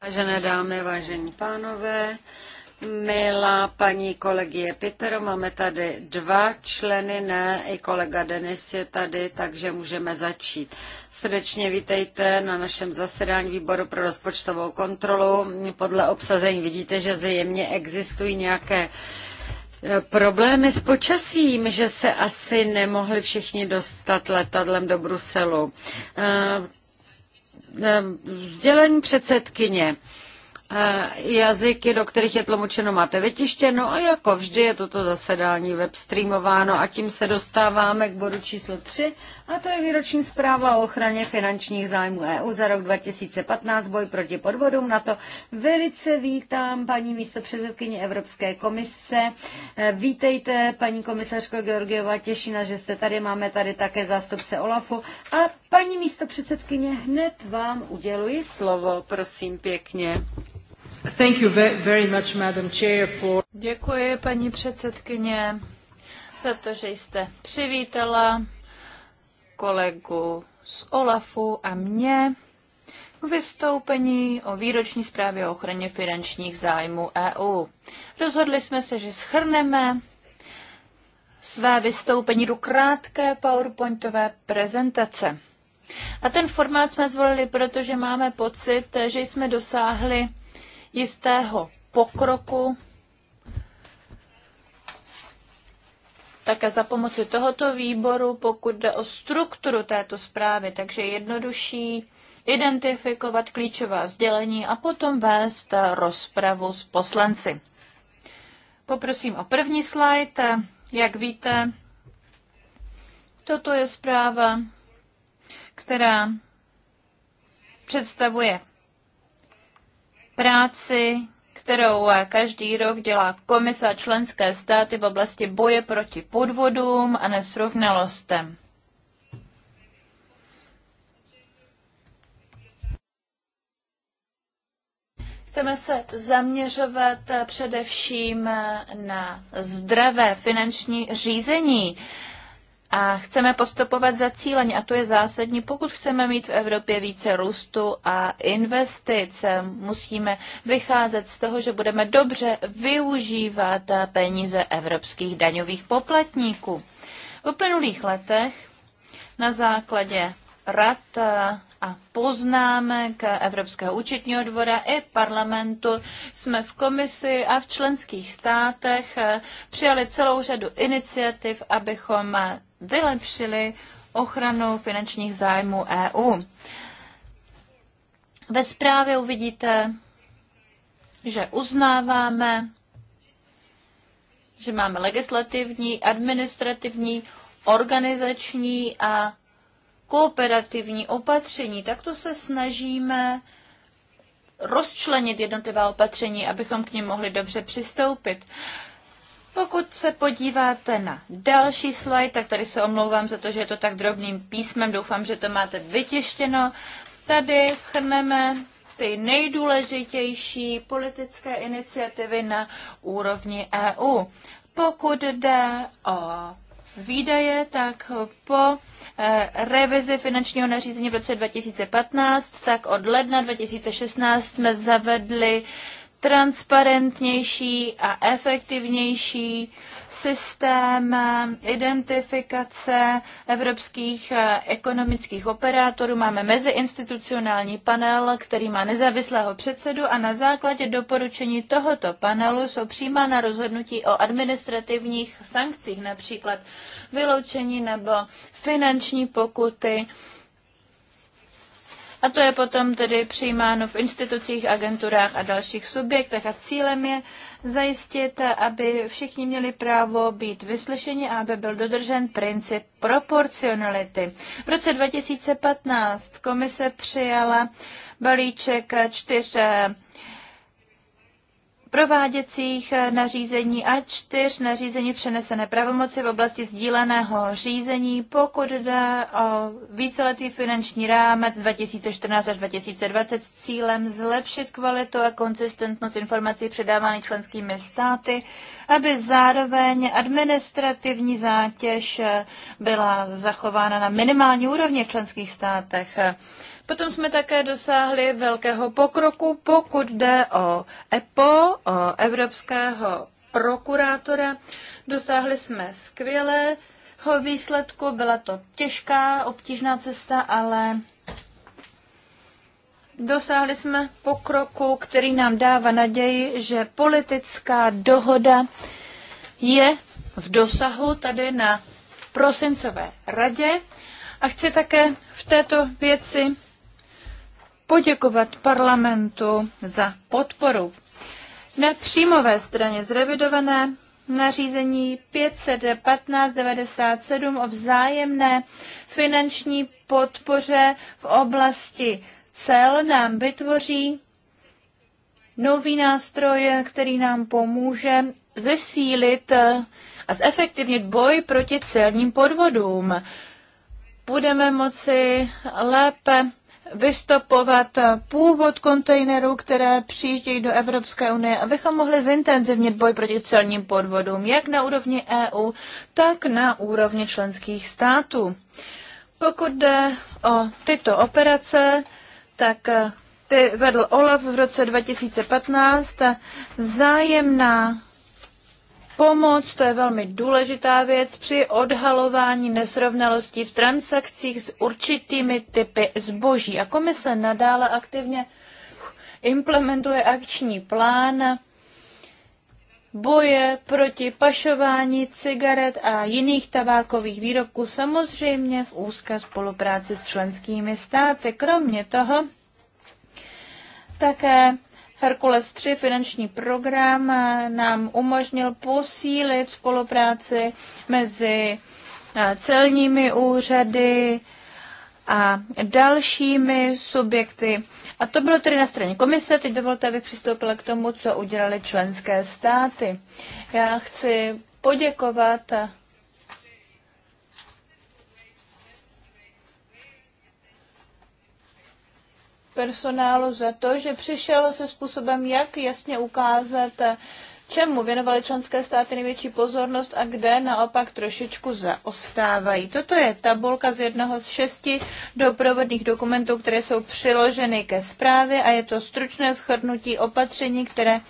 Vážené dámy, vážení pánové, milá paní kolegie Pitero, máme tady dva členy, ne, i kolega Denis je tady, takže můžeme začít. Srdečně vítejte na našem zasedání výboru pro rozpočtovou kontrolu. Podle obsazení vidíte, že zjevně existují nějaké eh, Problémy s počasím, že se asi nemohli všichni dostat letadlem do Bruselu. Eh, Eh, sdělení předsedkyně. Eh, jazyky, do kterých je tlumočeno, máte vytištěno a jako vždy je toto zasedání webstreamováno a tím se dostáváme k bodu číslo 3 a to je výroční zpráva o ochraně finančních zájmů EU za rok 2015, boj proti podvodům. Na to velice vítám paní místopředsedkyně Evropské komise. Eh, vítejte, paní komisařko Georgieva, těší nás, že jste tady, máme tady také zástupce OLAFu a paní místopředsedkyně, hned vám uděluji slovo, prosím pěkně. Děkuji, paní předsedkyně, za to, že jste přivítala kolegu z OLAFu a mě k vystoupení o výroční zprávě o ochraně finančních zájmů EU. Rozhodli jsme se, že schrneme své vystoupení do krátké PowerPointové prezentace. A ten formát jsme zvolili, protože máme pocit, že jsme dosáhli jistého pokroku také za pomoci tohoto výboru, pokud jde o strukturu této zprávy, takže jednodušší identifikovat klíčová sdělení a potom vést rozpravu s poslanci. Poprosím o první slide. Jak víte, toto je zpráva, která představuje práci, kterou každý rok dělá komise a členské státy v oblasti boje proti podvodům a nesrovnalostem. Chceme se zaměřovat především na zdravé finanční řízení a chceme postupovat zacíleně a to je zásadní. Pokud chceme mít v Evropě více růstu a investic, musíme vycházet z toho, že budeme dobře využívat peníze evropských daňových poplatníků. V uplynulých letech na základě rad a poznámek Evropského účetního dvora i parlamentu jsme v komisi a v členských státech přijali celou řadu iniciativ, abychom vylepšili ochranu finančních zájmů EU. Ve zprávě uvidíte, že uznáváme, že máme legislativní, administrativní, organizační a kooperativní opatření. Takto se snažíme rozčlenit jednotlivá opatření, abychom k ním mohli dobře přistoupit. Pokud se podíváte na další slide, tak tady se omlouvám za to, že je to tak drobným písmem, doufám, že to máte vytištěno. Tady schrneme ty nejdůležitější politické iniciativy na úrovni EU. Pokud jde o výdaje, tak po eh, revizi finančního nařízení v roce 2015, tak od ledna 2016 jsme zavedli transparentnější a efektivnější systém identifikace evropských eh, ekonomických operátorů. Máme meziinstitucionální panel, který má nezávislého předsedu a na základě doporučení tohoto panelu jsou přijímána rozhodnutí o administrativních sankcích, například vyloučení nebo finanční pokuty a to je potom tedy přijímáno v institucích, agenturách a dalších subjektech. A cílem je zajistit, aby všichni měli právo být vyslyšeni a aby byl dodržen princip proporcionality. V roce 2015 komise přijala balíček čtyř prováděcích eh, nařízení a čtyř nařízení přenesené pravomoci v oblasti sdíleného řízení, pokud jde o víceletý finanční rámec 2014 až 2020 s cílem zlepšit kvalitu a konzistentnost informací předávaných členskými státy, aby zároveň administrativní zátěž eh, byla zachována na minimální úrovni v členských státech. Potom jsme také dosáhli velkého pokroku, pokud jde o EPO, o Evropského prokurátora. Dosáhli jsme skvělého výsledku, byla to těžká, obtížná cesta, ale dosáhli jsme pokroku, který nám dává naději, že politická dohoda je v dosahu tady na prosincové radě. A chci také v této věci poděkovat parlamentu za podporu. Na příjmové straně zrevidované nařízení 51597 o vzájemné finanční podpoře v oblasti cel nám vytvoří nový nástroj, který nám pomůže zesílit a zefektivnit boj proti celním podvodům. Budeme moci lépe vystopovat původ kontejnerů, které přijíždějí do Evropské unie, abychom mohli zintenzivnit boj proti celním podvodům, jak na úrovni EU, tak na úrovni členských států. Pokud jde o tyto operace, tak eh, ty vedl Olaf v roce 2015. Zájemná pomoc, to je velmi důležitá věc při odhalování nesrovnalostí v transakcích s určitými typy zboží. A komise nadále aktivně implementuje akční plán boje proti pašování cigaret a jiných tabákových výrobků, samozřejmě v úzké spolupráci s členskými státy. Kromě toho také Herkules 3 finanční program nám umožnil posílit spolupráci mezi eh, celními úřady a dalšími subjekty. A to bylo tedy na straně komise. Teď dovolte, abych přistoupila k tomu, co udělali členské státy. Já chci poděkovat personálu za to, že přišel se způsobem, jak jasně ukázat, čemu věnovaly členské státy největší pozornost a kde naopak trošičku zaostávají. Toto je tabulka z jednoho z šesti doprovodných dokumentů, které jsou přiloženy ke zprávě a je to stručné shrnutí opatření, které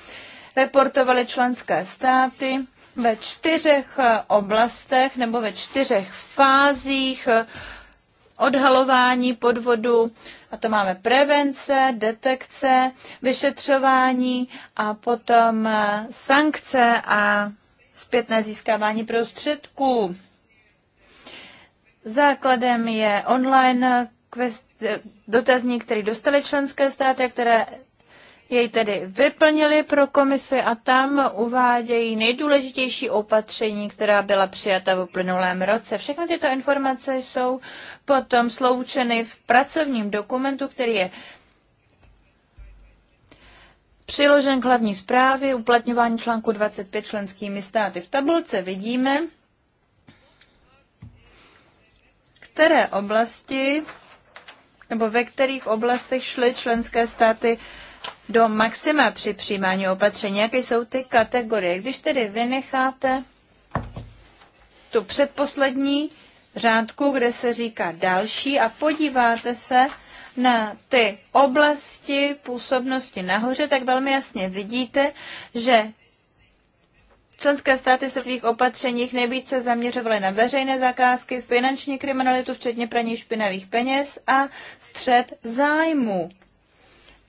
reportovaly členské státy ve čtyřech oblastech nebo ve čtyřech fázích odhalování podvodu, a to máme prevence, detekce, vyšetřování a potom eh, sankce a zpětné získávání prostředků. Základem je online dotazník, který dostali členské státy, které jej tedy vyplnili pro komisi a tam uvádějí nejdůležitější opatření, která byla přijata v uplynulém roce. Všechny tyto informace jsou potom sloučeny v pracovním dokumentu, který je přiložen k hlavní zprávě uplatňování článku 25 členskými státy. V tabulce vidíme, které oblasti nebo ve kterých oblastech šly členské státy do maxima při přijímání opatření. Jaké jsou ty kategorie? Když tedy vynecháte tu předposlední řádku, kde se říká další a podíváte se na ty oblasti působnosti nahoře, tak velmi jasně vidíte, že Členské státy se v svých opatřeních nejvíce zaměřovaly na veřejné zakázky, finanční kriminalitu, včetně praní špinavých peněz a střed zájmu.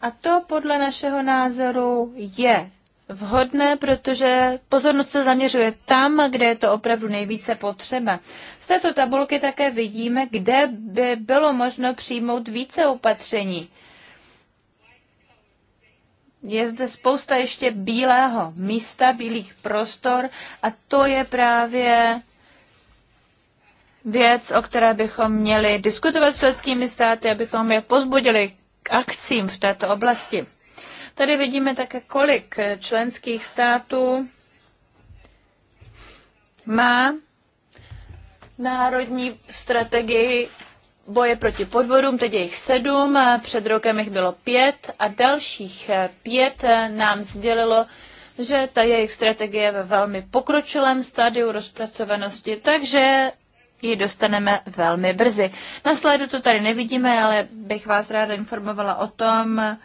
A to podle našeho názoru je vhodné, protože pozornost se zaměřuje tam, kde je to opravdu nejvíce potřeba. Z této tabulky také vidíme, kde by bylo možno přijmout více opatření. Je zde spousta ještě bílého místa, bílých prostor a to je právě věc, o které bychom měli diskutovat s členskými státy, abychom je pozbudili akcím v této oblasti. Tady vidíme také, kolik členských států má národní strategii boje proti podvodům, teď je jich sedm, před rokem jich bylo pět a dalších eh, pět eh, nám sdělilo, že ta jejich strategie je ve velmi pokročilém stádiu rozpracovanosti, takže ji dostaneme velmi brzy. Na slajdu to tady nevidíme, ale bych vás ráda informovala o tom,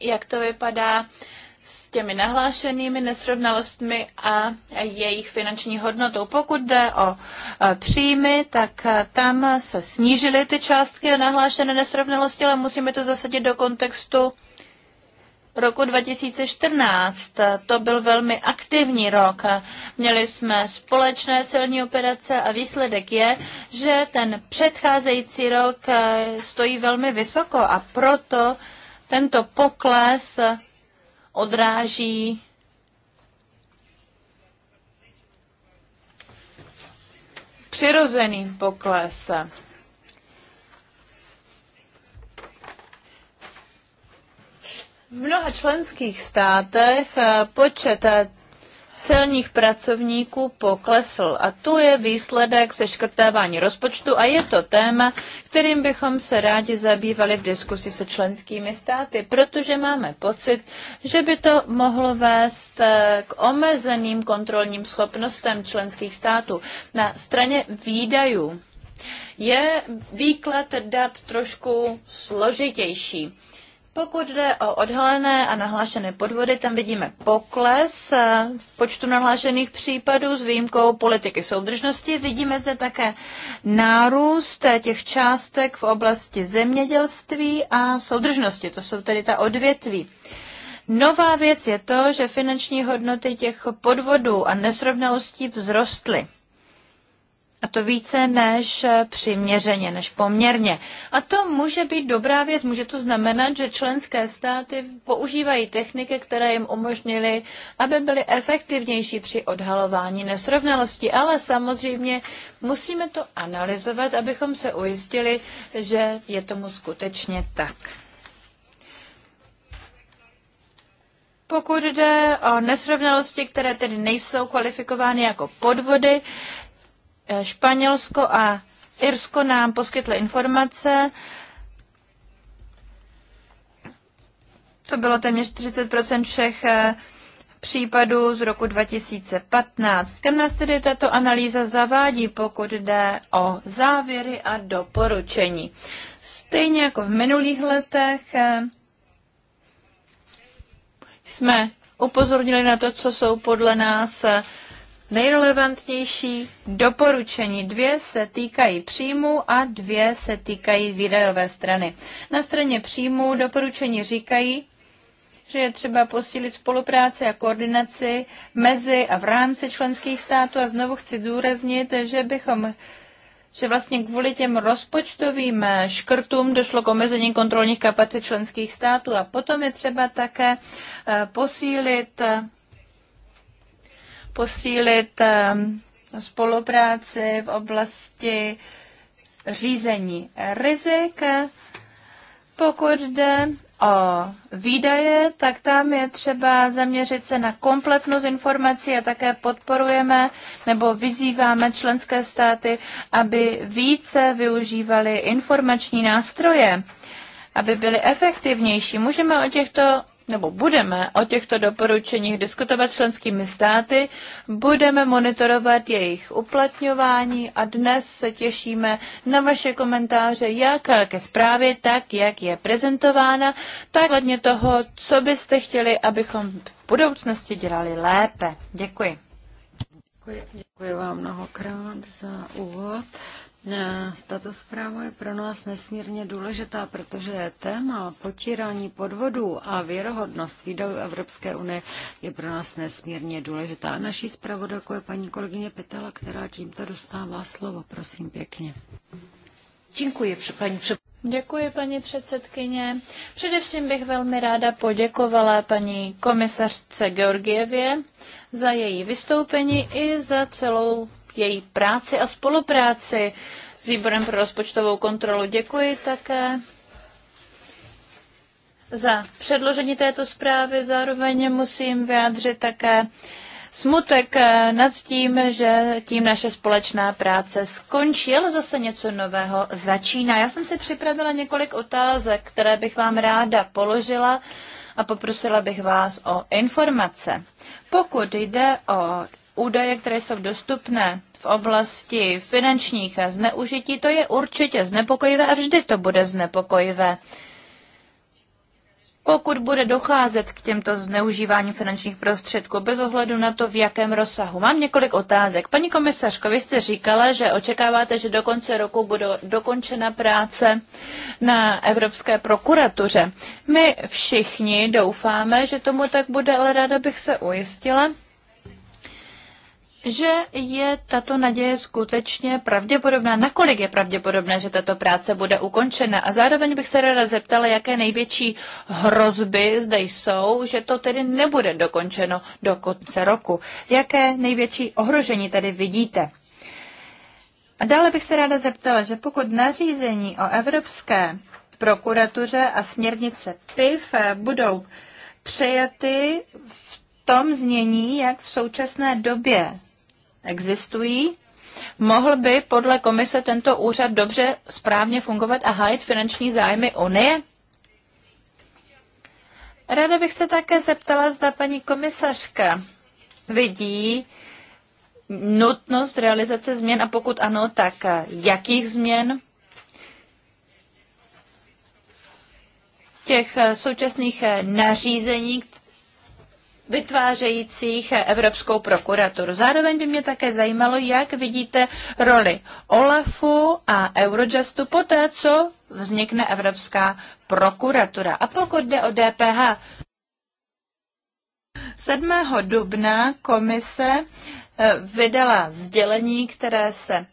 jak to vypadá s těmi nahlášenými nesrovnalostmi a jejich finanční hodnotou. Pokud jde o e, příjmy, tak e, tam se snížily ty částky nahlášené nesrovnalosti, ale musíme to zasadit do kontextu roku 2014. To byl velmi aktivní rok. Měli jsme společné celní operace a výsledek je, že ten předcházející rok eh, stojí velmi vysoko a proto tento pokles odráží přirozený pokles V mnoha členských státech eh, počet eh, celních pracovníků poklesl a to je výsledek seškrtávání rozpočtu a je to téma, kterým bychom se rádi zabývali v diskusi se členskými státy, protože máme pocit, že by to mohlo vést eh, k omezeným kontrolním schopnostem členských států na straně výdajů. Je výklad dat trošku složitější. Pokud jde o odhalené a nahlášené podvody, tam vidíme pokles eh, v počtu nahlášených případů s výjimkou politiky soudržnosti. Vidíme zde také nárůst eh, těch částek v oblasti zemědělství a soudržnosti. To jsou tedy ta odvětví. Nová věc je to, že finanční hodnoty těch podvodů a nesrovnalostí vzrostly. A to více než přiměřeně, než poměrně. A to může být dobrá věc. Může to znamenat, že členské státy používají techniky, které jim umožnily, aby byly efektivnější při odhalování nesrovnalostí. Ale samozřejmě musíme to analyzovat, abychom se ujistili, že je tomu skutečně tak. Pokud jde o nesrovnalosti, které tedy nejsou kvalifikovány jako podvody, Eh, Španělsko a Irsko nám poskytly informace. To bylo téměř 30 všech eh, případů z roku 2015. Kam nás tedy tato analýza zavádí, pokud jde o závěry a doporučení? Stejně jako v minulých letech eh, jsme upozornili na to, co jsou podle nás nejrelevantnější doporučení. Dvě se týkají příjmu a dvě se týkají výdajové strany. Na straně příjmu doporučení říkají, že je třeba posílit spolupráci a koordinaci mezi a v rámci členských států a znovu chci důraznit, že bychom že vlastně kvůli těm rozpočtovým eh, škrtům došlo k omezení kontrolních kapacit členských států a potom je třeba také eh, posílit eh, posílit ehm, spolupráci v oblasti řízení rizik. Pokud jde o výdaje, tak tam je třeba zaměřit se na kompletnost informací a také podporujeme nebo vyzýváme členské státy, aby více využívali informační nástroje, aby byly efektivnější. Můžeme o těchto nebo budeme o těchto doporučeních diskutovat s členskými státy, budeme monitorovat jejich uplatňování a dnes se těšíme na vaše komentáře jak ke zprávě, tak jak je prezentována, tak hledně toho, co byste chtěli, abychom v budoucnosti dělali lépe. Děkuji. Děkuji, děkuji vám mnohokrát za úvod. Tato zpráva je pro nás nesmírně důležitá, protože téma potírání podvodů a věrohodnost výdajů Evropské unie je pro nás nesmírně důležitá. Naší zpravodajkou je paní kolegyně Petela, která tímto dostává slovo. Prosím pěkně. Děkuji, paní Děkuji, paní předsedkyně. Především bych velmi ráda poděkovala paní komisařce Georgievě za její vystoupení i za celou její práci a spolupráci s výborem pro rozpočtovou kontrolu. Děkuji také za předložení této zprávy. Zároveň musím vyjádřit také smutek nad tím, že tím naše společná práce skončí, ale zase něco nového začíná. Já jsem si připravila několik otázek, které bych vám ráda položila a poprosila bych vás o informace. Pokud jde o údaje, které jsou dostupné v oblasti finančních a zneužití, to je určitě znepokojivé a vždy to bude znepokojivé. Pokud bude docházet k těmto zneužívání finančních prostředků, bez ohledu na to, v jakém rozsahu. Mám několik otázek. Paní komisařko, vy jste říkala, že očekáváte, že do konce roku bude dokončena práce na Evropské prokuratuře. My všichni doufáme, že tomu tak bude, ale ráda bych se ujistila, že je tato naděje skutečně pravděpodobná, nakolik je pravděpodobné, že tato práce bude ukončena. A zároveň bych se ráda zeptala, jaké největší hrozby zde jsou, že to tedy nebude dokončeno do konce roku. Jaké největší ohrožení tedy vidíte? A dále bych se ráda zeptala, že pokud nařízení o Evropské prokuratuře a směrnice PIF budou přejaty v tom znění, jak v současné době existují, mohl by podle komise tento úřad dobře správně fungovat a hájit finanční zájmy Unie? Ráda bych se také zeptala, zda paní komisařka vidí nutnost realizace změn a pokud ano, tak jakých změn? Těch současných nařízení, vytvářejících Evropskou prokuraturu. Zároveň by mě také zajímalo, jak vidíte roli OLAFu a Eurojustu poté, co vznikne Evropská prokuratura. A pokud jde o DPH, 7. dubna komise eh, vydala sdělení, které se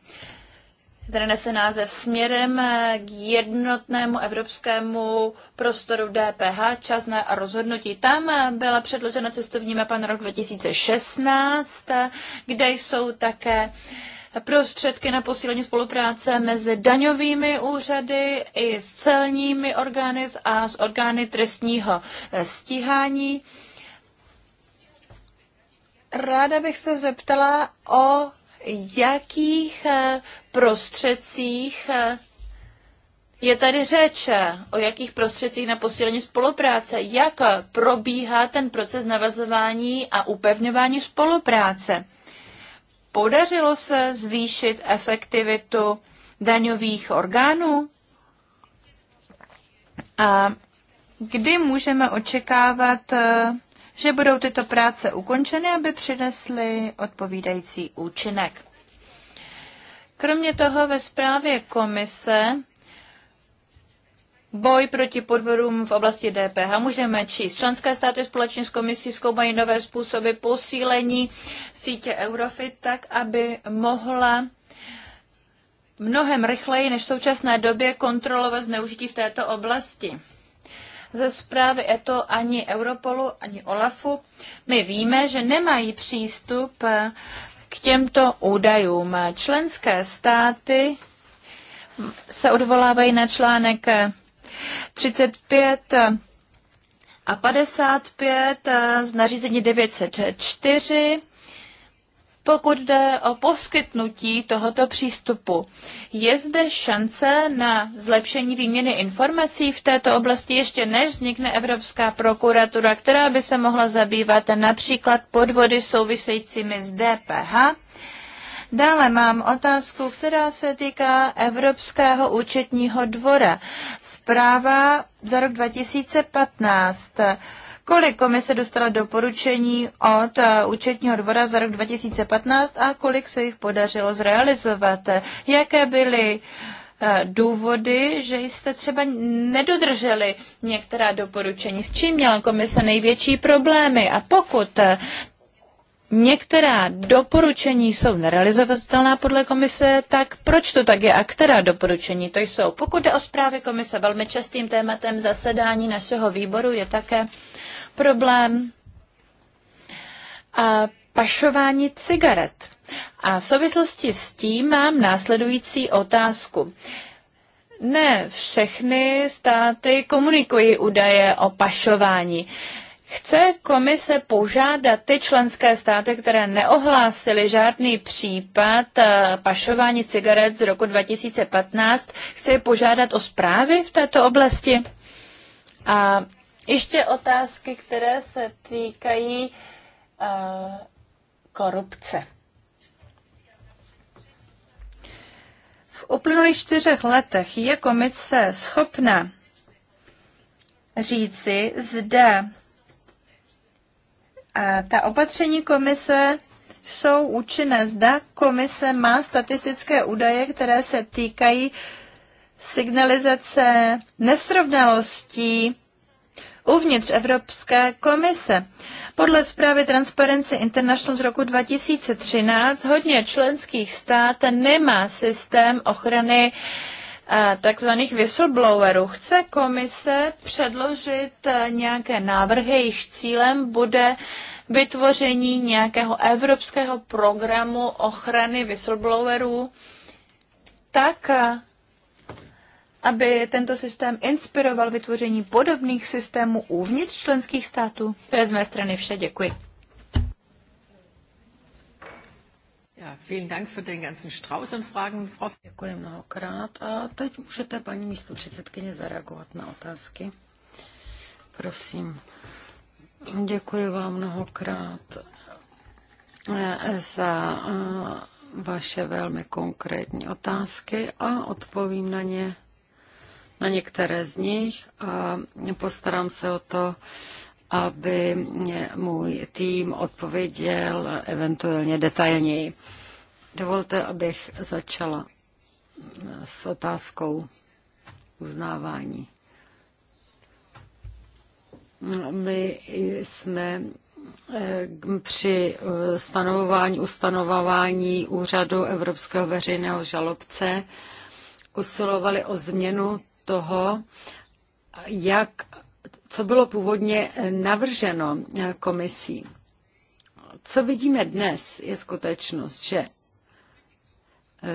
které nese název Směrem k jednotnému evropskému prostoru DPH, časné a rozhodnutí. Tam byla předložena cestovní mapa na rok 2016, kde jsou také prostředky na posílení spolupráce mezi daňovými úřady i s celními orgány a s orgány trestního stíhání. Ráda bych se zeptala o jakých prostředcích eh, je tady řeč, eh, o jakých prostředcích na posílení spolupráce, jak probíhá ten proces navazování a upevňování spolupráce. Podařilo se zvýšit efektivitu daňových orgánů? A kdy můžeme očekávat, eh, že budou tyto práce ukončeny, aby přinesly odpovídající účinek? Kromě toho ve zprávě komise Boj proti podvodům v oblasti DPH můžeme číst. Členské státy společně s komisí zkoumají nové způsoby posílení sítě Eurofit tak, aby mohla mnohem rychleji než v současné době kontrolovat zneužití v této oblasti. Ze zprávy ETO ani Europolu, ani OLAFu my víme, že nemají přístup k těmto údajům. Členské státy se odvolávají na článek 35 a 55 z nařízení 904 pokud jde o poskytnutí tohoto přístupu, je zde šance na zlepšení výměny informací v této oblasti ještě než vznikne Evropská prokuratura, která by se mohla zabývat například podvody souvisejícími s DPH. Dále mám otázku, která se týká Evropského účetního dvora. Zpráva za rok 2015 kolik komise dostala doporučení od eh, účetního dvora za rok 2015 a kolik se jich podařilo zrealizovat. Jaké byly eh, důvody, že jste třeba nedodrželi některá doporučení, s čím měla komise největší problémy a pokud eh, některá doporučení jsou nerealizovatelná podle komise, tak proč to tak je a která doporučení to jsou? Pokud jde o zprávy komise, velmi častým tématem zasedání našeho výboru je také problém a pašování cigaret. A v souvislosti s tím mám následující otázku. Ne všechny státy komunikují údaje o pašování. Chce komise požádat ty členské státy, které neohlásily žádný případ eh, pašování cigaret z roku 2015, chce je požádat o zprávy v této oblasti? A ještě otázky, které se týkají uh, korupce. V uplynulých čtyřech letech je komise schopna říci, zda a eh, ta opatření komise jsou účinné. Zda komise má statistické údaje, které se týkají signalizace nesrovnalostí uvnitř Evropské komise. Podle zprávy Transparency International z roku 2013 hodně členských států nemá systém ochrany eh, takzvaných whistleblowerů. Chce komise předložit eh, nějaké návrhy, jejichž cílem bude vytvoření nějakého evropského programu ochrany whistleblowerů, tak eh, aby tento systém inspiroval vytvoření podobných systémů uvnitř členských států? To je z mé strany vše, děkuji. Děkuji mnohokrát a teď můžete, paní místo předsedkyně, zareagovat na otázky. Prosím. Děkuji vám mnohokrát eh, za eh, vaše velmi konkrétní otázky a odpovím na ně na některé z nich a postarám se o to, aby mě můj tým odpověděl eventuálně detailněji. Dovolte, abych začala s otázkou uznávání. My jsme eh, při eh, stanovování, ustanovování úřadu Evropského veřejného žalobce usilovali o změnu toho, jak, co bylo původně navrženo komisí. Co vidíme dnes, je skutečnost, že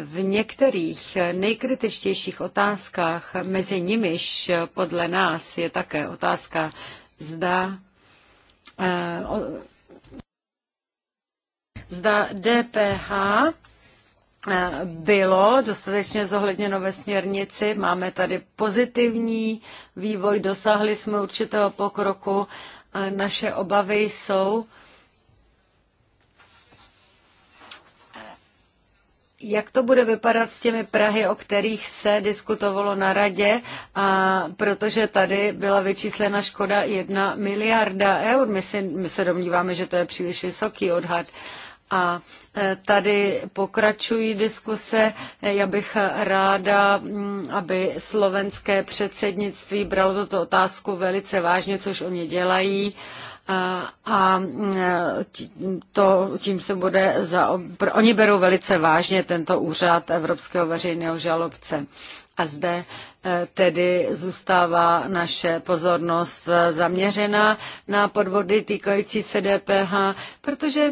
v některých nejkritičtějších otázkách, mezi nimiž podle nás je také otázka, zda eh, zda DPH Eh, bylo dostatečně zohledněno ve směrnici. Máme tady pozitivní vývoj, dosáhli jsme určitého pokroku. Naše obavy jsou, eh, Jak to bude vypadat s těmi Prahy, o kterých se diskutovalo na radě, a protože tady byla vyčíslena škoda 1 miliarda eur, my, si, my se domníváme, že to je příliš vysoký odhad. A e, tady pokračují diskuse. Já bych ráda, mm, aby slovenské předsednictví bralo tuto otázku velice vážně, což oni dělají a mm, e, to, tím se bude za, oni berou velice vážně tento úřad Evropského veřejného žalobce. A zde e, tedy zůstává naše pozornost zaměřena na podvody týkající se DPH, protože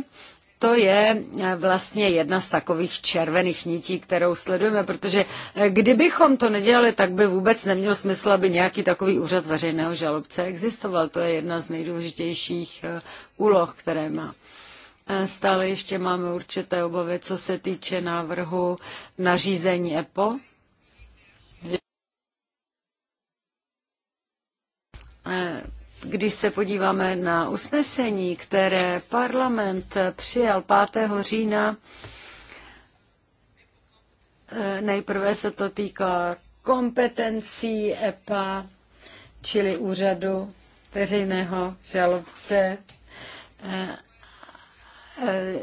to je eh, vlastně jedna z takových červených nití, kterou sledujeme, protože eh, kdybychom to nedělali, tak by vůbec neměl smysl, aby nějaký takový úřad veřejného žalobce existoval. To je jedna z nejdůležitějších eh, úloh, které má. Stále ještě máme určité obavy, co se týče návrhu nařízení EPO. Uh... Když se podíváme na usnesení, které parlament přijal 5. října, eh, nejprve se to týká kompetencí EPA, čili úřadu veřejného žalobce eh, eh,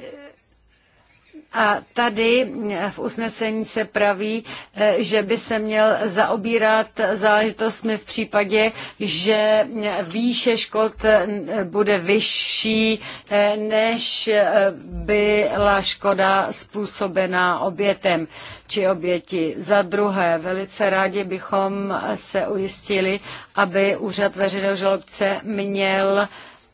a tady v usnesení se praví, eh, že by se měl zaobírat záležitostmi v případě, že výše škod eh, bude vyšší, eh, než byla škoda způsobená obětem či oběti. Za druhé, velice rádi bychom se ujistili, aby úřad veřejného žalobce měl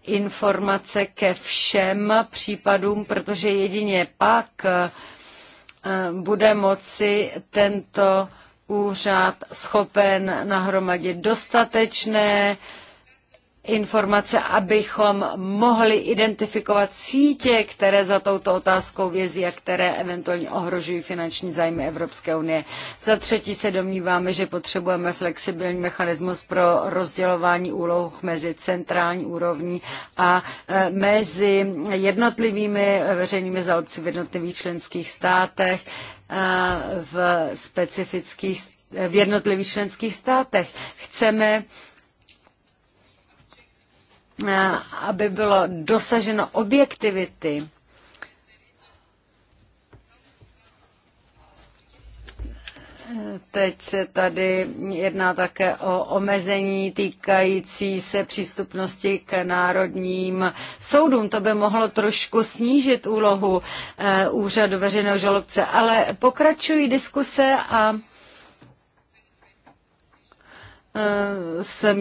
informace ke všem případům, protože jedině pak eh, bude moci tento úřad schopen nahromadit dostatečné informace, abychom mohli identifikovat sítě, které za touto otázkou vězí a které eventuálně ohrožují finanční zájmy Evropské unie. Za třetí se domníváme, že potřebujeme flexibilní mechanismus pro rozdělování úloh mezi centrální úrovní a e, mezi jednotlivými veřejnými zálepci v jednotlivých členských státech e, v specifických v jednotlivých členských státech. Chceme Eh, aby bylo dosaženo objektivity, Teď se tady jedná také o omezení týkající se přístupnosti k národním soudům. To by mohlo trošku snížit úlohu eh, úřadu veřejného žalobce, ale pokračují diskuse a se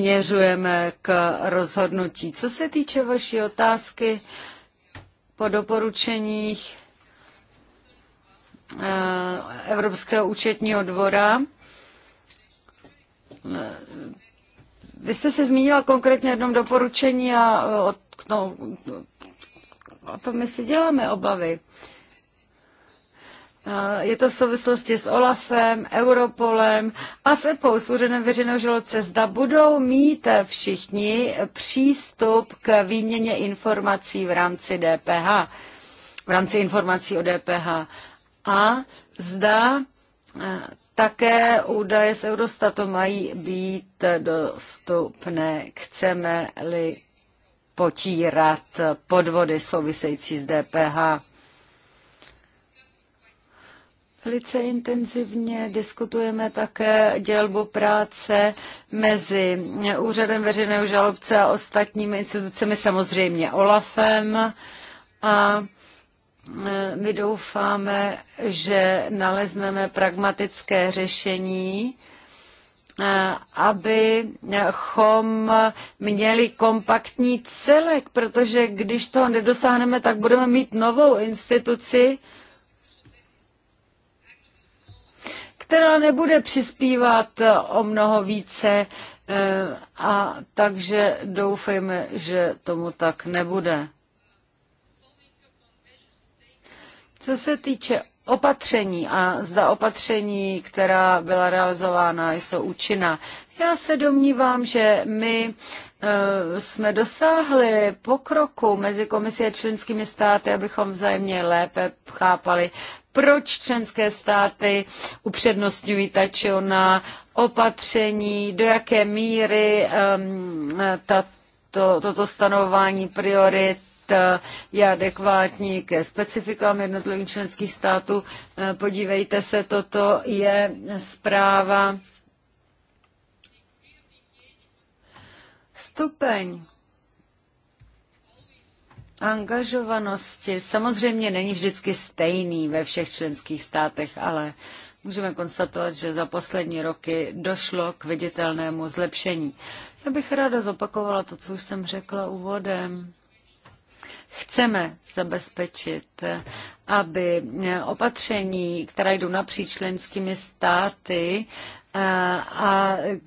k rozhodnutí. Co se týče vaší otázky po doporučeních eh, Evropského účetního dvora, eh, vy jste se zmínila konkrétně jednom doporučení a eh, o, no, o tom my si děláme obavy. Je to v souvislosti s OLAFem, Europolem a s EPOU, s úřadem veřejného žalobce. Zda budou mít všichni přístup k výměně informací v rámci DPH, v rámci informací o DPH. A zda e, také údaje z Eurostatu mají být dostupné. Chceme-li potírat podvody související s DPH. Velice intenzivně diskutujeme také dělbu práce mezi Úřadem veřejného žalobce a ostatními institucemi, samozřejmě OLAFem. A e, my doufáme, že nalezneme pragmatické řešení, e, abychom měli kompaktní celek, protože když toho nedosáhneme, tak budeme mít novou instituci, která nebude přispívat eh, o mnoho více eh, a takže doufejme, že tomu tak nebude. Co se týče opatření a zda opatření, která byla realizována, jsou účinná. Já se domnívám, že my eh, jsme dosáhli pokroku mezi komisí a členskými státy, abychom vzájemně lépe chápali proč členské státy upřednostňují ta či ona opatření, do jaké míry um, to, toto stanování priorit eh, je adekvátní ke specifikám jednotlivých členských států. Eh, podívejte se, toto je zpráva stupeň angažovanosti samozřejmě není vždycky stejný ve všech členských státech, ale můžeme konstatovat, že za poslední roky došlo k viditelnému zlepšení. Já bych ráda zopakovala to, co už jsem řekla úvodem. Chceme zabezpečit, aby opatření, která jdou napříč členskými státy, a e,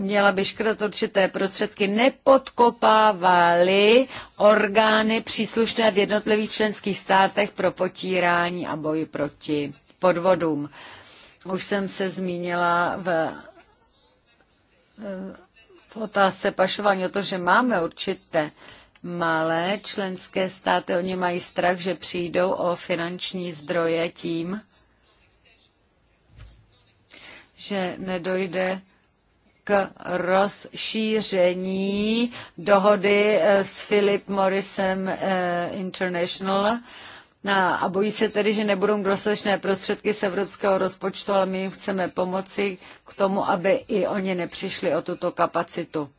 měla by škrtat určité prostředky, nepodkopávaly orgány příslušné v jednotlivých členských státech pro potírání a boji proti podvodům. Už jsem se zmínila v, e, v otázce pašování o to, že máme určité malé členské státy, oni mají strach, že přijdou o finanční zdroje tím, že nedojde k rozšíření dohody eh, s Philip Morrisem eh, International. A bojí se tedy, že nebudou dostatečné prostředky z evropského rozpočtu, ale my jim chceme pomoci k tomu, aby i oni nepřišli o tuto kapacitu.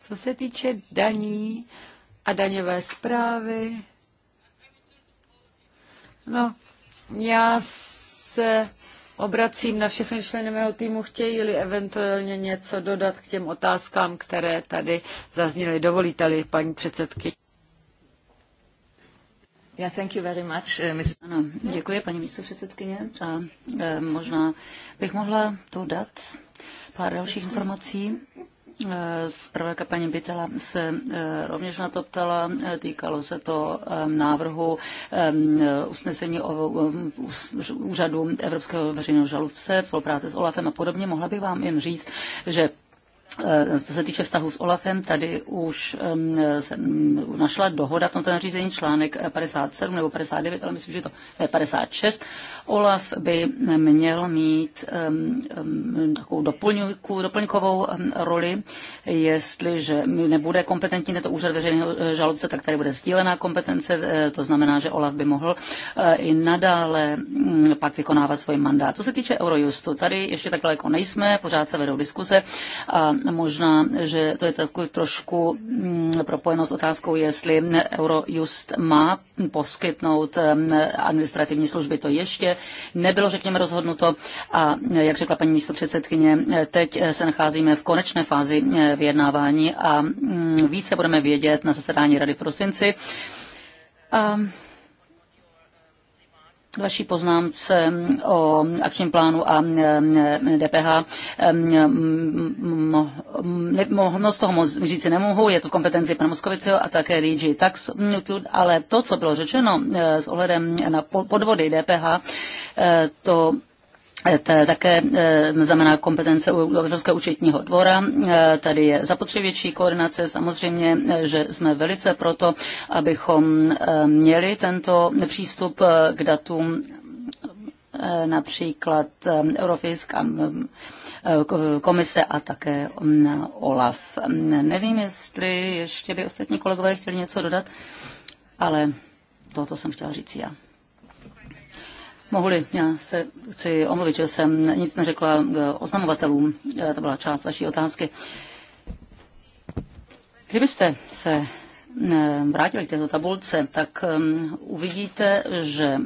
Co se týče daní a daňové zprávy, No, já se obracím na všechny členy mého týmu, chtějí-li eventuálně něco dodat k těm otázkám, které tady zazněly. Dovolíte-li, paní předsedky? Yeah, thank you very much, uh, Ms. Ano, děkuji, paní místopředsedkyně. A eh, možná bych mohla dodat pár dalších informací. Eh, zpravodajka paní Bytela se eh, rovněž na to ptala, eh, týkalo se to návrhu usnesení o úřadu Evropského veřejného žalobce, spolupráce s OLAFem a podobně. Mohla bych vám jen říct, že Eh, co se týče vztahu s OLAFem, tady už se našla dohoda v tomto nařízení článek 57 nebo 59, ale myslím, že to je 56. OLAF by měl mít takovou doplňkovou roli, jestliže nebude kompetentní tento úřad veřejného eh, žalobce, tak tady bude sdílená kompetence, eh, to znamená, že OLAF by mohl i nadále mm, pak vykonávat svůj mandát. Co se týče Eurojustu, tady ještě tak daleko nejsme, pořád se vedou diskuse a možná, že to je trošku mm, propojeno s otázkou, jestli Eurojust má poskytnout mm, administrativní služby. To ještě nebylo, řekněme, rozhodnuto a jak řekla paní místo předsedkyně, teď se nacházíme v konečné fázi mm, vyjednávání a více budeme vědět na zasedání Rady v prosinci. A k vaší poznámce o akčním plánu a e, e, DPH. E, Mnoho z toho říci nemohu, je to v kompetenci pana Moskoviciho a také DG Tax, ale to, co bylo řečeno s ohledem na podvody DPH, to Eh, také eh, znamená kompetence Evropského účetního dvora. Eh, tady je zapotřebější koordinace. Samozřejmě, že jsme velice proto, abychom měli tento přístup k datům například Eurofisk a komise a také mm, OLAF. Mm, nevím, jestli ještě by ostatní kolegové chtěli něco dodat, ale toto jsem chtěla říct já. Mohli, já se chci omluvit, že jsem nic neřekla eh, oznamovatelům, eh, to byla část vaší otázky. Kdybyste se eh, vrátili k této tabulce, tak ehm, uvidíte, že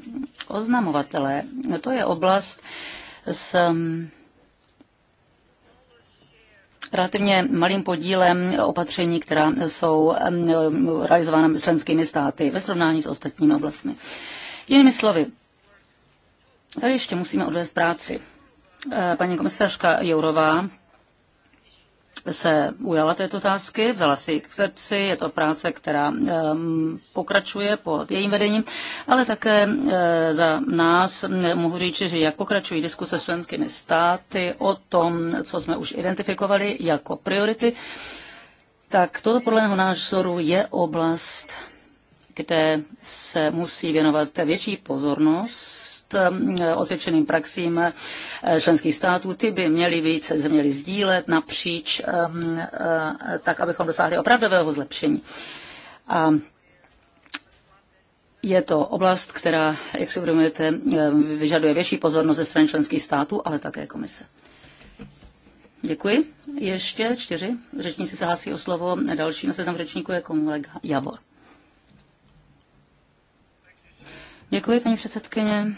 oznamovatele, to je oblast s ehm, relativně malým podílem opatření, která jsou ehm, realizována členskými státy ve srovnání s ostatními oblastmi. Jinými slovy, Tady ještě musíme odvést práci. Eh, paní komisařka Jourová se ujala této otázky, vzala si k srdci, je to práce, která eh, pokračuje pod jejím vedením, ale také eh, za nás mohu říct, že jak pokračují diskuse s členskými státy o tom, co jsme už identifikovali jako priority, tak toto podle mého názoru je oblast, kde se musí věnovat větší pozornost E, osvědčeným praxím e, členských států. Ty by měly víc měly sdílet napříč, e, tak abychom dosáhli opravdového zlepšení. A je to oblast, která, jak si uvědomujete, vyžaduje větší pozornost ze strany členských států, ale také komise. Děkuji. Ještě čtyři řečníci se hlásí o slovo. Další na seznam řečníků je kolega Javor. Děkuji, paní předsedkyně.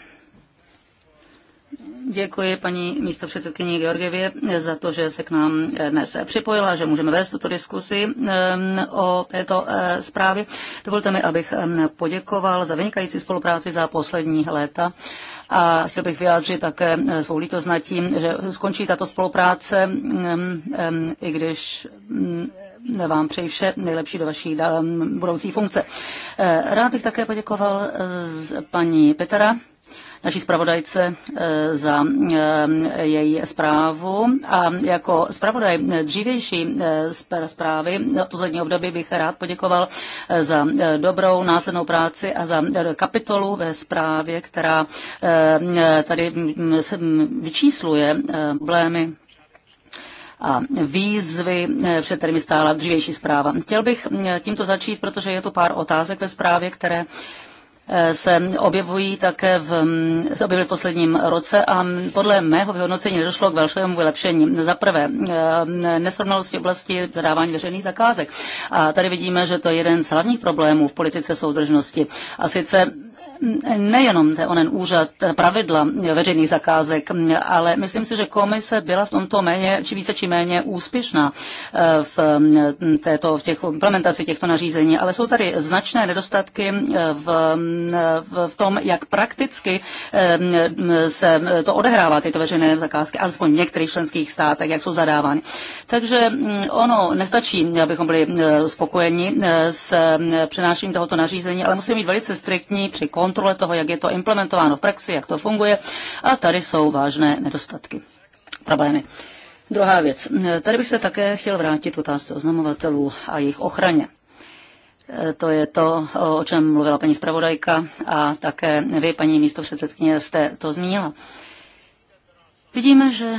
Děkuji paní předsedkyni Georgievě za to, že se k nám eh, dnes připojila, že můžeme vést tuto diskusi eh, o této eh, zprávě. Dovolte mi, abych poděkoval za vynikající spolupráci za poslední léta a chtěl bych vyjádřit také svou lítost nad tím, že skončí tato spolupráce, i když mm, vám přeji vše nejlepší do vaší budoucí funkce. Rád bych také poděkoval paní Petera naší zpravodajce eh, za eh, její zprávu. A jako zpravodaj dřívější eh, zprávy na poslední období bych rád poděkoval za dobrou následnou práci a za kapitolu ve zprávě, která tady mm, mm, vyčísluje problémy a výzvy, před kterými stála dřívější zpráva. Chtěl bych tímto začít, protože je tu pár otázek ve zprávě, které Eh, se objevují také v, mm, se objevily v posledním roce a podle mého vyhodnocení nedošlo k velkému vylepšení. Za prvé, eh, nesrovnalosti oblasti zadávání veřejných zakázek. A tady vidíme, že to je jeden z hlavních problémů v politice soudržnosti. A sice nejenom onen úřad pravidla veřejných zakázek, ale myslím si, že komise byla v tomto méně, či více či méně úspěšná eh, v, mm, této, v těch implementaci těchto nařízení, ale jsou tady značné nedostatky eh, v, eh, v, v tom, jak prakticky mm, se to odehrává, tyto veřejné zakázky, alespoň v některých členských státech, jak jsou zadávány. Takže mm, ono nestačí, abychom byli spokojeni s přenášením tohoto nařízení, ale musíme být velice striktní při kontrolu kontrole toho, jak je to implementováno v praxi, jak to funguje. A tady jsou vážné nedostatky, problémy. Druhá věc. Tady bych se také chtěl vrátit k otázce oznamovatelů a jejich ochraně. To je to, o čem mluvila paní zpravodajka a také vy, paní předsedkyně, jste to zmínila. Vidíme, že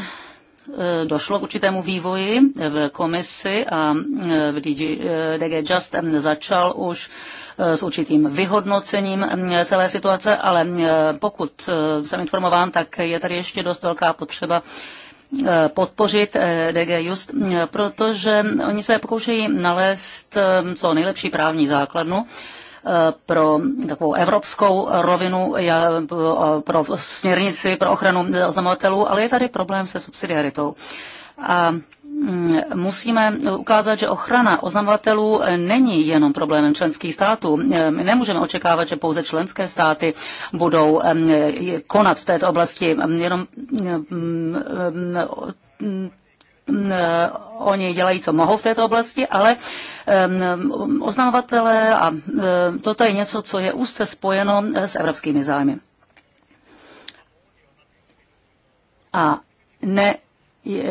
Eh, došlo k určitému vývoji v komisi a eh, v DG, eh, DG Just začal už s určitým vyhodnocením celé situace, ale pokud jsem informován, tak je tady ještě dost velká potřeba podpořit DG Just, protože oni se pokoušejí nalézt co nejlepší právní základnu pro takovou evropskou rovinu, pro směrnici pro ochranu oznamovatelů, ale je tady problém se subsidiaritou. A mm, musíme ukázat, že ochrana oznamovatelů není jenom problémem členských států. My nemůžeme očekávat, že pouze členské státy budou mm, konat v této oblasti. Jenom mm, Mm, eh, oni dělají, co mohou v této oblasti, ale eh, oznamovatele a eh, toto je něco, co je úzce spojeno s evropskými zájmy. A ne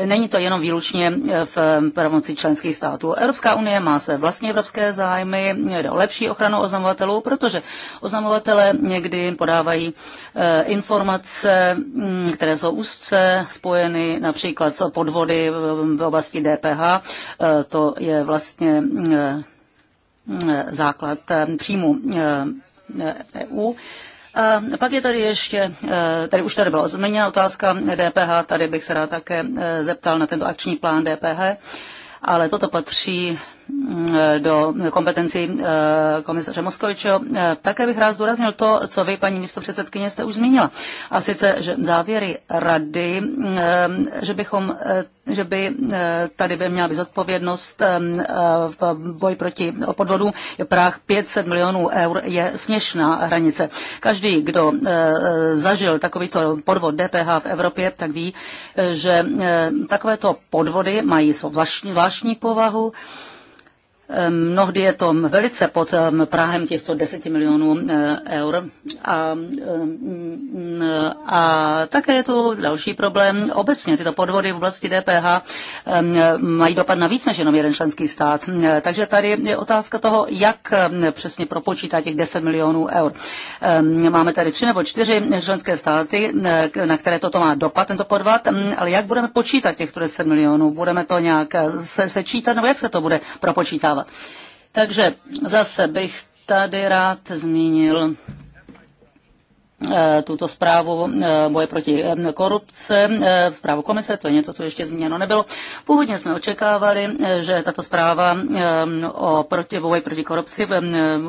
není to jenom výlučně e, v e, pravomoci členských států. Evropská unie má své vlastní evropské zájmy, jde o lepší ochranu oznamovatelů, protože oznamovatele někdy podávají e, informace, mm, které jsou úzce spojeny například s podvody v oblasti DPH. To je vlastně základ příjmu EU pak je tady ještě, eh, tady už tady byla zmíněna otázka DPH, tady bych se rád také eh, zeptal na tento akční plán DPH ale toto patří Eh, do kompetencí eh, komisaře Moskovičeho. Eh, také bych rád zdůraznil to, co vy, paní místopředsedkyně, jste už zmínila. A sice, že závěry rady, že bychom že by tady by měla být zodpovědnost v boji proti podvodům. Práh 500 milionů eur je směšná hranice. Každý, kdo zažil takovýto podvod DPH v Evropě, tak ví, že takovéto podvody mají svou zvláštní povahu Ehm, mnohdy je to velice pod ehm, Prahem těchto 10 milionů eh, eur. A, ehm, a také je to další problém. Obecně tyto podvody v oblasti DPH mají dopad na víc než jenom jeden členský stát. Eh, takže tady je otázka toho, jak přesně propočítat těch 10 milionů eur. Máme tady tři nebo čtyři členské státy, eh, na které toto má dopad, tento podvod, ale jak budeme počítat těchto 10 milionů? Budeme to nějak se, sečítat, nebo jak se to bude propočítat? očekávat. Takže zase bych tady rád zmínil eh, tuto zprávu eh, boje proti eh, korupce, zprávu komise, to je něco, co ještě změněno nebylo. Původně jsme očekávali, že tato zpráva o proti, boji proti korupci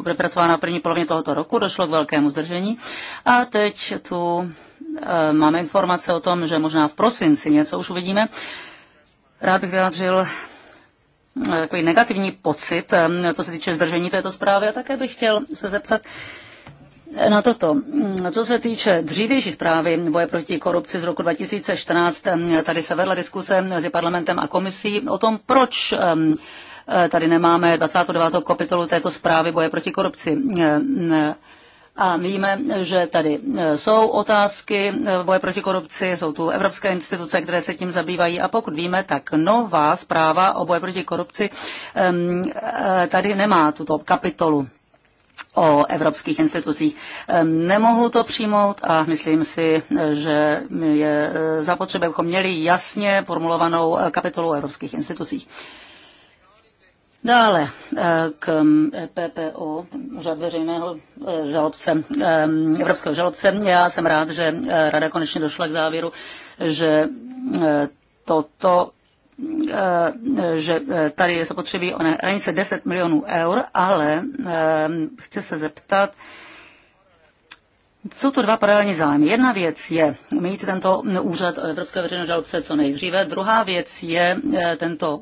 bude pracována v první polovině tohoto roku, došlo k velkému zdržení a teď tu máme informace o tom, že možná v prosinci něco už uvidíme. Rád bych vyjádřil Eh, takový negativní pocit, eh, co se týče zdržení této zprávy. A také bych chtěl se zeptat, eh, na toto. Mm, co se týče dřívější zprávy boje proti korupci z roku 2014, tady se vedla diskuse mezi parlamentem a komisí o tom, proč tady nemáme 29. kapitolu této zprávy boje proti korupci. A víme, že tady e, jsou otázky e, boje proti korupci, jsou tu evropské instituce, které se tím zabývají a pokud víme, tak nová zpráva o boje proti korupci e, tady nemá tuto kapitolu o evropských institucích. Nemohu to přijmout a myslím si, že je zapotřebí, abychom měli jasně formulovanou kapitolu o evropských institucích. Dále eh, k mm, PPO, úřad veřejného eh, žalobce, eh, evropského žalobce. Já jsem rád, že rada konečně došla k závěru, že toto že tady je zapotřebí o hranice 10 milionů eur, ale chci se zeptat, jsou to dva paralelní zájmy. Jedna věc je mít tento úřad Evropské veřejné žalobce co nejdříve, druhá věc je, eh, tento,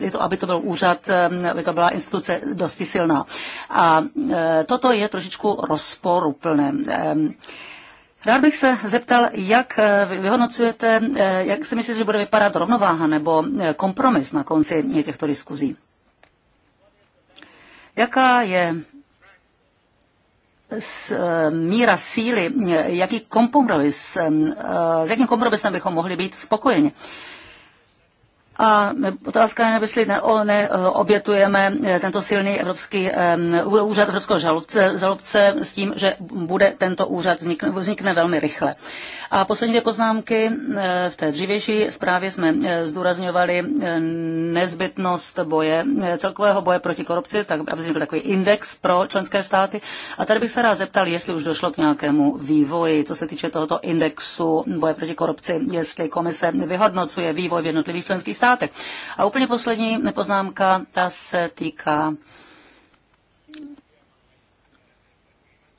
je to, aby to byl úřad, eh, aby to byla instituce dosti silná. A eh, toto je trošičku rozporuplné. Ehm, rád bych se zeptal, jak vyhodnocujete, jak si myslíte, že bude vypadat rovnováha nebo kompromis na konci těchto diskuzí. Jaká je s eh, míra síly, jaký kompromis, eh, jakým kompromisem bychom mohli být spokojeni. A otázka je, jestli neobětujeme ne, eh, tento silný evropský um, úřad evropského žalobce, žalobce s tím, že bude tento úřad vznikne, vznikne velmi rychle. A poslední dvě poznámky. Eh, v té dřívější zprávě jsme eh, zdůrazňovali eh, nezbytnost boje, celkového boje proti korupci, tak aby vznikl takový index pro členské státy. A tady bych se rád zeptal, jestli už došlo k nějakému vývoji, co se týče tohoto indexu boje proti korupci, jestli komise vyhodnocuje vývoj v jednotlivých členských státech. A úplně poslední poznámka, ta se týká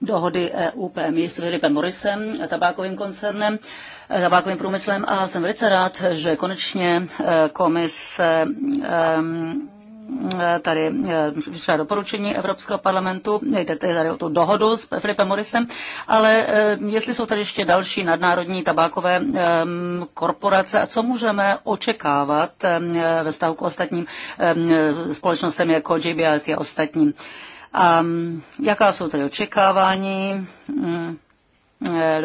dohody EU PMI s Philipem Morrisem, tabákovým koncernem, eh, tabákovým průmyslem a jsem velice rád, že konečně eh, komise ehm, eh, tady vyšla doporučení Evropského parlamentu, jde tady o tu dohodu s Filipem Morrisem, ale jestli jsou tady ještě další nadnárodní tabákové ehm, korporace a co můžeme očekávat ehm, ve vztahu k ostatním společnostem jako JBLT a ostatním. A jaká jsou tedy očekávání, mm, eh,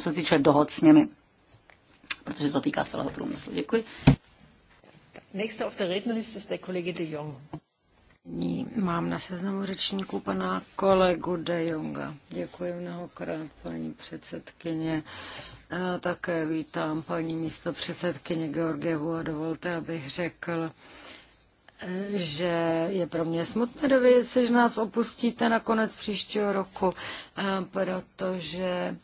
co se týče dohod s nimi, protože se to týká celého průmyslu. Děkuji. Nächster auf der Rednerliste ist der Kollege de Jong. Nyní mám na seznamu řečníků pana kolegu De Jonga. Děkuji mnohokrát, paní předsedkyně. A také vítám paní místo předsedkyně Georgievu a dovolte, abych řekl, že je pro mě smutné dovědět se, že nás opustíte na konec příštího roku, eh, protože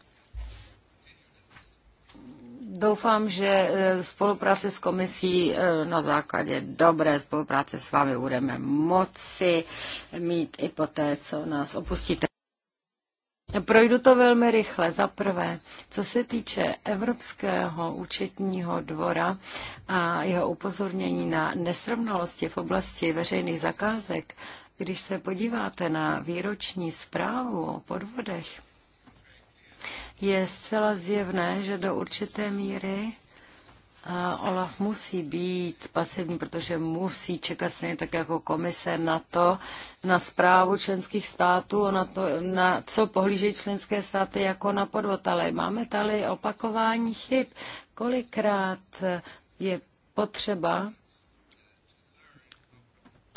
doufám, že eh, spolupráce s komisí eh, na základě dobré spolupráce s vámi budeme moci mít i poté, co nás opustíte. Projdu to velmi rychle. Za prvé, co se týče Evropského účetního dvora a jeho upozornění na nesrovnalosti v oblasti veřejných zakázek, když se podíváte na výroční zprávu o podvodech, je zcela zjevné, že do určité míry Olaf musí být pasivní, protože musí čekat stejně tak jako komise na to, na zprávu členských států, na to, na co pohlížejí členské státy jako na podvod. Ale máme tady opakování chyb. Kolikrát je potřeba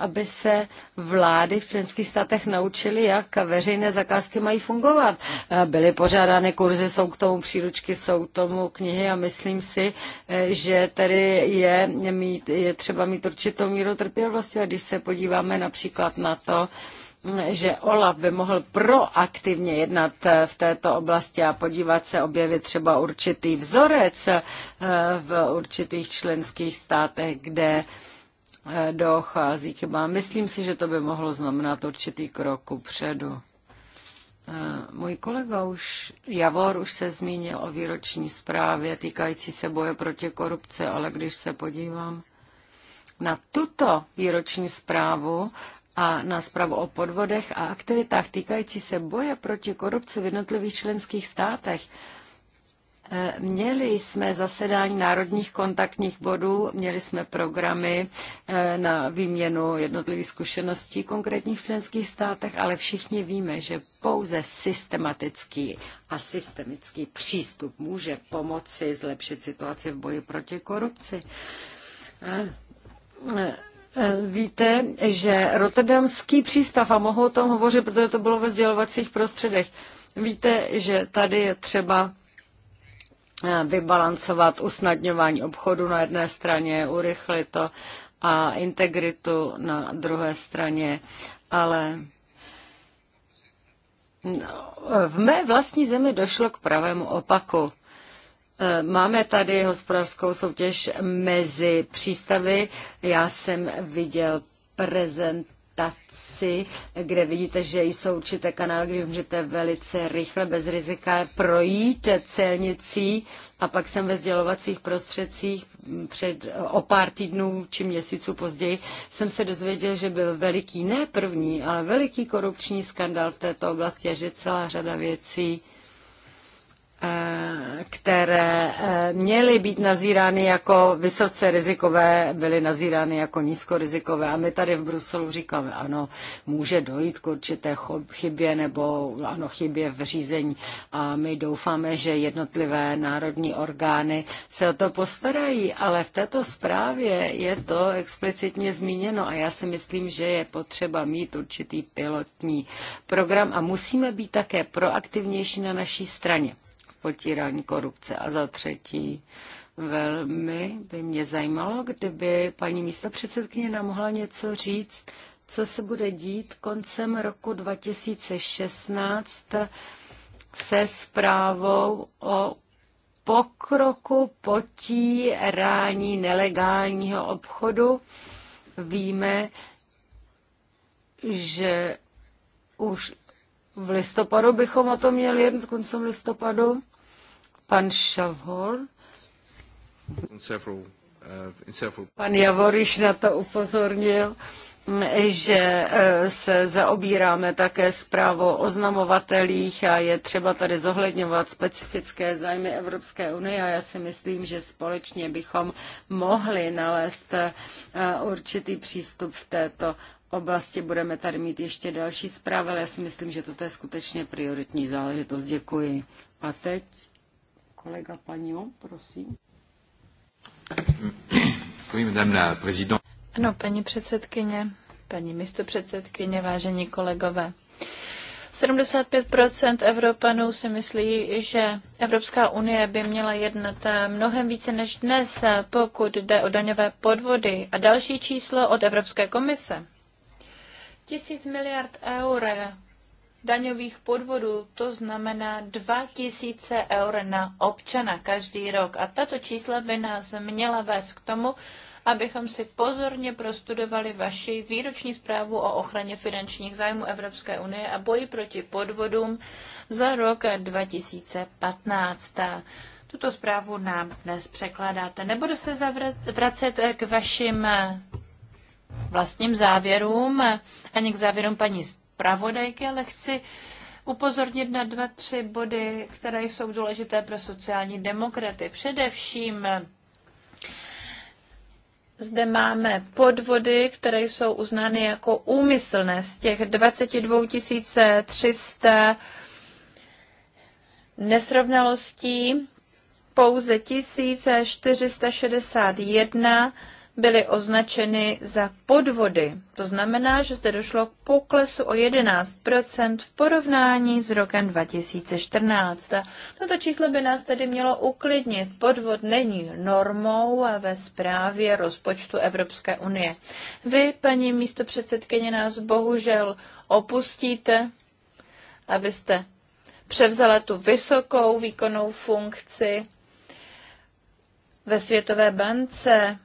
aby se vlády v členských státech naučily, jak veřejné zakázky mají fungovat. Eh, byly pořádány kurzy, jsou k tomu příručky, jsou k tomu knihy a myslím si, eh, že tady je, mít, je třeba mít určitou míru trpělivosti. A když se podíváme například na to, eh, že Olaf by mohl proaktivně jednat v této oblasti a podívat se, objevit třeba určitý vzorec v určitých členských státech, kde dochází chyba. Myslím si, že to by mohlo znamenat určitý krok ku předu. Eh, můj kolega už, Javor už se zmínil o výroční zprávě týkající se boje proti korupci, ale když se podívám na tuto výroční zprávu a na zprávu o podvodech a aktivitách týkající se boje proti korupci v jednotlivých členských státech, Měli jsme zasedání národních kontaktních bodů, měli jsme programy eh, na výměnu jednotlivých zkušeností konkrétních v členských státech, ale všichni víme, že pouze systematický a systemický přístup může pomoci zlepšit situaci v boji proti korupci. Eh, eh, víte, že Rotterdamský přístav, a mohu o tom hovořit, protože to bylo ve sdělovacích prostředech, víte, že tady je třeba vybalancovat usnadňování obchodu na jedné straně, urychlit to a integritu na druhé straně, ale no, v mé vlastní zemi došlo k pravému opaku. E, máme tady hospodářskou soutěž mezi přístavy. Já jsem viděl prezentaci věci, kde vidíte, že jsou určité kanály, kde můžete velice rychle, bez rizika projít celnicí a pak jsem ve sdělovacích prostředcích před, o pár týdnů či měsíců později jsem se dozvěděl, že byl veliký, ne první, ale veliký korupční skandal v této oblasti a že celá řada věcí které eh, měly být nazírány jako vysoce rizikové, byly nazírány jako nízkorizikové. A my tady v Bruselu říkáme, ano, může dojít k určité chybě nebo ano, chybě v řízení. A my doufáme, že jednotlivé národní orgány se o to postarají, ale v této zprávě je to explicitně zmíněno a já si myslím, že je potřeba mít určitý pilotní program a musíme být také proaktivnější na naší straně potírání korupce. A za třetí, velmi by mě zajímalo, kdyby paní místo předsedkyně nám mohla něco říct, co se bude dít koncem roku 2016 se zprávou o pokroku potírání nelegálního obchodu. Víme, že už v listopadu bychom o tom měli jednat koncem listopadu. Pan Šavhor. Uh, Pan Javor již na to upozornil že eh, se zaobíráme také zprávou oznamovatelích a je třeba tady zohledňovat specifické zájmy Evropské unie a já si myslím, že společně bychom mohli nalézt eh, určitý přístup v této oblasti. Budeme tady mít ještě další zprávy, ale já si myslím, že toto je skutečně prioritní záležitost. Děkuji. A teď Kolega Paňo, prosím. Ano, paní předsedkyně, paní místopředsedkyně, vážení kolegové. 75 Evropanů si myslí, že Evropská unie by měla jednat mnohem více než dnes, pokud jde o daňové podvody a další číslo od Evropské komise. Tisíc miliard eur daňových podvodů, to znamená 2000 eur na občana každý rok. A tato čísla by nás měla vést k tomu, abychom si pozorně prostudovali vaši výroční zprávu o ochraně finančních zájmů Evropské unie a boji proti podvodům za rok 2015. Tuto zprávu nám dnes překládáte. Nebudu se vracet k vašim eh, vlastním závěrům, ani k závěrům paní zpravodajky, ale chci upozornit na dva, tři body, které jsou důležité pro sociální demokraty. Především zde máme podvody, které jsou uznány jako úmyslné z těch 22 300 nesrovnalostí pouze 1461 byly označeny za podvody. To znamená, že zde došlo k poklesu o 11 v porovnání s rokem 2014. Toto číslo by nás tedy mělo uklidnit. Podvod není normou ve zprávě rozpočtu Evropské unie. Vy, paní místo předsedkyně, nás bohužel opustíte, abyste převzala tu vysokou výkonnou funkci ve Světové bance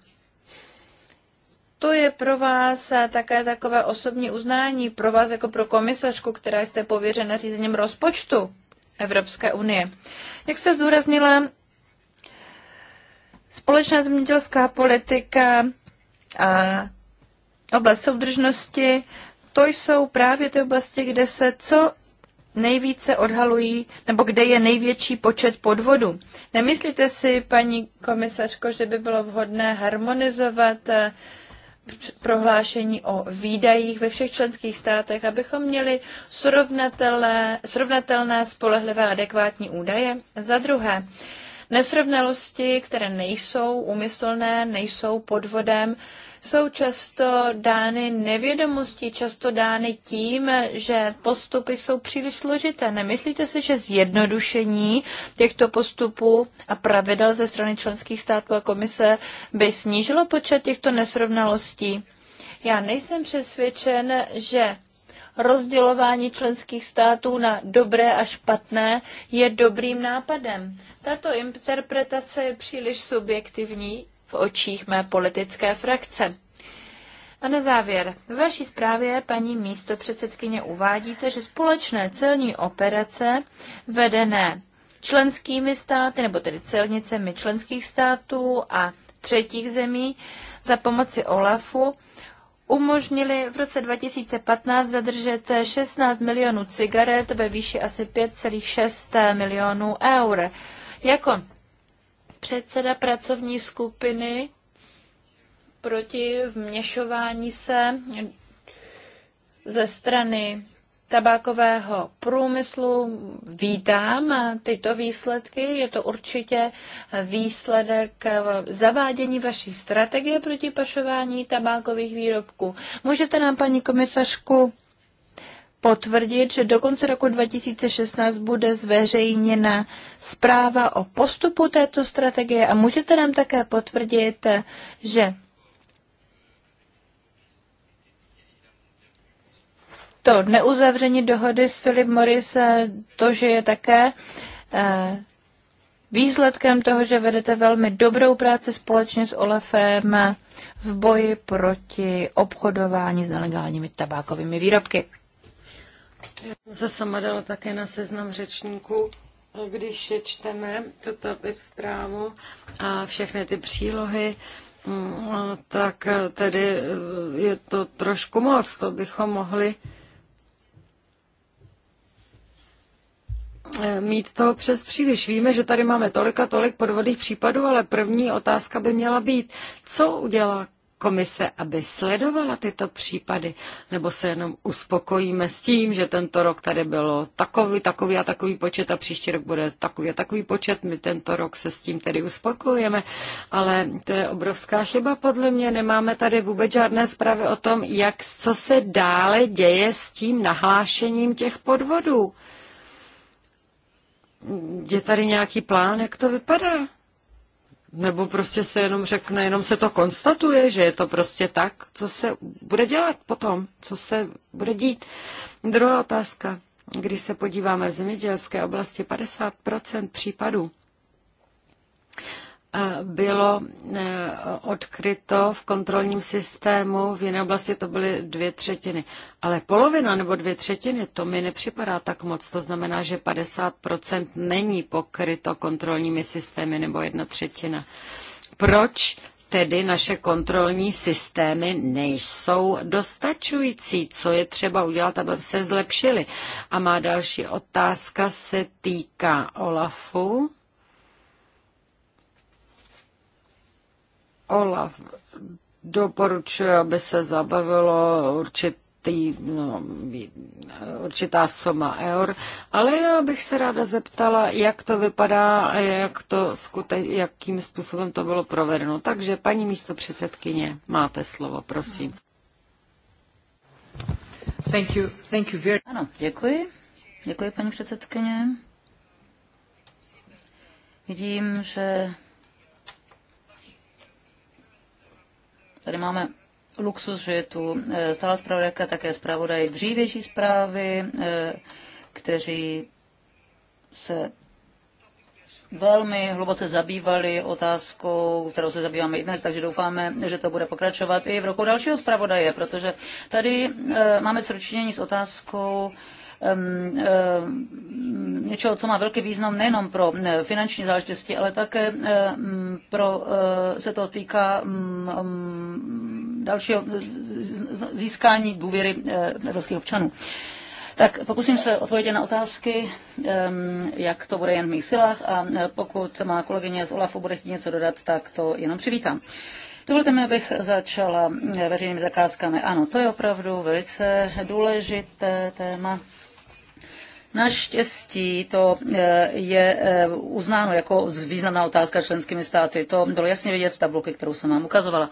to je pro vás také takové osobní uznání, pro vás jako pro komisařku, která jste pověřena řízením rozpočtu Evropské unie. Jak jste zdůraznila, společná zemědělská politika a oblast soudržnosti, to jsou právě ty oblasti, kde se co nejvíce odhalují, nebo kde je největší počet podvodů. Nemyslíte si, paní komisařko, že by bylo vhodné harmonizovat prohlášení o výdajích ve všech členských státech, abychom měli srovnatelné, srovnatelné spolehlivé adekvátní údaje. Za druhé, nesrovnalosti, které nejsou úmyslné, nejsou podvodem, jsou často dány nevědomostí, často dány tím, že postupy jsou příliš složité. Nemyslíte si, že zjednodušení těchto postupů a pravidel ze strany členských států a komise by snížilo počet těchto nesrovnalostí? Já nejsem přesvědčen, že rozdělování členských států na dobré a špatné je dobrým nápadem. Tato interpretace je příliš subjektivní v očích mé politické frakce. A na závěr, v vaší zprávě, paní místo předsedkyně, uvádíte, že společné celní operace vedené členskými státy, nebo tedy celnicemi členských států a třetích zemí za pomoci OLAFu umožnili v roce 2015 zadržet 16 milionů cigaret ve výši asi 5,6 milionů eur. Jako předseda pracovní skupiny proti vměšování se ze strany tabákového průmyslu. Vítám tyto výsledky. Je to určitě výsledek zavádění vaší strategie proti pašování tabákových výrobků. Můžete nám, paní komisařku, potvrdit, že do konce roku 2016 bude zveřejněna zpráva o postupu této strategie a můžete nám také potvrdit, že to neuzavření dohody s Philip Morris, eh, to, že je také eh, výsledkem toho, že vedete velmi dobrou práci společně s Olafem v boji proti obchodování s nelegálními tabákovými výrobky. Já sama dala také na seznam řečníků, když čteme tuto zprávu a všechny ty přílohy, mm, tak tedy eh, je to trošku moc, to bychom mohli eh, mít toho přes příliš. Víme, že tady máme tolik a tolik podvodných případů, ale první otázka by měla být, co udělá komise, aby sledovala tyto případy, nebo se jenom uspokojíme s tím, že tento rok tady bylo takový, takový a takový počet a příští rok bude takový a takový počet, my tento rok se s tím tedy uspokojujeme, ale to je obrovská chyba podle mě, nemáme tady vůbec žádné zprávy o tom, jak, co se dále děje s tím nahlášením těch podvodů. Je tady nějaký plán, jak to vypadá? nebo prostě se jenom řekne, jenom se to konstatuje, že je to prostě tak, co se bude dělat potom, co se bude dít. Druhá otázka. Když se podíváme v zemědělské oblasti, 50% případů bylo e, odkryto v kontrolním systému, v jiné oblasti to byly dvě třetiny. Ale polovina nebo dvě třetiny, to mi nepřipadá tak moc. To znamená, že 50% není pokryto kontrolními systémy nebo jedna třetina. Proč tedy naše kontrolní systémy nejsou dostačující, co je třeba udělat, aby se zlepšily. A má další otázka se týká OLAFu. Olaf doporučuje, aby se zabavilo určitý, no, určitá soma eur, ale já bych se ráda zeptala, jak to vypadá a jak to skute, jakým způsobem to bylo provedeno. Takže paní místo předsedkyně, máte slovo, prosím. Thank you. Thank you very... Ano, děkuji. Děkuji, paní předsedkyně. Vidím, že Tady máme luxus, že je tu eh, stála zpravodajka, také zpravodaj dřívější zprávy, eh, kteří se velmi hluboce zabývali otázkou, kterou se zabýváme i dnes, takže doufáme, že to bude pokračovat i v roku dalšího zpravodaje, protože tady eh, máme sročinění s otázkou, něčeho, co má velký význam nejenom pro finanční záležitosti, ale také pro, eh, se to týká dalšího získání důvěry eh, evropských občanů. Tak pokusím se odpovědět na otázky, jak to bude jen v mých silách a eh, pokud má kolegyně z OLAFu bude chtít něco dodat, tak to jenom přivítám. Dovolte mi, abych začala veřejnými zakázkami. Ano, to je opravdu velice důležité téma. Naštěstí to e, je e, uznáno jako významná otázka členskými státy. To bylo jasně vidět z tabulky, kterou jsem vám ukazovala.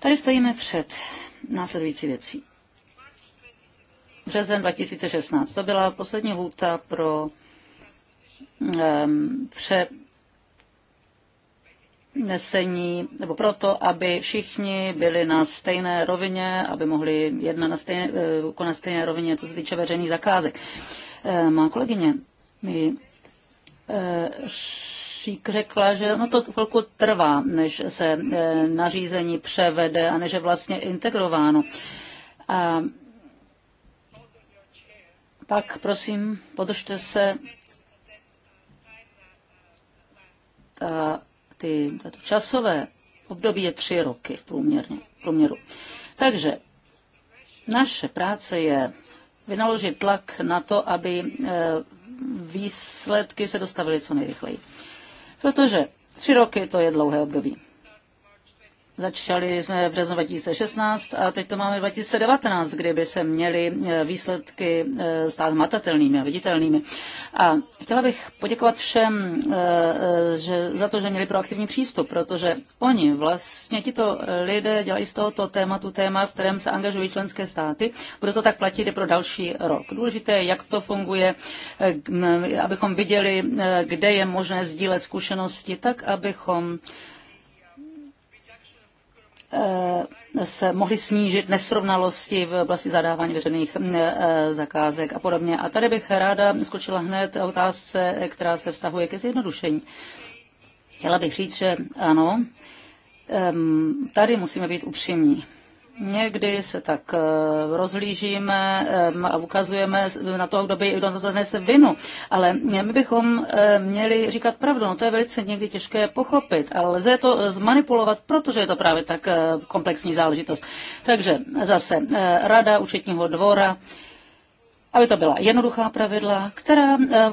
Tady stojíme před následující věcí. Březen 2016. To byla poslední lhůta pro pře nesení nebo proto, aby všichni byli na stejné rovině, aby mohli jedna na stejné, eh, konat stejné rovině, co se týče veřejných zakázek. Eh, má kolegyně mi eh, Šík řekla, že no to chvilku trvá, než se nařízení převede a než je vlastně integrováno. A pak prosím, podržte se ta ty, to časové období je tři roky v, průměrně, v průměru. Takže naše práce je vynaložit tlak na to, aby eh, výsledky se dostavily co nejrychleji. Protože tři roky to je dlouhé období. Začali jsme v březnu 2016 a teď to máme 2019, kdyby se měly eh, výsledky eh, stát matatelnými a viditelnými. A chtěla bych poděkovat všem eh, že, za to, že měli proaktivní přístup, protože oni vlastně tito lidé dělají z tohoto tématu téma, v kterém se angažují členské státy. Bude to tak platit i pro další rok. Důležité je, jak to funguje, abychom viděli, kde je možné sdílet zkušenosti, tak abychom Eh, se mohly snížit nesrovnalosti v oblasti zadávání veřejných eh, zakázek a podobně. A tady bych ráda skočila hned otázce, která se vztahuje ke zjednodušení. Chtěla bych říct, že ano, ehm, tady musíme být upřímní. Někdy se tak eh, rozlížíme a ukazujeme na toho, kdo by kdo to nese vinu. Ale my bychom eh, měli říkat pravdu. No to je velice někdy těžké pochopit, ale lze to eh, zmanipulovat, protože je to právě tak komplexní záležitost. Takže zase Rada účetního dvora aby to byla jednoduchá pravidla, která eh,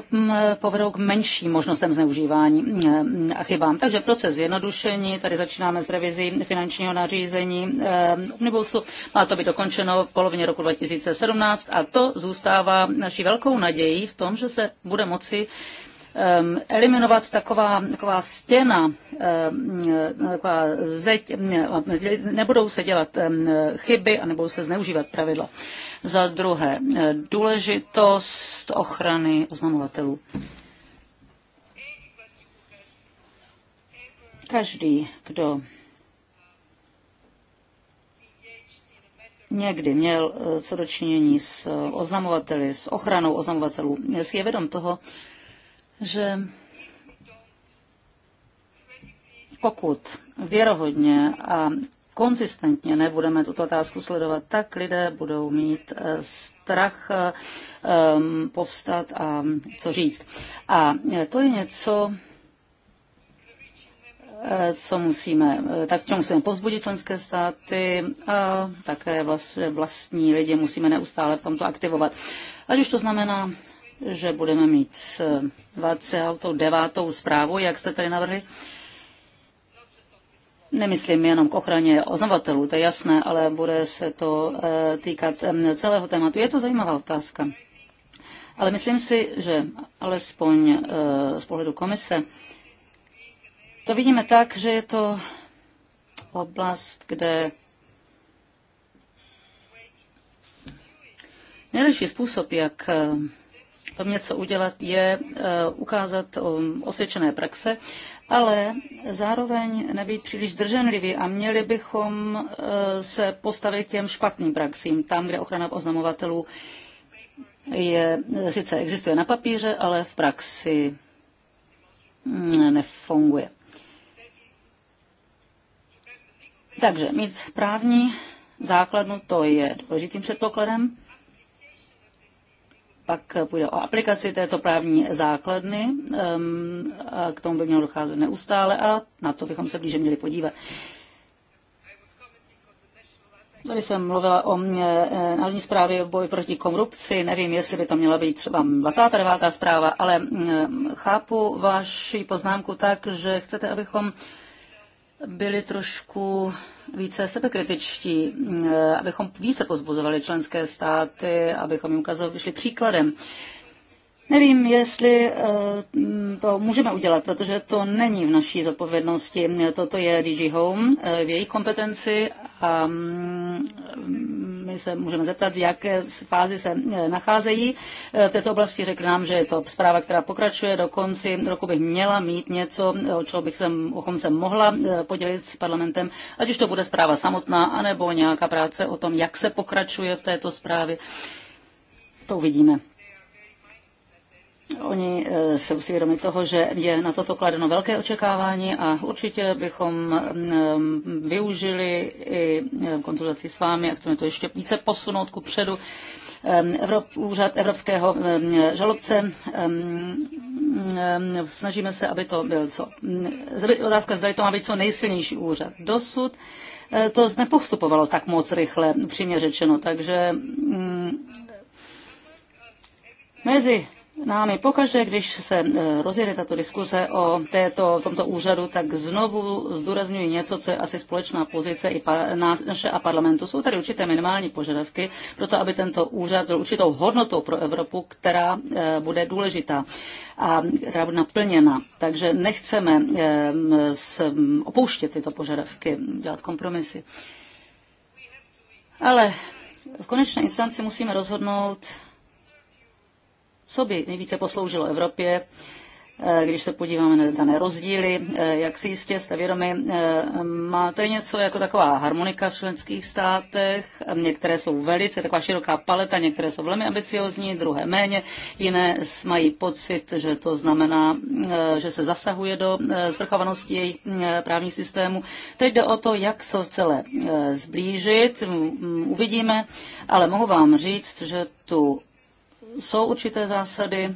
povedou k menším možnostem zneužívání eh, a chybám. Takže proces zjednodušení, tady začínáme s revizí finančního nařízení eh, Omnibusu, má to být dokončeno v polovině roku 2017 a to zůstává naší velkou nadějí v tom, že se bude moci eliminovat taková, taková stěna, taková zeď, nebudou se dělat chyby a nebudou se zneužívat pravidla. Za druhé, eh, důležitost ochrany oznamovatelů. Každý, kdo někdy měl eh, co dočinění s eh, oznamovateli, s ochranou oznamovatelů, si je vědom toho, že pokud věrohodně a konzistentně nebudeme tuto otázku sledovat, tak lidé budou mít eh, strach eh, povstat a co říct. A eh, to je něco, co musíme, tak čemu musíme pozbudit členské státy a také vlastně vlastní lidi musíme neustále v tomto aktivovat. Ať už to znamená, že budeme mít devátou zprávu, jak jste tady navrhli, Nemyslím jenom k ochraně oznamovatelů, to je jasné, ale bude se to eh, týkat celého tématu. Je to zajímavá otázka. Ale myslím si, že alespoň eh, z pohledu komise to vidíme tak, že je to oblast, kde nejlepší způsob, jak eh, tom něco udělat, je eh, ukázat um, osvědčené praxe, ale zároveň nebýt příliš zdrženliví a měli bychom eh, se postavit těm špatným praxím, tam, kde ochrana oznamovatelů je, sice existuje na papíře, ale v praxi mm, nefunguje. Takže mít právní základnu, to je důležitým předpokladem. Pak půjde o aplikaci této právní základny, k tomu by mělo docházet neustále a na to bychom se blíže měli podívat. Tady jsem mluvila o národní zprávě o boji proti korupci, nevím, jestli by to měla být třeba 29. zpráva, ale chápu vaši poznámku tak, že chcete, abychom byli trošku více sebekritičtí, eh, abychom více pozbuzovali členské státy, abychom jim ukazovali, vyšli příkladem. Nevím, jestli eh, to můžeme udělat, protože to není v naší zodpovědnosti. Toto je DG Home eh, v jejich kompetenci Mm, my se můžeme zeptat, v jaké fázi se eh, nacházejí. Eh, v této oblasti řekl nám, že je to zpráva, která pokračuje. Do konci roku bych měla mít něco, eh, o čem bych se, o kom se mohla podělit s parlamentem, ať už to bude zpráva samotná, anebo nějaká práce o tom, jak se pokračuje v této zprávě. To uvidíme. Oni eh, se musí vědomi toho, že je na toto kladeno velké očekávání a určitě bychom eh, využili i eh, konzultaci s vámi a chceme to ještě více posunout ku předu. Evrop, úřad evropského žalobce. Snažíme se, aby to byl co. Otázka, zda to má být co nejsilnější úřad. Dosud to nepostupovalo tak moc rychle, přímě řečeno, takže mm, mezi námi. Pokaždé, když se e, rozjede tato diskuse o této, tomto úřadu, tak znovu zdůrazňuji něco, co je asi společná pozice i pa, na, naše a parlamentu. Jsou tady určité minimální požadavky pro to, aby tento úřad byl určitou hodnotou pro Evropu, která e, bude důležitá a která bude naplněna. Takže nechceme e, s, opouštět tyto požadavky, dělat kompromisy. Ale v konečné instanci musíme rozhodnout, co by nejvíce posloužilo Evropě, eh, když se podíváme na dané rozdíly, eh, jak si jistě jste vědomi, eh, máte něco jako taková harmonika v členských státech, některé jsou velice, taková široká paleta, některé jsou velmi ambiciozní, druhé méně, jiné mají pocit, že to znamená, že se zasahuje do zvrchovanosti jejich právních systémů. Teď jde o to, jak se celé zblížit, uvidíme, ale mohu vám říct, že tu jsou určité zásady,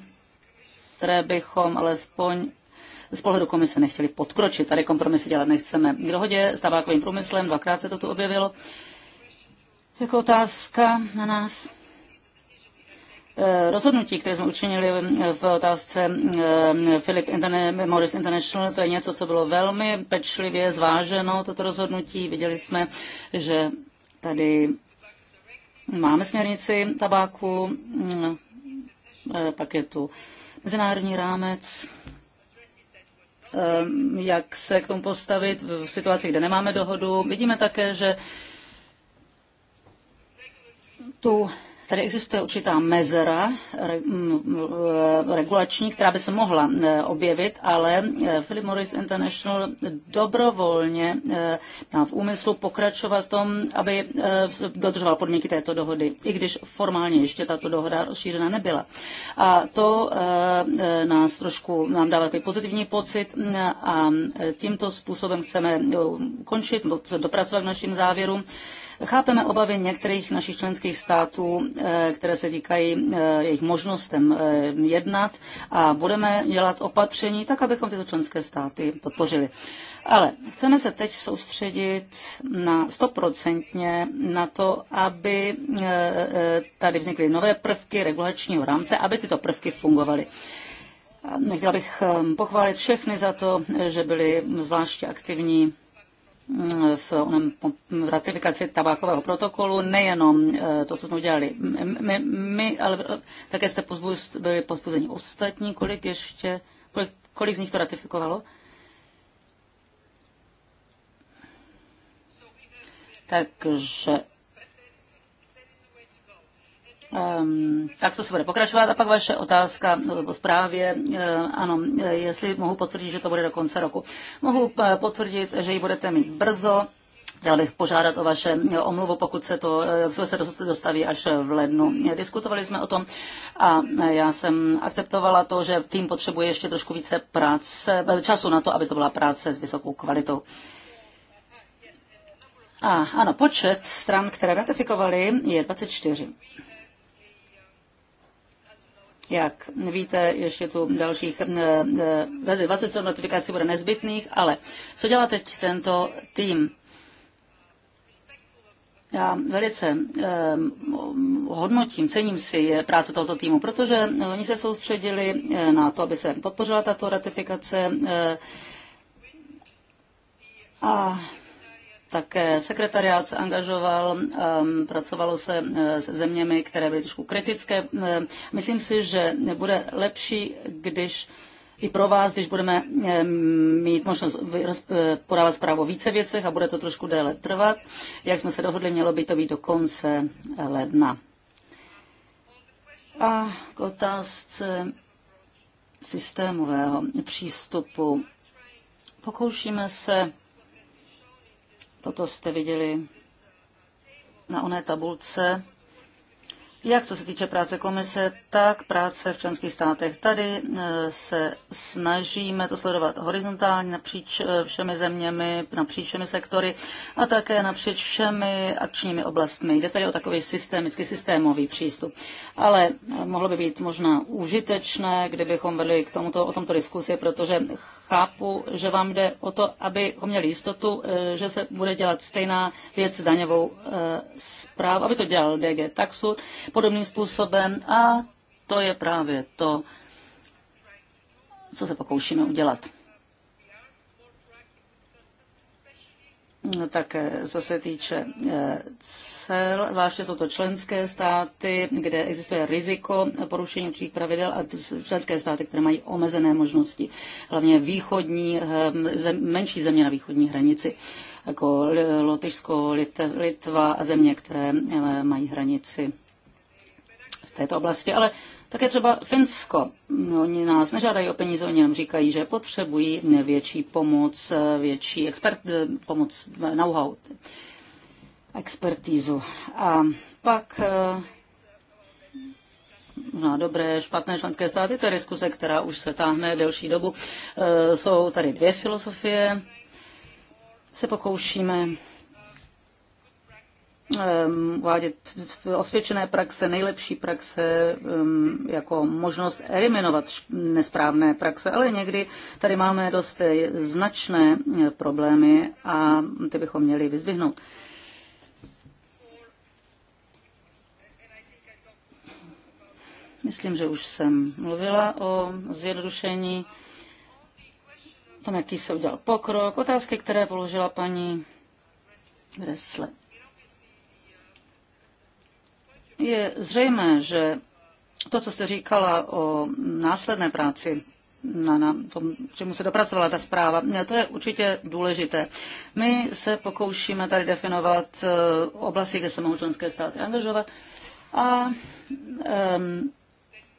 které bychom alespoň z pohledu komise nechtěli podkročit. Tady kompromisy dělat nechceme. K dohodě s tabákovým průmyslem, dvakrát se to tu objevilo, jako otázka na nás eh, rozhodnutí, které jsme učinili v otázce eh, Philip Morris International, to je něco, co bylo velmi pečlivě zváženo, toto rozhodnutí. Viděli jsme, že tady máme směrnici tabáku, mm, Eh, pak je tu mezinárodní rámec, eh, jak se k tomu postavit v situaci, kde nemáme dohodu. Vidíme také, že tu Tady existuje určitá mezera regulační, která by se mohla e, objevit, ale e, Philip Morris International dobrovolně e, má v úmyslu pokračovat v tom, aby dodržoval podmínky této dohody, i když formálně ještě tato dohoda rozšířena nebyla. A to nás trošku nám dává takový pozitivní pocit a tímto způsobem chceme končit, dopracovat k našim závěrům. Chápeme obavy některých našich členských států, eh, které se týkají eh, jejich možnostem eh, jednat a budeme dělat opatření tak, abychom tyto členské státy podpořili. Ale chceme se teď soustředit na stoprocentně na to, aby tady vznikly nové prvky regulačního rámce, aby tyto prvky fungovaly. Nechtěla bych pochválit všechny za to, že byli zvláště aktivní v, onem, v ratifikaci tabákového protokolu, nejenom e, to, co jsme udělali my, my ale také jste byli pozbuzeni ostatní, kolik ještě, kolik, kolik z nich to ratifikovalo? Takže Ehm, tak to se bude pokračovat. A pak vaše otázka o zprávě. Eh, ano, eh, jestli mohu potvrdit, že to bude do konce roku. Mohu eh, potvrdit, že ji budete mít brzo. Já bych požádat o vaše omluvu, pokud se to se dostaví až v lednu. Diskutovali jsme o tom a já jsem akceptovala to, že tým potřebuje ještě trošku více práce, času na to, aby to byla práce s vysokou kvalitou. A ano, počet stran, které ratifikovali, je 24. Jak víte, ještě tu dalších 27 eh, eh, notifikací bude nezbytných, ale co dělá teď tento tým? Já velice eh, hodnotím, cením si eh, práce tohoto týmu, protože oni se soustředili na to, aby se podpořila tato ratifikace. Eh, a také sekretariát se angažoval, um, pracovalo se uh, s zeměmi, které byly trošku kritické. Uh, myslím si, že bude lepší, když i pro vás, když budeme um, mít možnost uh, podávat zprávu o více věcech a bude to trošku déle trvat. Jak jsme se dohodli, mělo by to být do konce ledna. A k otázce systémového přístupu. Pokoušíme se Toto jste viděli na oné tabulce. Jak co se týče práce komise, tak práce v členských státech. Tady eh, se snažíme to sledovat horizontálně napříč eh, všemi zeměmi, napříč všemi sektory a také napříč všemi akčními oblastmi. Jde tady o takový systémický, systémový přístup. Ale eh, mohlo by být možná užitečné, kdybychom vedli k tomuto, o tomto diskusi, protože chápu, že vám jde o to, ho měli jistotu, eh, že se bude dělat stejná věc s daňovou zpráv, eh, aby to dělal DG Taxu podobným způsobem a to je právě to, co se pokoušíme udělat. také co se týče eh, cel, zvláště jsou to členské státy, kde existuje riziko porušení určitých pravidel a členské státy, které mají omezené možnosti, hlavně východní, eh, menší země na východní hranici, jako Lotyšsko, Litva a země, které eh, mají hranici v této oblasti. Ale také třeba Finsko. No, oni nás nežádají o peníze, oni nám říkají, že potřebují větší pomoc, větší expert, eh, pomoc eh, know-how, expertízu. A pak eh, možná dobré, špatné členské státy, to je diskuse, která už se táhne delší dobu. Jsou tady dvě filozofie. Se pokoušíme Ehm, uvádět osvědčené praxe, nejlepší praxe ehm, jako možnost eliminovat nesprávné praxe, ale někdy tady máme dost eh, značné eh, problémy a ty bychom měli vyzvihnout. Myslím, že už jsem mluvila o zjednodušení, tam, jaký se udělal pokrok, otázky, které položila paní Gressle. Je zřejmé, že to, co jste říkala o následné práci, na, na tom, čemu se dopracovala ta zpráva, to je určitě důležité. My se pokoušíme tady definovat eh, oblasti, kde se mohou členské státy angažovat a um,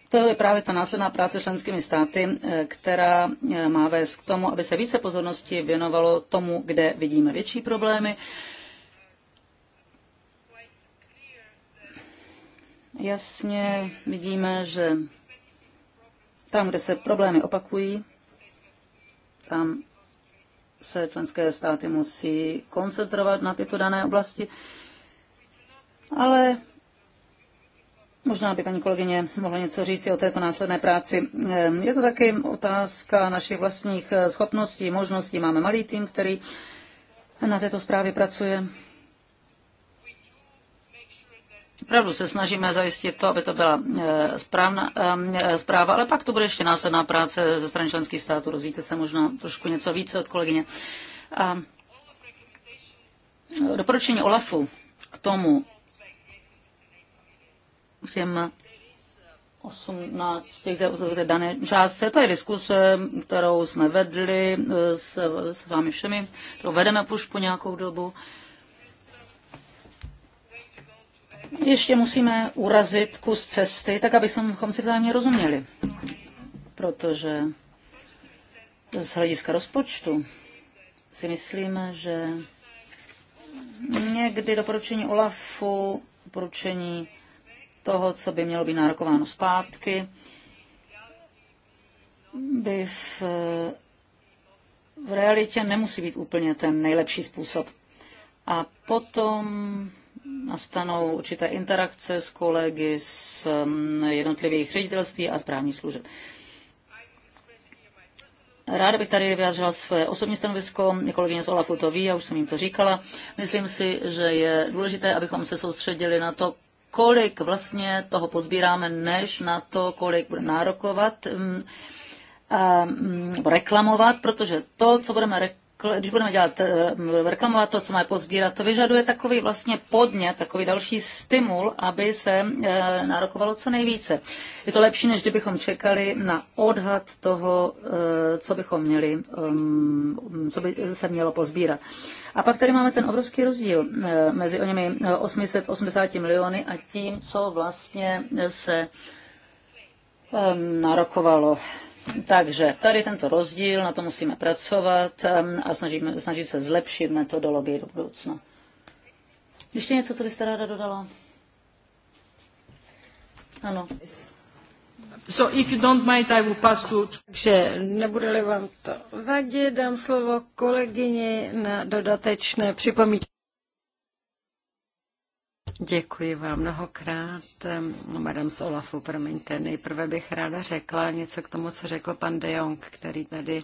to je právě ta následná práce členskými státy, eh, která eh, má vést k tomu, aby se více pozornosti věnovalo tomu, kde vidíme větší problémy, Jasně vidíme, že tam, kde se problémy opakují, tam se členské státy musí koncentrovat na tyto dané oblasti. Ale Možná by paní kolegyně mohla něco říct o této následné práci. Je to taky otázka našich vlastních schopností, možností. Máme malý tým, který na této zprávě pracuje. Opravdu se snažíme zajistit to, aby to byla eh, správná eh, eh, zpráva, ale pak to bude ještě následná práce ze strany členských států. Rozvíte se možná trošku něco více od kolegyně. A doporučení OLAFu k tomu, k těm 18 těch dané částce. To je diskuse, kterou jsme vedli s, s vámi všemi, kterou vedeme už po nějakou dobu. Uh, ještě musíme urazit kus cesty, tak abychom si vzájemně rozuměli. Protože z hlediska rozpočtu si myslíme, že někdy doporučení OLAFu, doporučení toho, co by mělo být nárokováno zpátky, by v, v realitě nemusí být úplně ten nejlepší způsob. A potom nastanou určité interakce s kolegy z mm, jednotlivých ředitelství a správní služeb. Ráda bych tady vyjádřila své osobní stanovisko, kolegyně z Olafu to ví, já už jsem jim to říkala. Myslím si, že je důležité, abychom se soustředili na to, kolik vlastně toho pozbíráme, než na to, kolik budeme nárokovat, mm, mm, reklamovat, protože to, co budeme reklamovat, když budeme dělat, eh, reklamovat to, co mají pozbírat, to vyžaduje takový vlastně podnět, takový další stimul, aby se eh, nárokovalo co nejvíce. Je to lepší, než kdybychom čekali na odhad toho, eh, co bychom měli, ehm, co by se mělo pozbírat. A pak tady máme ten obrovský rozdíl mezi o němi 880 miliony a tím, co vlastně se ehm, nárokovalo. Takže tady tento rozdíl, na to musíme pracovat a snažíme, snažit se zlepšit metodologii do budoucna. Ještě něco, co byste ráda dodala? Ano. So if you don't mind, I will pass to... Takže nebude-li vám to vadit, dám slovo kolegyni na dodatečné připomínky. Děkuji vám mnohokrát. Madame z Olafu, promiňte, nejprve bych ráda řekla něco k tomu, co řekl pan De Jong, který tady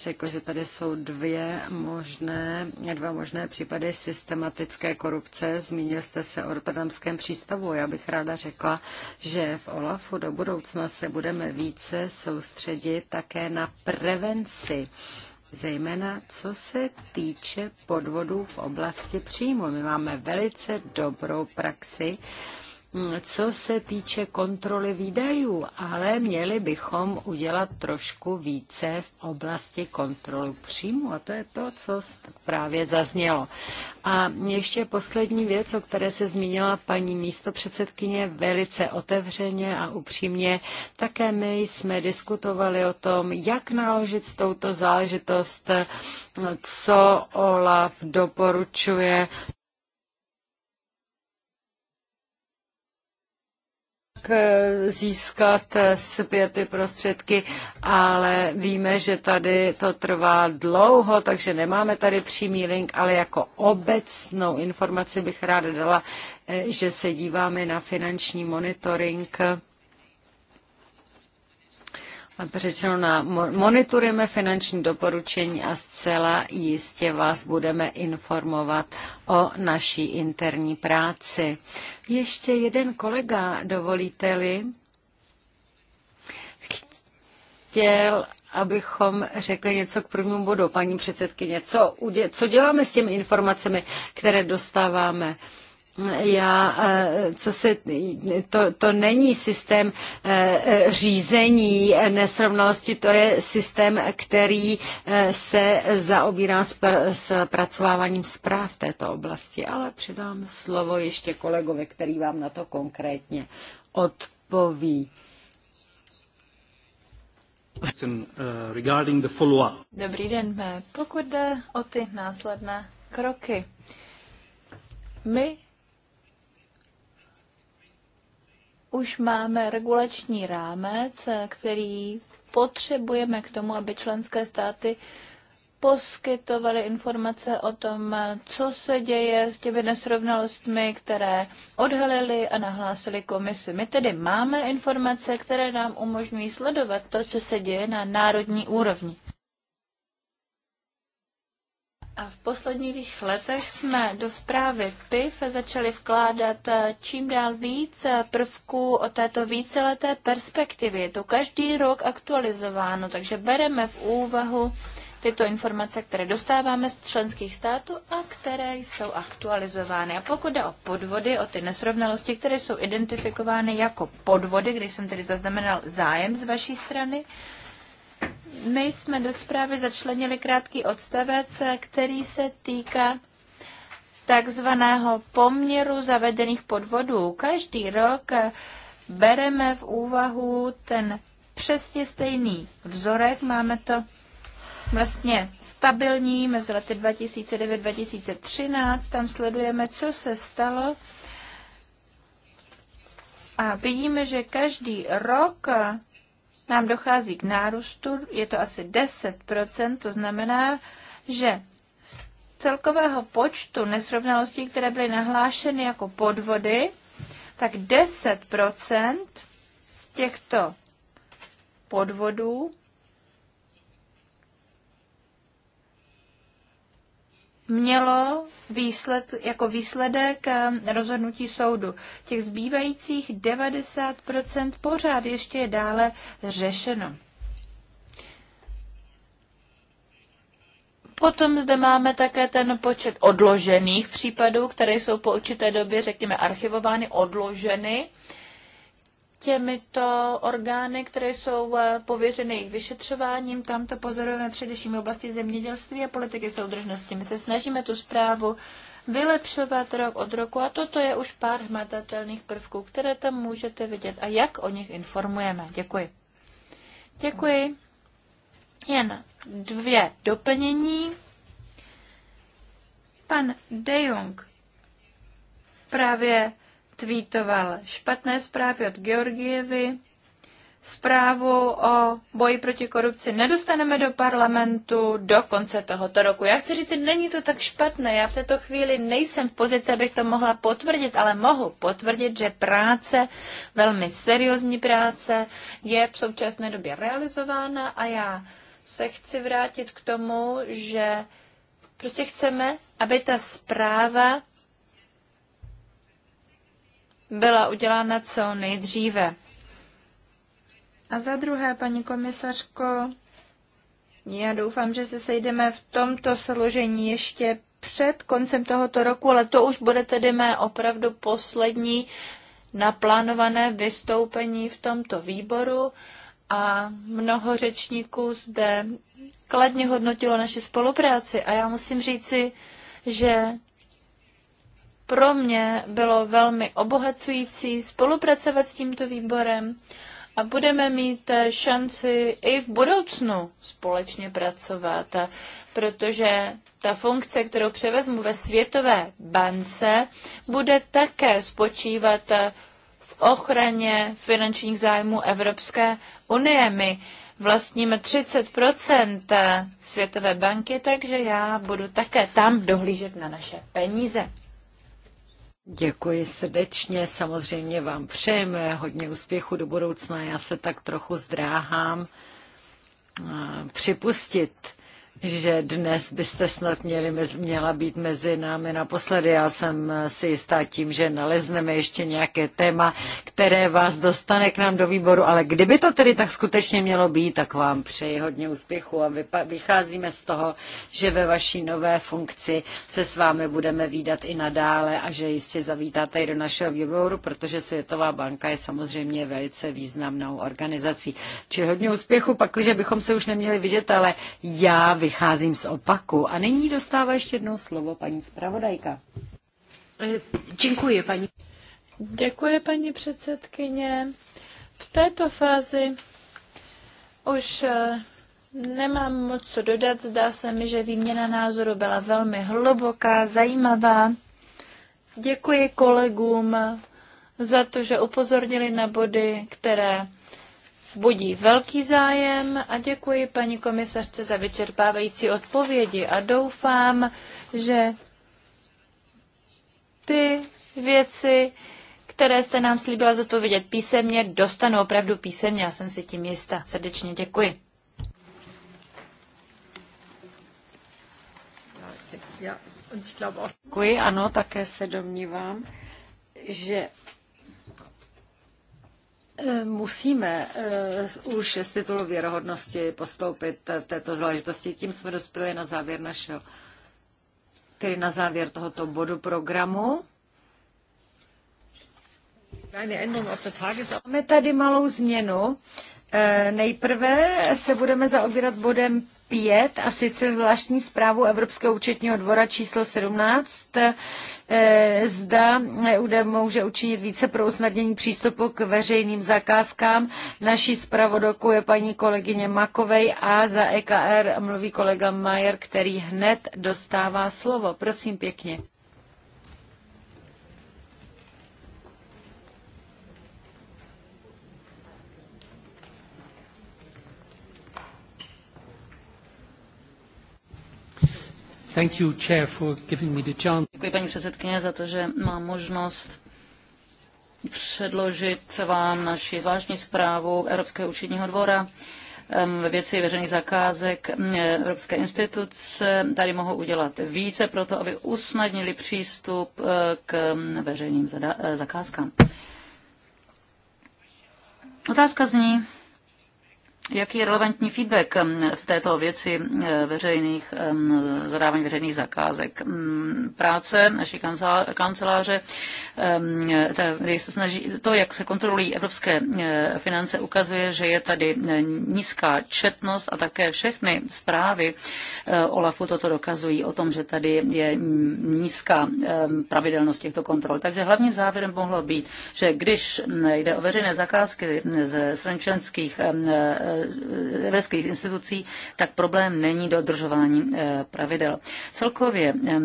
řekl, že tady jsou dvě možné, dva možné případy systematické korupce. Zmínil jste se o rotterdamském přístavu. Já bych ráda řekla, že v Olafu do budoucna se budeme více soustředit také na prevenci zejména co se týče podvodů v oblasti příjmu. My máme velice dobrou praxi, co se týče kontroly výdajů, ale měli bychom udělat trošku více v oblasti kontrolu příjmu. A to je to, co právě zaznělo. A ještě poslední věc, o které se zmínila paní místo předsedkyně velice otevřeně a upřímně. Také my jsme diskutovali o tom, jak naložit s touto záležitost, co OLAF doporučuje Eh, získat eh, zpět ty prostředky, ale víme, že tady to trvá dlouho, takže nemáme tady přímý link, ale jako obecnou informaci bych ráda dala, eh, že se díváme na finanční monitoring řečeno na monitorujeme finanční doporučení a zcela jistě vás budeme informovat o naší interní práci. Ještě jeden kolega, dovolíte-li, chtěl abychom řekli něco k prvnímu bodu. Paní předsedkyně, co, co děláme s těmi informacemi, které dostáváme? Uh, já, eh, co se, to, to není systém eh, eh, řízení nesrovnalosti, to je systém, který se zaobírá s, s pracováváním zpráv této oblasti. Ale předám slovo ještě kolegovi, který vám na to konkrétně odpoví. Dobrý den, pokud jde o ty následné kroky. My už máme regulační rámec, který potřebujeme k tomu, aby členské státy poskytovaly informace o tom, co se děje s těmi nesrovnalostmi, které odhalili a nahlásili komisi. My tedy máme informace, které nám umožňují sledovat to, co se děje na národní úrovni. A v posledních letech jsme do zprávy PIF začali vkládat eh, čím dál víc eh, prvků o této víceleté perspektivě. Je to každý rok aktualizováno, takže bereme v úvahu tyto informace, které dostáváme z členských států a které jsou aktualizovány. A pokud jde o podvody, o ty nesrovnalosti, které jsou identifikovány jako podvody, když jsem tedy zaznamenal zájem z vaší strany, my jsme do zprávy začlenili krátký odstavec, který se týká takzvaného poměru zavedených podvodů. Každý rok bereme v úvahu ten přesně stejný vzorek, máme to vlastně stabilní mezi lety 2009-2013, tam sledujeme, co se stalo a vidíme, že každý rok nám dochází k nárůstu, je to asi 10%, to znamená, že z celkového počtu nesrovnalostí, které byly nahlášeny jako podvody, tak 10% z těchto podvodů mělo výsled, jako výsledek eh, rozhodnutí soudu. Těch zbývajících 90% pořád ještě je dále řešeno. Potom zde máme také ten počet odložených případů, které jsou po určité době, řekněme, archivovány, odloženy těmito orgány, které jsou eh, pověřeny jejich vyšetřováním. Tam to pozorujeme především v oblasti zemědělství a politiky soudržnosti. My se snažíme tu zprávu vylepšovat rok od roku a toto je už pár hmatatelných prvků, které tam můžete vidět a jak o nich informujeme. Děkuji. Děkuji. Jen dvě doplnění. Pan De Jong právě tweetoval špatné zprávy od Georgievy, zprávu o boji proti korupci nedostaneme do parlamentu do konce tohoto roku. Já chci říct, není to tak špatné. Já v této chvíli nejsem v pozici, abych to mohla potvrdit, ale mohu potvrdit, že práce, velmi seriózní práce, je v současné době realizována a já se chci vrátit k tomu, že prostě chceme, aby ta zpráva byla udělána co nejdříve. A za druhé, paní komisařko, já doufám, že se sejdeme v tomto složení ještě před koncem tohoto roku, ale to už bude tedy mé opravdu poslední naplánované vystoupení v tomto výboru a mnoho řečníků zde kladně hodnotilo naši spolupráci a já musím říci, že pro mě bylo velmi obohacující spolupracovat s tímto výborem a budeme mít eh, šanci i v budoucnu společně pracovat, protože ta funkce, kterou převezmu ve Světové bance, bude také spočívat eh, v ochraně finančních zájmů Evropské unie. My vlastníme 30 eh, Světové banky, takže já budu také tam dohlížet na naše peníze. Děkuji srdečně, samozřejmě vám přejeme hodně úspěchu do budoucna. Já se tak trochu zdráhám připustit, že dnes byste snad měli, měla být mezi námi naposledy. Já jsem si jistá tím, že nalezneme ještě nějaké téma, které vás dostane k nám do výboru, ale kdyby to tedy tak skutečně mělo být, tak vám přeji hodně úspěchu a vycházíme z toho, že ve vaší nové funkci se s vámi budeme výdat i nadále a že jistě zavítáte i do našeho výboru, protože Světová banka je samozřejmě velice významnou organizací. Či hodně úspěchu, pakliže bychom se už neměli vidět, ale já vycházím vycházím z opaku. A nyní dostává ještě jednou slovo paní zpravodajka. Eh, děkuji, paní. Děkuji, paní předsedkyně. V této fázi už eh, nemám moc co dodat. Zdá se mi, že výměna názoru byla velmi hluboká, zajímavá. Děkuji kolegům za to, že upozornili na body, které budí velký zájem a děkuji paní komisařce za vyčerpávající odpovědi a doufám, že ty věci, které jste nám slíbila zodpovědět písemně, dostanu opravdu písemně. Já jsem si tím jistá. Srdečně děkuji. Děkuji, ano, také se domnívám, že Musíme eh, už z titulu věrohodnosti postoupit v této záležitosti. Tím jsme dospěli na závěr našeho, tedy na závěr tohoto bodu programu. Máme tady malou změnu Eh, nejprve se budeme zaobírat bodem 5 a sice zvláštní zprávu Evropského účetního dvora číslo 17. Eh, zda EUD může učinit více pro usnadnění přístupu k veřejným zakázkám. Naší zpravodoku je paní kolegyně Makovej a za EKR mluví kolega Majer, který hned dostává slovo. Prosím pěkně. Děkuji paní předsedkyně za to, že mám možnost předložit vám naši zvláštní zprávu Evropského účetního dvora ve věci veřejných zakázek Evropské instituce. Tady mohou udělat více pro to, aby usnadnili přístup eh, k veřejným eh, zakázkám. Otázka zní, Jaký je relevantní feedback um, v této věci uh, veřejných, um, zadávání veřejných zakázek? Um, práce naší kanceláře, to, jak se kontrolují evropské uh, finance, ukazuje, že je tady uh, nízká četnost a také všechny zprávy OLAFu toto dokazují o tom, že tady je nízká pravidelnost těchto kontrol. Takže hlavním závěrem mohlo být, že když jde o veřejné zakázky ze členských Eh, evropských institucí, tak problém není dodržování eh, pravidel. Celkově eh,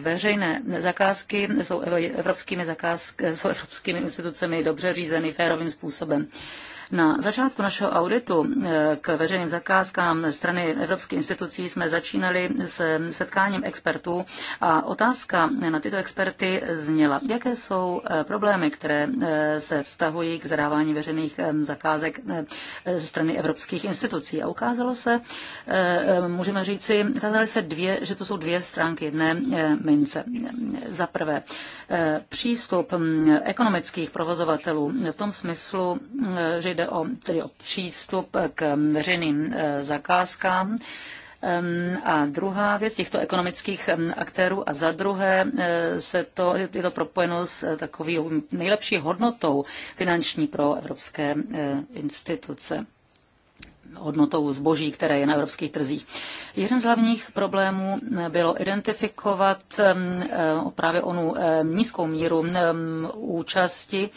veřejné zakázky jsou evropskými, zakázky, jsou evropskými institucemi dobře řízeny férovým způsobem. Na začátku našeho auditu eh, k veřejným zakázkám strany evropských institucí jsme začínali s eh, setkáním expertů a otázka na tyto experty zněla, jaké jsou eh, problémy, které se vztahují k zadávání veřejných zakázek ze strany evropských institucí. A ukázalo se, můžeme říci, ukázaly se dvě, že to jsou dvě stránky jedné mince. Za prvé, přístup mm, ekonomických provozovatelů v tom smyslu, že jde o, tedy o přístup k veřejným eh, zakázkám. A druhá věc těchto ekonomických aktérů a za druhé eh, se to, je to propojeno s eh, takovou nejlepší hodnotou finanční pro evropské instituce hodnotou zboží, které je na evropských trzích. Jeden z hlavních problémů bylo identifikovat právě onu nízkou míru účasti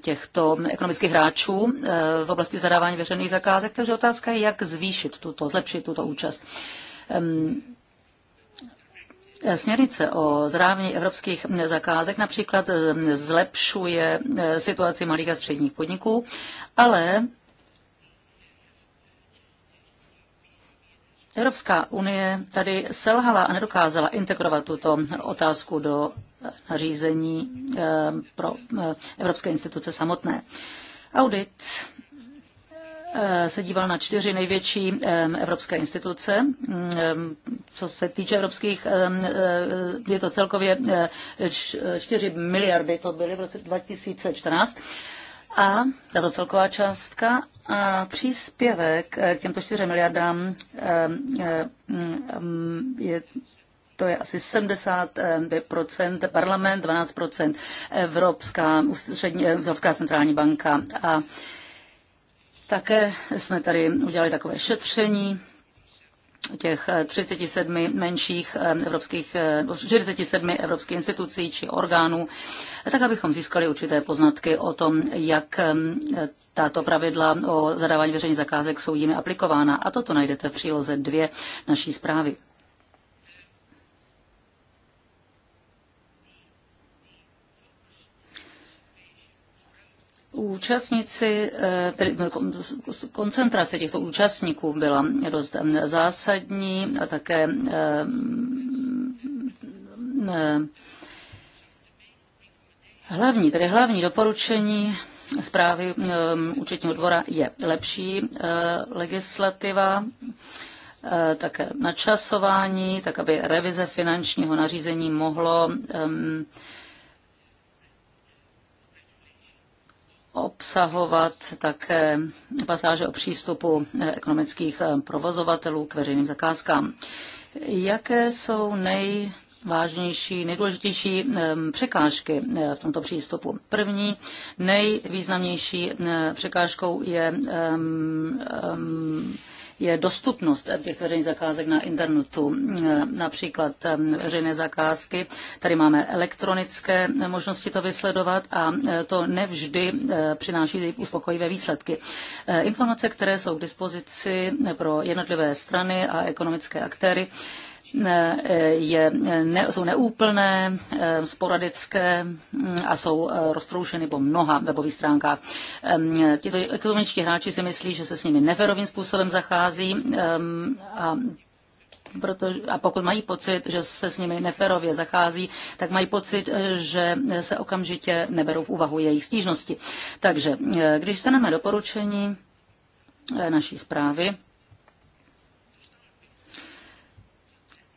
těchto ekonomických hráčů eh, v oblasti zadávání veřejných zakázek, takže otázka je, jak zvýšit tuto, zlepšit tuto účast. Směrnice o zrávně evropských zakázek například zlepšuje eh, situaci malých a středních podniků, ale Evropská unie tady selhala a nedokázala integrovat tuto otázku do nařízení eh, pro eh, evropské instituce samotné. Audit eh, se díval na čtyři největší evropské instituce. Mm, co se týče evropských, je to celkově 4 miliardy, to byly v roce 2014. A tato celková částka a příspěvek k těmto 4 miliardám mm, je to je asi 70% eh, parlament, 12% Evropská, střední, eh, Evropská centrální banka. A také jsme tady udělali takové šetření, těch 37 eh, menších evropských, 47 evropských institucí či orgánů, tak abychom získali určité poznatky o tom, jak tato pravidla o zadávání veřejných zakázek jsou jimi aplikována. A toto najdete v příloze 2 naší zprávy. Účastníci, eh, koncentrace těchto účastníků byla dost eh, zásadní a také eh, hlavní, tedy hlavní doporučení zprávy účetního dvora je lepší legislativa, také načasování, tak aby revize finančního nařízení mohlo obsahovat také pasáže o přístupu eh, ekonomických eh, provozovatelů k veřejným zakázkám. Jaké jsou nej vážnější, nejdůležitější eh, překážky v tomto přístupu. První, nejvýznamnější překážkou je ehm, ehm, je dostupnost těch veřejných zakázek na internetu, například veřejné zakázky. Tady máme elektronické možnosti to vysledovat a e, to nevždy e, přináší uspokojivé výsledky. E, informace, které jsou k dispozici pro jednotlivé strany a ekonomické aktéry, je, ne, jsou neúplné, eh, sporadické hm, a jsou eh, roztroušeny po mnoha webových stránkách. Ehm, tito ekonomičtí hráči si myslí, že se s nimi neferovým způsobem zachází ehm, a proto, a pokud mají pocit, že se s nimi neferově zachází, tak mají pocit, eh, že se okamžitě neberou v úvahu jejich stížnosti. Takže když staneme doporučení naší zprávy,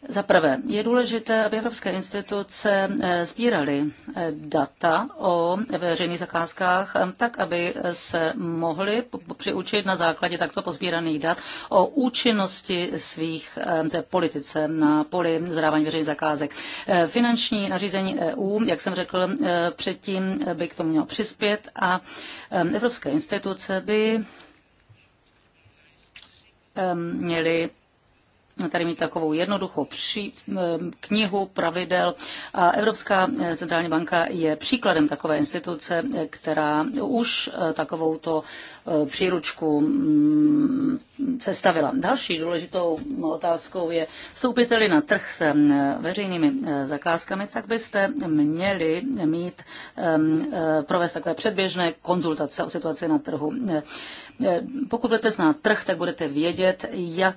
Za prvé, je důležité, aby evropské instituce eh, sbíraly eh, data o veřejných zakázkách eh, tak, aby se mohly přiučit na základě takto pozbíraných dat o účinnosti svých té politice na poli zadávání veřejných zakázek. Finanční nařízení EU, jak jsem řekl předtím, by k tomu mělo přispět a evropské instituce by měly No, tady mít takovou jednoduchou pří, eh, knihu pravidel. A Evropská eh, centrální banka je příkladem takové instituce, eh, která už takovouto Eh, příručku mm, sestavila. Další důležitou otázkou je, vstoupíte-li na trh se eh, veřejnými eh, zakázkami, tak byste měli mít, provést takové předběžné konzultace o situaci na trhu. Pokud budete znát trh, tak budete vědět, jak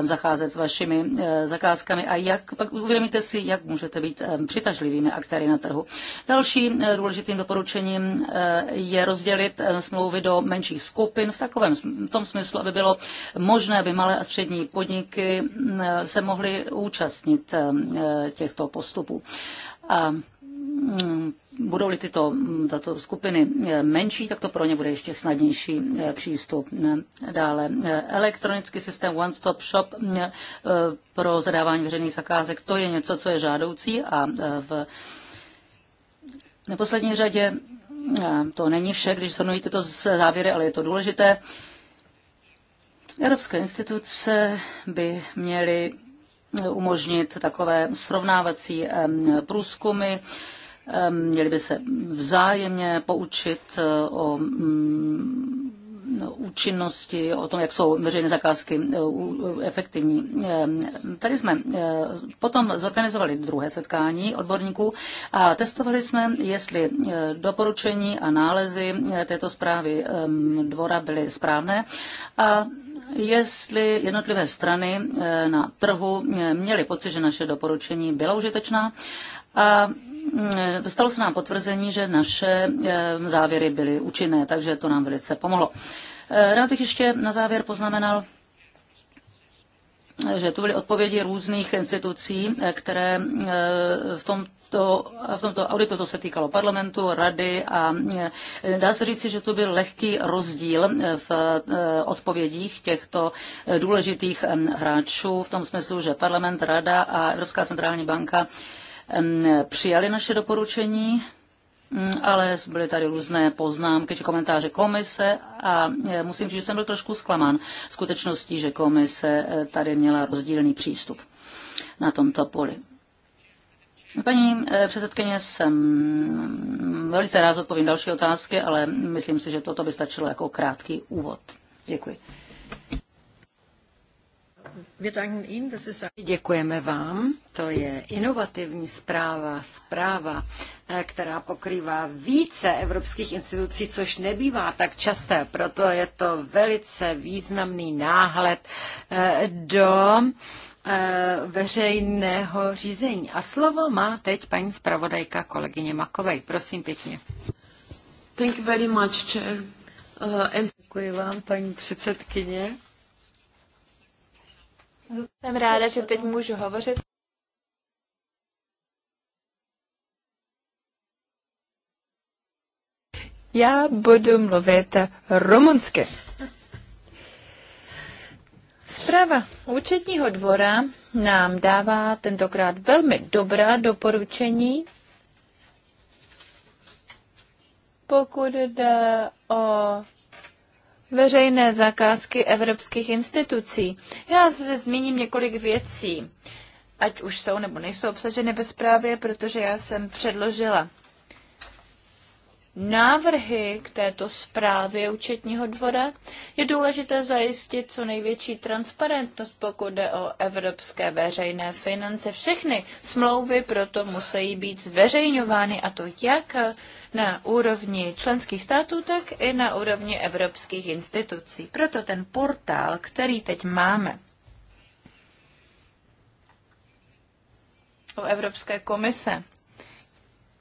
zacházet s vašimi zakázkami a jak pak uvědomíte si, jak můžete být přitažlivými aktéry na trhu. Další důležitým doporučením je rozdělit smlouvy do menších skupin v takovém v tom smyslu, aby bylo možné, aby malé a střední podniky se mohly účastnit těchto postupů. A budou-li tyto tato skupiny e, menší, tak to pro ně bude ještě snadnější e, přístup. E, dále elektronický systém One Stop Shop pro zadávání veřejných zakázek, to je něco, co je žádoucí a v neposlední řadě Ehm, to není vše, když shrnují tyto závěry, ale je to důležité. Evropské instituce by měly umožnit takové srovnávací ehm, průzkumy, ehm, měli by se vzájemně poučit eh, o mm, účinnosti, o tom, jak jsou veřejné zakázky eh, efektivní. Eh, tady jsme eh, potom zorganizovali druhé setkání odborníků a testovali jsme, jestli doporučení a nálezy této zprávy dvora byly správné. A jestli jednotlivé strany na trhu měly pocit, že naše doporučení byla užitečná a Eh, stalo se nám potvrzení, že naše eh, závěry byly účinné, takže to nám velice pomohlo. Eh, rád bych ještě na závěr poznamenal, že to byly odpovědi různých institucí, které v tom to, v tomto auditu to se týkalo parlamentu, rady a dá se říci, že to byl lehký rozdíl v odpovědích těchto důležitých hráčů v tom smyslu, že parlament, rada a Evropská centrální banka přijali naše doporučení, mm, ale byly tady různé poznámky či komentáře komise a e, musím říct, že jsem byl trošku zklamán skutečností, že komise e, tady měla rozdílný přístup na tomto poli. Paní e, předsedkyně, jsem velice rád odpovím další otázky, ale myslím si, že toto by stačilo jako krátký úvod. Děkuji. Děkujeme vám. To je inovativní zpráva, zpráva, eh, která pokrývá více evropských institucí, což nebývá tak časté. Proto je to velice významný náhled eh, do eh, veřejného řízení. A slovo má teď paní zpravodajka kolegyně Makovej. Prosím pěkně. Thank you very much, chair. Uh, and... Děkuji vám, paní předsedkyně. Jsem ráda, že teď můžu hovořit. Já budu mluvit rumunsky. Zpráva účetního dvora nám dává tentokrát velmi dobrá doporučení, pokud jde o veřejné zakázky evropských institucí. Já zde zmíním několik věcí, ať už jsou nebo nejsou obsaženy ve zprávě, protože já jsem předložila návrhy k této zprávě účetního dvora, je důležité zajistit co největší transparentnost, pokud jde o evropské veřejné finance. Všechny smlouvy proto musí být zveřejňovány, a to jak na úrovni členských států, tak i na úrovni evropských institucí. Proto ten portál, který teď máme, o Evropské komise,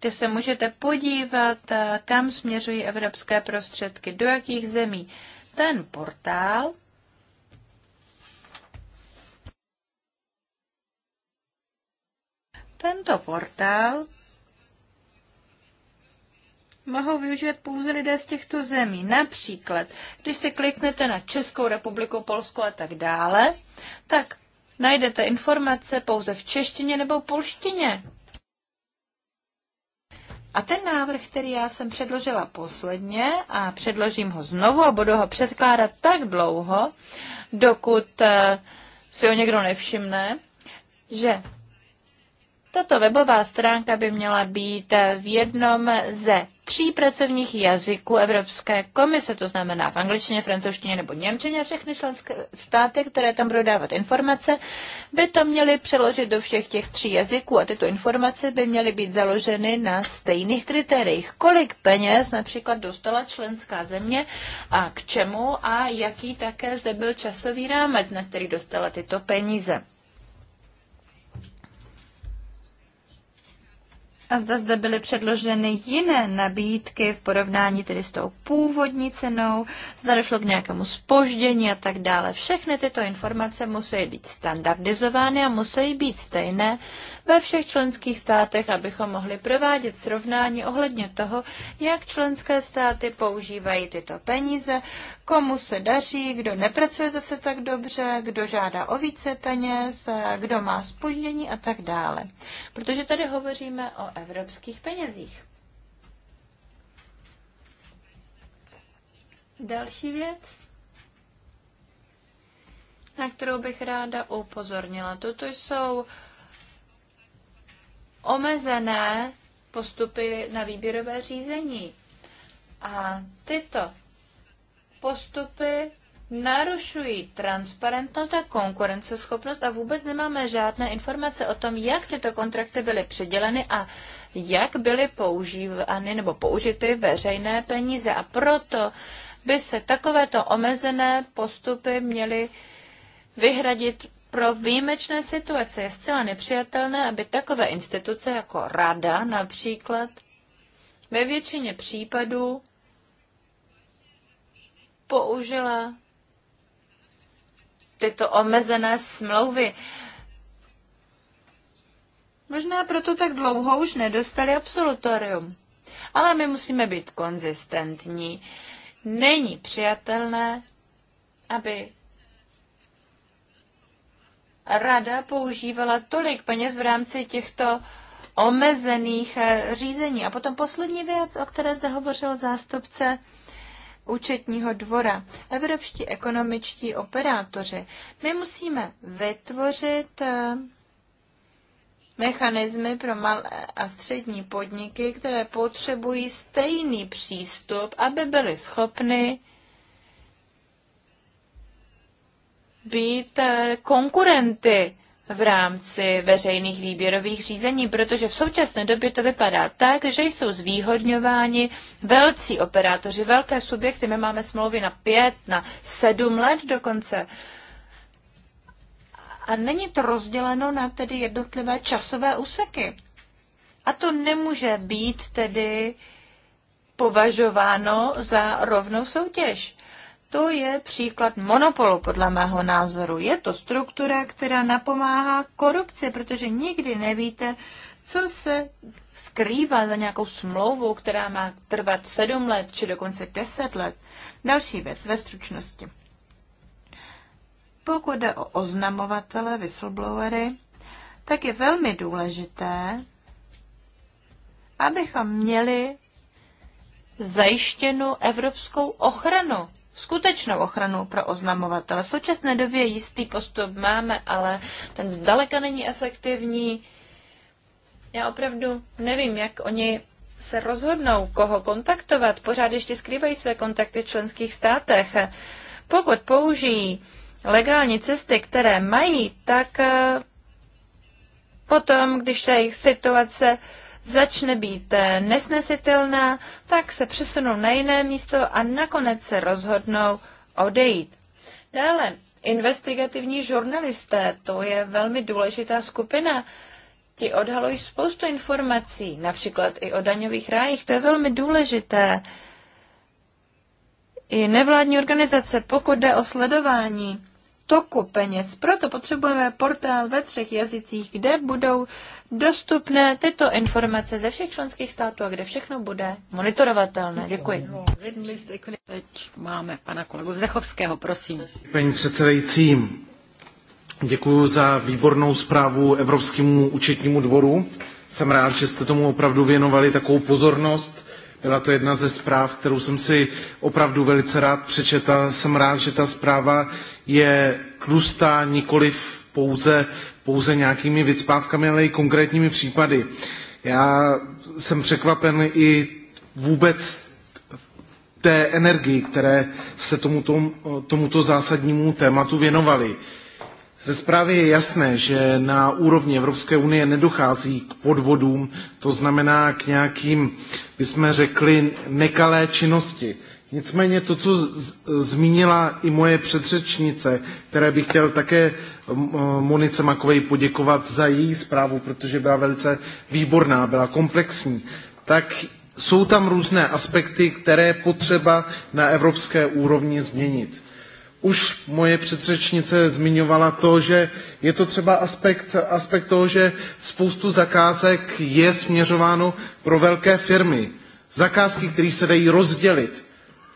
kde se můžete podívat, eh, kam směřují evropské prostředky, do jakých zemí. Ten portál Tento portál mohou využívat pouze lidé z těchto zemí. Například, když si kliknete na Českou republiku, Polsko a tak dále, tak najdete informace pouze v češtině nebo polštině. A ten návrh, který já jsem předložila posledně a předložím ho znovu a budu ho předkládat tak dlouho, dokud eh, si ho někdo nevšimne, že tato webová stránka by měla být v jednom ze tří pracovních jazyků Evropské komise, to znamená v angličtině, francouzštině nebo němčině. Všechny členské státy, které tam budou dávat informace, by to měly přeložit do všech těch tří jazyků a tyto informace by měly být založeny na stejných kritériích. Kolik peněz například dostala členská země a k čemu a jaký také zde byl časový rámec, na který dostala tyto peníze. a zda zde byly předloženy jiné nabídky v porovnání tedy s tou původní cenou, zda došlo k nějakému spoždění a tak dále. Všechny tyto informace musí být standardizovány a musí být stejné ve všech členských státech, abychom mohli provádět srovnání ohledně toho, jak členské státy používají tyto peníze, komu se daří, kdo nepracuje zase tak dobře, kdo žádá o více peněz, kdo má spoždění a tak dále. Protože tady hovoříme o evropských penězích. Další věc, na kterou bych ráda upozornila, toto jsou omezené postupy na výběrové řízení. A tyto postupy narušují transparentnost a konkurenceschopnost a vůbec nemáme žádné informace o tom, jak tyto kontrakty byly předěleny a jak byly používány nebo použity veřejné peníze. A proto by se takovéto omezené postupy měly vyhradit pro výjimečné situace. Je zcela nepřijatelné, aby takové instituce jako rada například ve většině případů použila tyto omezené smlouvy. Možná proto tak dlouho už nedostali absolutorium. Ale my musíme být konzistentní. Není přijatelné, aby rada používala tolik peněz v rámci těchto omezených eh, řízení. A potom poslední věc, o které zde hovořil zástupce účetního dvora, evropští ekonomičtí operátoři. My musíme vytvořit eh, mechanismy pro malé a střední podniky, které potřebují stejný přístup, aby byly schopny být eh, konkurenty v rámci veřejných výběrových řízení, protože v současné době to vypadá tak, že jsou zvýhodňováni velcí operátoři, velké subjekty. My máme smlouvy na pět, na sedm let dokonce. A není to rozděleno na tedy jednotlivé časové úseky. A to nemůže být tedy považováno za rovnou soutěž. To je příklad monopolu, podle mého názoru. Je to struktura, která napomáhá korupci, protože nikdy nevíte, co se skrývá za nějakou smlouvu, která má trvat sedm let či dokonce deset let. Další věc ve stručnosti. Pokud jde o oznamovatele, whistleblowery, tak je velmi důležité, abychom měli zajištěnou evropskou ochranu skutečnou ochranu pro oznamovatele. V současné době jistý postup máme, ale ten zdaleka není efektivní. Já opravdu nevím, jak oni se rozhodnou, koho kontaktovat. Pořád ještě skrývají své kontakty v členských státech. Pokud použijí legální cesty, které mají, tak eh, potom, když ta jejich situace začne být eh, nesnesitelná, tak se přesunou na jiné místo a nakonec se rozhodnou odejít. Dále, investigativní žurnalisté, to je velmi důležitá skupina. Ti odhalují spoustu informací, například i o daňových rájích, to je velmi důležité. I nevládní organizace, pokud jde o sledování toku peněz. Proto potřebujeme portál ve třech jazycích, kde budou dostupné tyto informace ze všech členských států a kde všechno bude monitorovatelné. Děkuji. Teď máme pana kolegu Zdechovského, prosím. Paní předsedající, děkuji za výbornou zprávu Evropskému účetnímu dvoru. Jsem rád, že jste tomu opravdu věnovali takovou pozornost byla to jedna ze zpráv, kterou jsem si opravdu velice rád přečetl. Jsem rád, že ta zpráva je tlustá, nikoliv pouze, pouze nějakými vycpávkami, ale i konkrétními případy. Já jsem překvapen i vůbec té energii, které se tomuto, tomuto zásadnímu tématu věnovali. Ze zprávy je jasné, že na úrovni Evropské unie nedochází k podvodům, to znamená k nějakým, bychom řekli, nekalé činnosti. Nicméně to, co zmínila i moje předřečnice, které bych chtěl také Monice Makovej poděkovat za její zprávu, protože byla velice výborná, byla komplexní, tak jsou tam různé aspekty, které potřeba na evropské úrovni změnit. Už moje předřečnice zmiňovala to, že je to třeba aspekt, aspekt toho, že spoustu zakázek je směřováno pro velké firmy. Zakázky, které se dají rozdělit,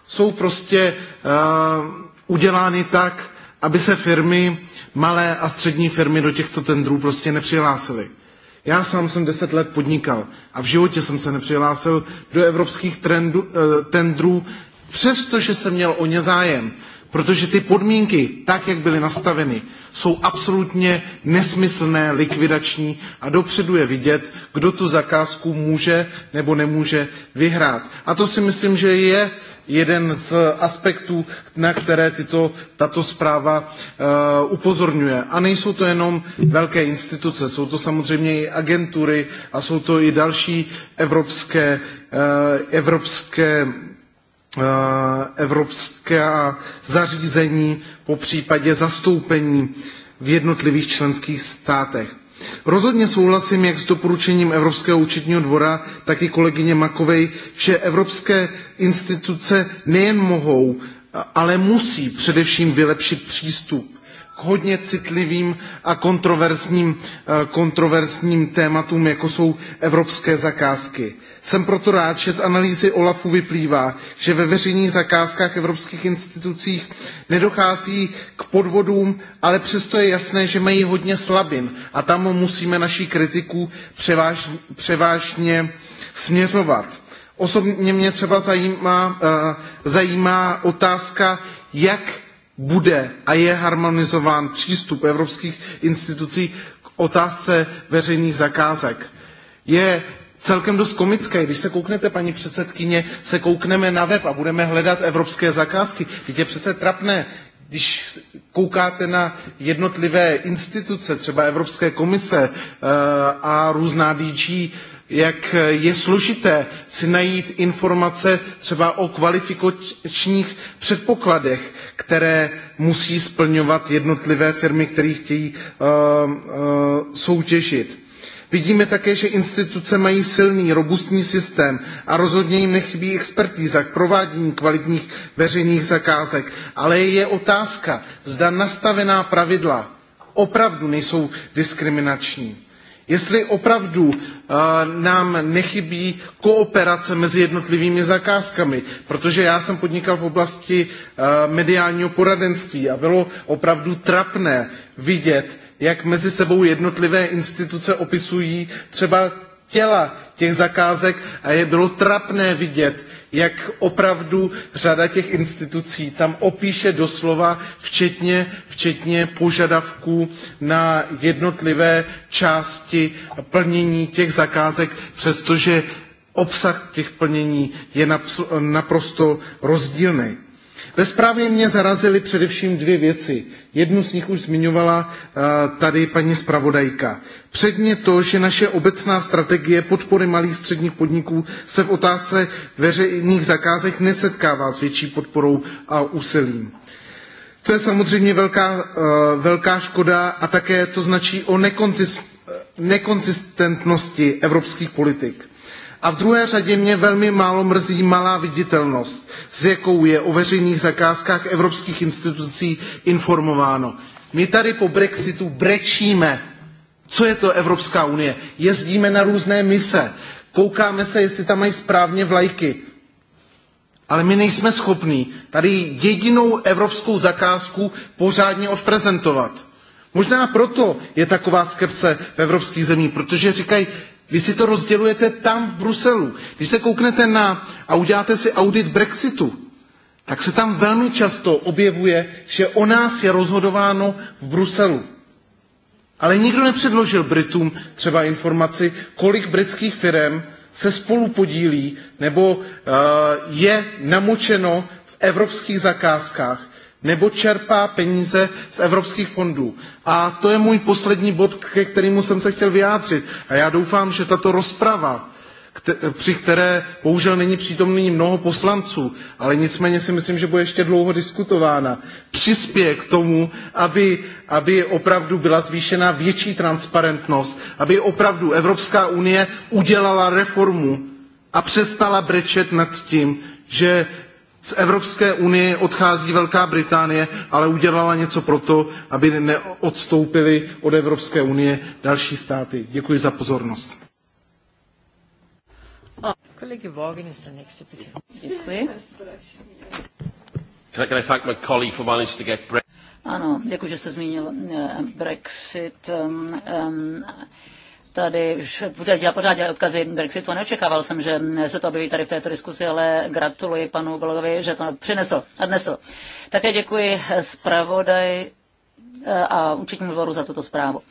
jsou prostě uh, udělány tak, aby se firmy, malé a střední firmy do těchto tendrů prostě nepřihlásily. Já sám jsem deset let podnikal a v životě jsem se nepřihlásil do evropských trendu, eh, tendrů, přestože jsem měl o ně zájem, Protože ty podmínky, tak jak byly nastaveny, jsou absolutně nesmyslné, likvidační a dopředu je vidět, kdo tu zakázku může nebo nemůže vyhrát. A to si myslím, že je jeden z aspektů, na které tyto, tato zpráva uh, upozorňuje. A nejsou to jenom velké instituce, jsou to samozřejmě i agentury a jsou to i další evropské, uh, evropské Eh, evropská zařízení, po případě zastoupení v jednotlivých členských státech. Rozhodně souhlasím jak s doporučením Evropského účetního dvora, tak i kolegyně Makovej, že evropské instituce nejen mohou, ale musí především vylepšit přístup k hodně citlivým a kontroverzním, eh, kontroverzním tématům, jako jsou evropské zakázky. Jsem proto rád, že z analýzy OLAFu vyplývá, že ve veřejných zakázkách evropských institucích nedochází k podvodům, ale přesto je jasné, že mají hodně slabin a tam musíme naší kritiku převáž, převážně směřovat. Osobně mě třeba zajímá, eh, zajímá otázka, jak bude a je harmonizován přístup evropských institucí k otázce veřejných zakázek. Je celkem dost komické, když se kouknete, paní předsedkyně, se koukneme na web a budeme hledat evropské zakázky. Teď je přece trapné, když koukáte na jednotlivé instituce, třeba Evropské komise eh, a různá DG, jak je složité si najít informace třeba o kvalifikačních předpokladech které musí splňovat jednotlivé firmy, které chtějí eh, eh, soutěžit. Vidíme také, že instituce mají silný, robustní systém a rozhodně jim nechybí expertíza k provádění kvalitních veřejných zakázek. Ale je otázka, zda nastavená pravidla opravdu nejsou diskriminační. Jestli opravdu eh, nám nechybí kooperace mezi jednotlivými zakázkami, protože já jsem podnikal v oblasti eh, mediálního poradenství a bylo opravdu trapné vidět, jak mezi sebou jednotlivé instituce opisují třeba těla těch zakázek a je bylo trapné vidět, jak opravdu řada těch institucí tam opíše doslova, včetně, včetně požadavků na jednotlivé části plnění těch zakázek, přestože obsah těch plnění je naprosto rozdílný. Ve zprávě mě zarazily především dvě věci. Jednu z nich už zmiňovala eh, tady paní zpravodajka. Předně to, že naše obecná strategie podpory malých středních podniků se v otázce veřejných zakázek nesetkává s větší podporou a úsilím. To je samozřejmě velká, eh, velká škoda a také to značí o eh, nekonzistentnosti evropských politik. A v druhé řadě mě velmi málo mrzí malá viditelnost, s jakou je o veřejných zakázkách evropských institucí informováno. My tady po Brexitu brečíme, co je to Evropská unie. Jezdíme na různé mise, koukáme se, jestli tam mají správně vlajky. Ale my nejsme schopní tady jedinou evropskou zakázku pořádně odprezentovat. Možná proto je taková skepse v evropských zemích, protože říkají, vy si to rozdělujete tam v Bruselu. Když se kouknete na a uděláte si audit Brexitu, tak se tam velmi často objevuje, že o nás je rozhodováno v Bruselu. Ale nikdo nepředložil Britům třeba informaci, kolik britských firm se spolu podílí nebo uh, je namočeno v evropských zakázkách nebo čerpá peníze z evropských fondů. A to je můj poslední bod, ke kterému jsem se chtěl vyjádřit. A já doufám, že tato rozprava, při které bohužel není přítomný mnoho poslanců, ale nicméně si myslím, že bude ještě dlouho diskutována, přispěje k tomu, aby, aby opravdu byla zvýšena větší transparentnost, aby opravdu Evropská unie udělala reformu a přestala brečet nad tím, že z Evropské unie odchází Velká Británie, ale udělala něco pro to, aby neodstoupily od Evropské unie další státy. Děkuji za pozornost. Kolega Vaughan is the Děkuji. Ano, děkuji, že jste zmínil eh, Brexit. Um, um, tady bude dělat pořád dělat odkazy Brexitu. Neočekával jsem, že se to objeví tady v této diskusi, ale gratuluji panu Golovi, že to přinesl a dnesl. Také děkuji zpravodaj eh, a účetnímu dvoru za tuto zprávu.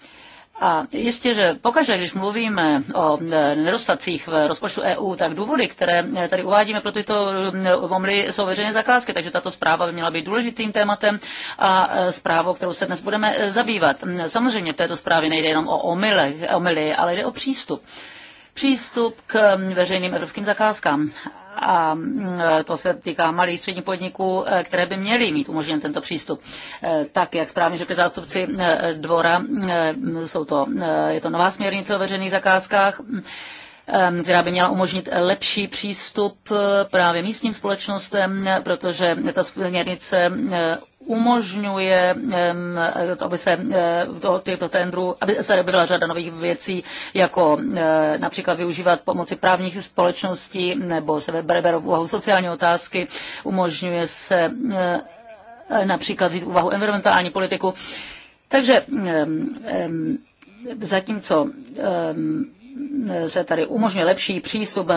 A jistě, že pokaždé, když mluvíme o e, nedostacích v rozpočtu EU, tak důvody, které e, tady uvádíme pro tyto e, omly, jsou veřejné zakázky, takže tato zpráva by měla být důležitým tématem a zprávou, kterou se dnes budeme zabývat. Samozřejmě v této zprávě nejde jenom o omyle, omily, ale jde o přístup přístup k veřejným evropským zakázkám a mm, e, to se týká malých středních podniků, e, které by měly mít umožněn tento přístup. E, tak, jak správně řekli zástupci dvora, jsou to, je to nová směrnice o veřejných zakázkách, která by měla umožnit lepší přístup eh, právě místním společnostem, eh, protože ta směrnice eh, umožňuje, aby se do těchto tendrů, aby se objevila řada nových věcí, jako například využívat pomoci právních společností nebo se berou v úvahu sociální otázky, umožňuje se například vzít úvahu environmentální politiku. Takže zatímco se tady umožňuje lepší přístup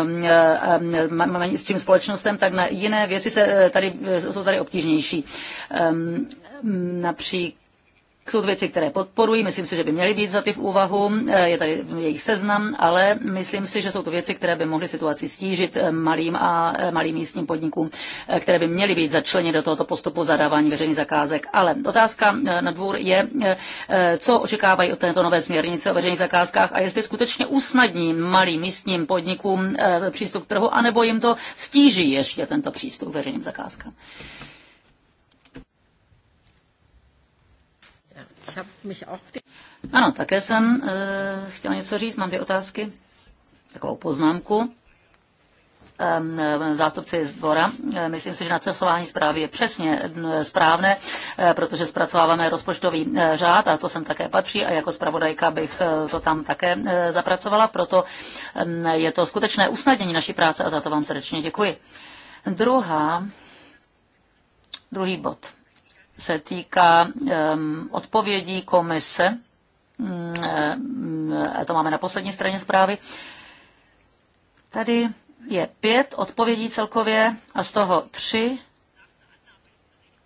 s tím společnostem, tak na jiné věci se eh, tady, jsou tady obtížnější. Například jsou to věci, které podporují, myslím si, že by měly být ty v úvahu, eh, je tady jejich seznam, ale myslím si, že jsou to věci, které by mohly situaci stížit eh, malým a eh, malým místním podnikům, které by měly být začleněny do tohoto postupu zadávání veřejných zakázek. Ale otázka na dvůr je, co očekávají od této nové směrnice o veřejných zakázkách a jestli skutečně usnadní malým místním podnikům přístup k trhu, anebo jim to stíží ještě tento přístup k veřejným zakázkám. Ano, také jsem uh, chtěla něco říct, mám dvě otázky, takovou poznámku. E, zástupci z dvora. Eh, myslím si, že nacesování zprávy je přesně správné, protože zpracováváme rozpočtový řád a to sem také patří a jako zpravodajka bych to tam také zapracovala, proto je to skutečné usnadnění naší práce a za to vám srdečně děkuji. Druhá, druhý bod se týká odpovědí komise, a mm, to máme na poslední straně zprávy. Tady je pět odpovědí celkově a z toho tři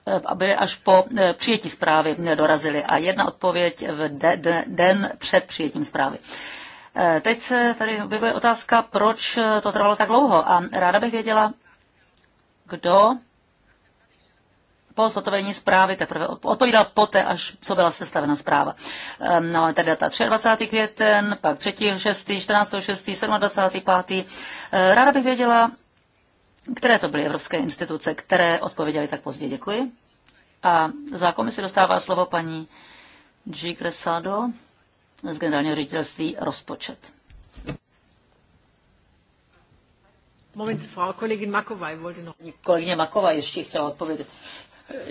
eh, aby až po eh, přijetí zprávy dorazili a jedna odpověď v den před přijetím zprávy. Eh, teď se tady objevuje otázka, proč to trvalo tak dlouho a ráda bych věděla, kdo po zotovení zprávy teprve odpovídal poté, až co byla sestavena zpráva. Ehm, no, tedy data 23. květen, pak 3. 6., 14. 6., 27. 5. Ráda bych věděla, které to byly evropské instituce, které odpověděly tak pozdě. Děkuji. A za komisi dostává slovo paní G. Cresado z generálního ředitelství rozpočet. Moment, Frau Kollegin Maková wollte noch. Kolegyně Maková ještě chtěla odpovědět.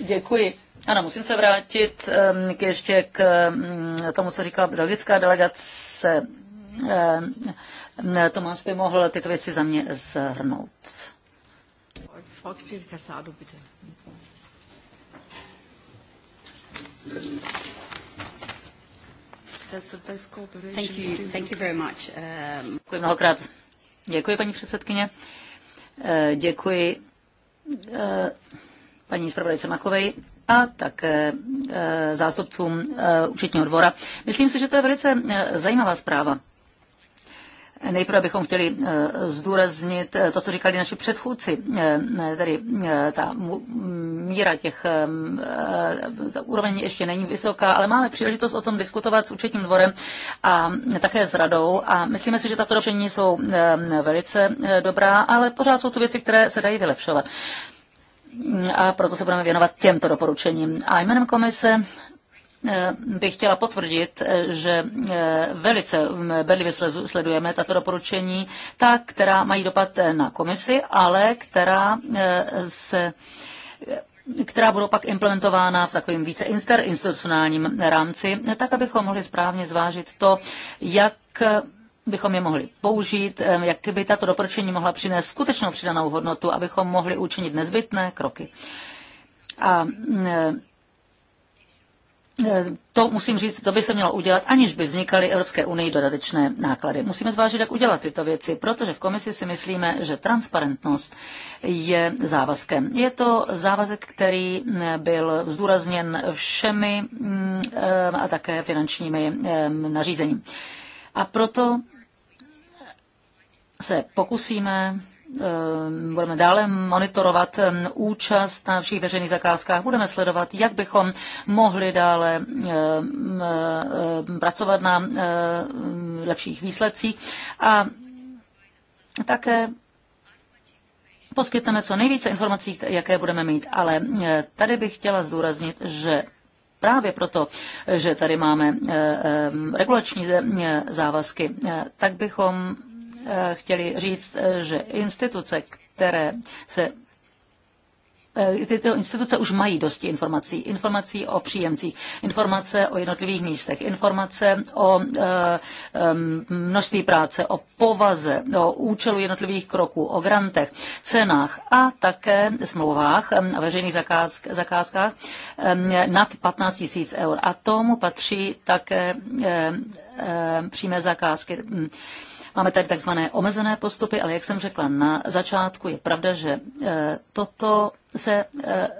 Děkuji. Ano, musím se vrátit k ještě k tomu, co říkala belgická delegace. Tomáš by mohl tyto věci za mě zhrnout. Thank you, thank you very much. Um... Děkuji mnohokrát. Děkuji, paní předsedkyně. Eh, děkuji eh, paní zpravodajce Makovej a také eh, zástupcům eh, účetního dvora. Myslím si, že to je velice eh, zajímavá zpráva. Nejprve bychom chtěli zdůraznit to, co říkali naši předchůdci, tedy ta míra těch, ta úroveň ještě není vysoká, ale máme příležitost o tom diskutovat s účetním dvorem a také s radou a myslíme si, že tato doporučení jsou velice dobrá, ale pořád jsou to věci, které se dají vylepšovat a proto se budeme věnovat těmto doporučením. A jménem komise eh, bych chtěla potvrdit, eh, že eh, velice mm, bedlivě sledujeme tato doporučení, ta, která mají dopad na komisi, ale která se která budou pak implementována v takovém více institucionálním rámci, tak abychom mohli správně zvážit to, jak bychom je mohli použít, jak by tato doporučení mohla přinést skutečnou přidanou hodnotu, abychom mohli učinit nezbytné kroky. A e, to musím říct, to by se mělo udělat, aniž by vznikaly Evropské unii dodatečné náklady. Musíme zvážit, jak udělat tyto věci, protože v komisi si myslíme, že transparentnost je závazkem. Je to závazek, který byl zdůrazněn všemi a také finančními nařízením. A proto se pokusíme eh, budeme dále monitorovat eh, účast na všech veřejných zakázkách, budeme sledovat, jak bychom mohli dále eh, pracovat na lepších výsledcích a také poskytneme co nejvíce informací, jaké budeme mít, ale tady bych chtěla zdůraznit, že právě proto, že tady máme regulační závazky, tak bychom Eh, chtěli říct, eh, že instituce, které se eh, tyto instituce už mají dosti informací. Informací o příjemcích, informace o jednotlivých místech, informace o e, množství práce, o povaze, o účelu jednotlivých kroků, o grantech, cenách a také smlouvách a veřejných zakázk, zakázkách e, nad 15 000 eur. A tomu patří také e, e, přímé zakázky. E, Máme tady takzvané omezené postupy, ale jak jsem řekla na začátku, je pravda, že e, toto se e, e,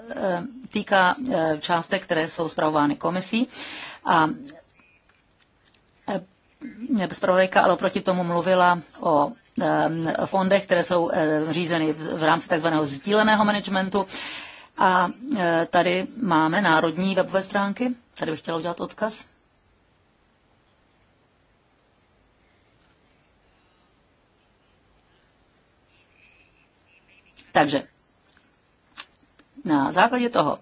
týká částek, které jsou zpravovány komisí. A zpravodajka ale proti tomu mluvila o fondech, které jsou řízeny v rámci takzvaného sdíleného managementu. A tady máme národní webové stránky. Tady bych chtěla udělat odkaz. Takže na základě toho,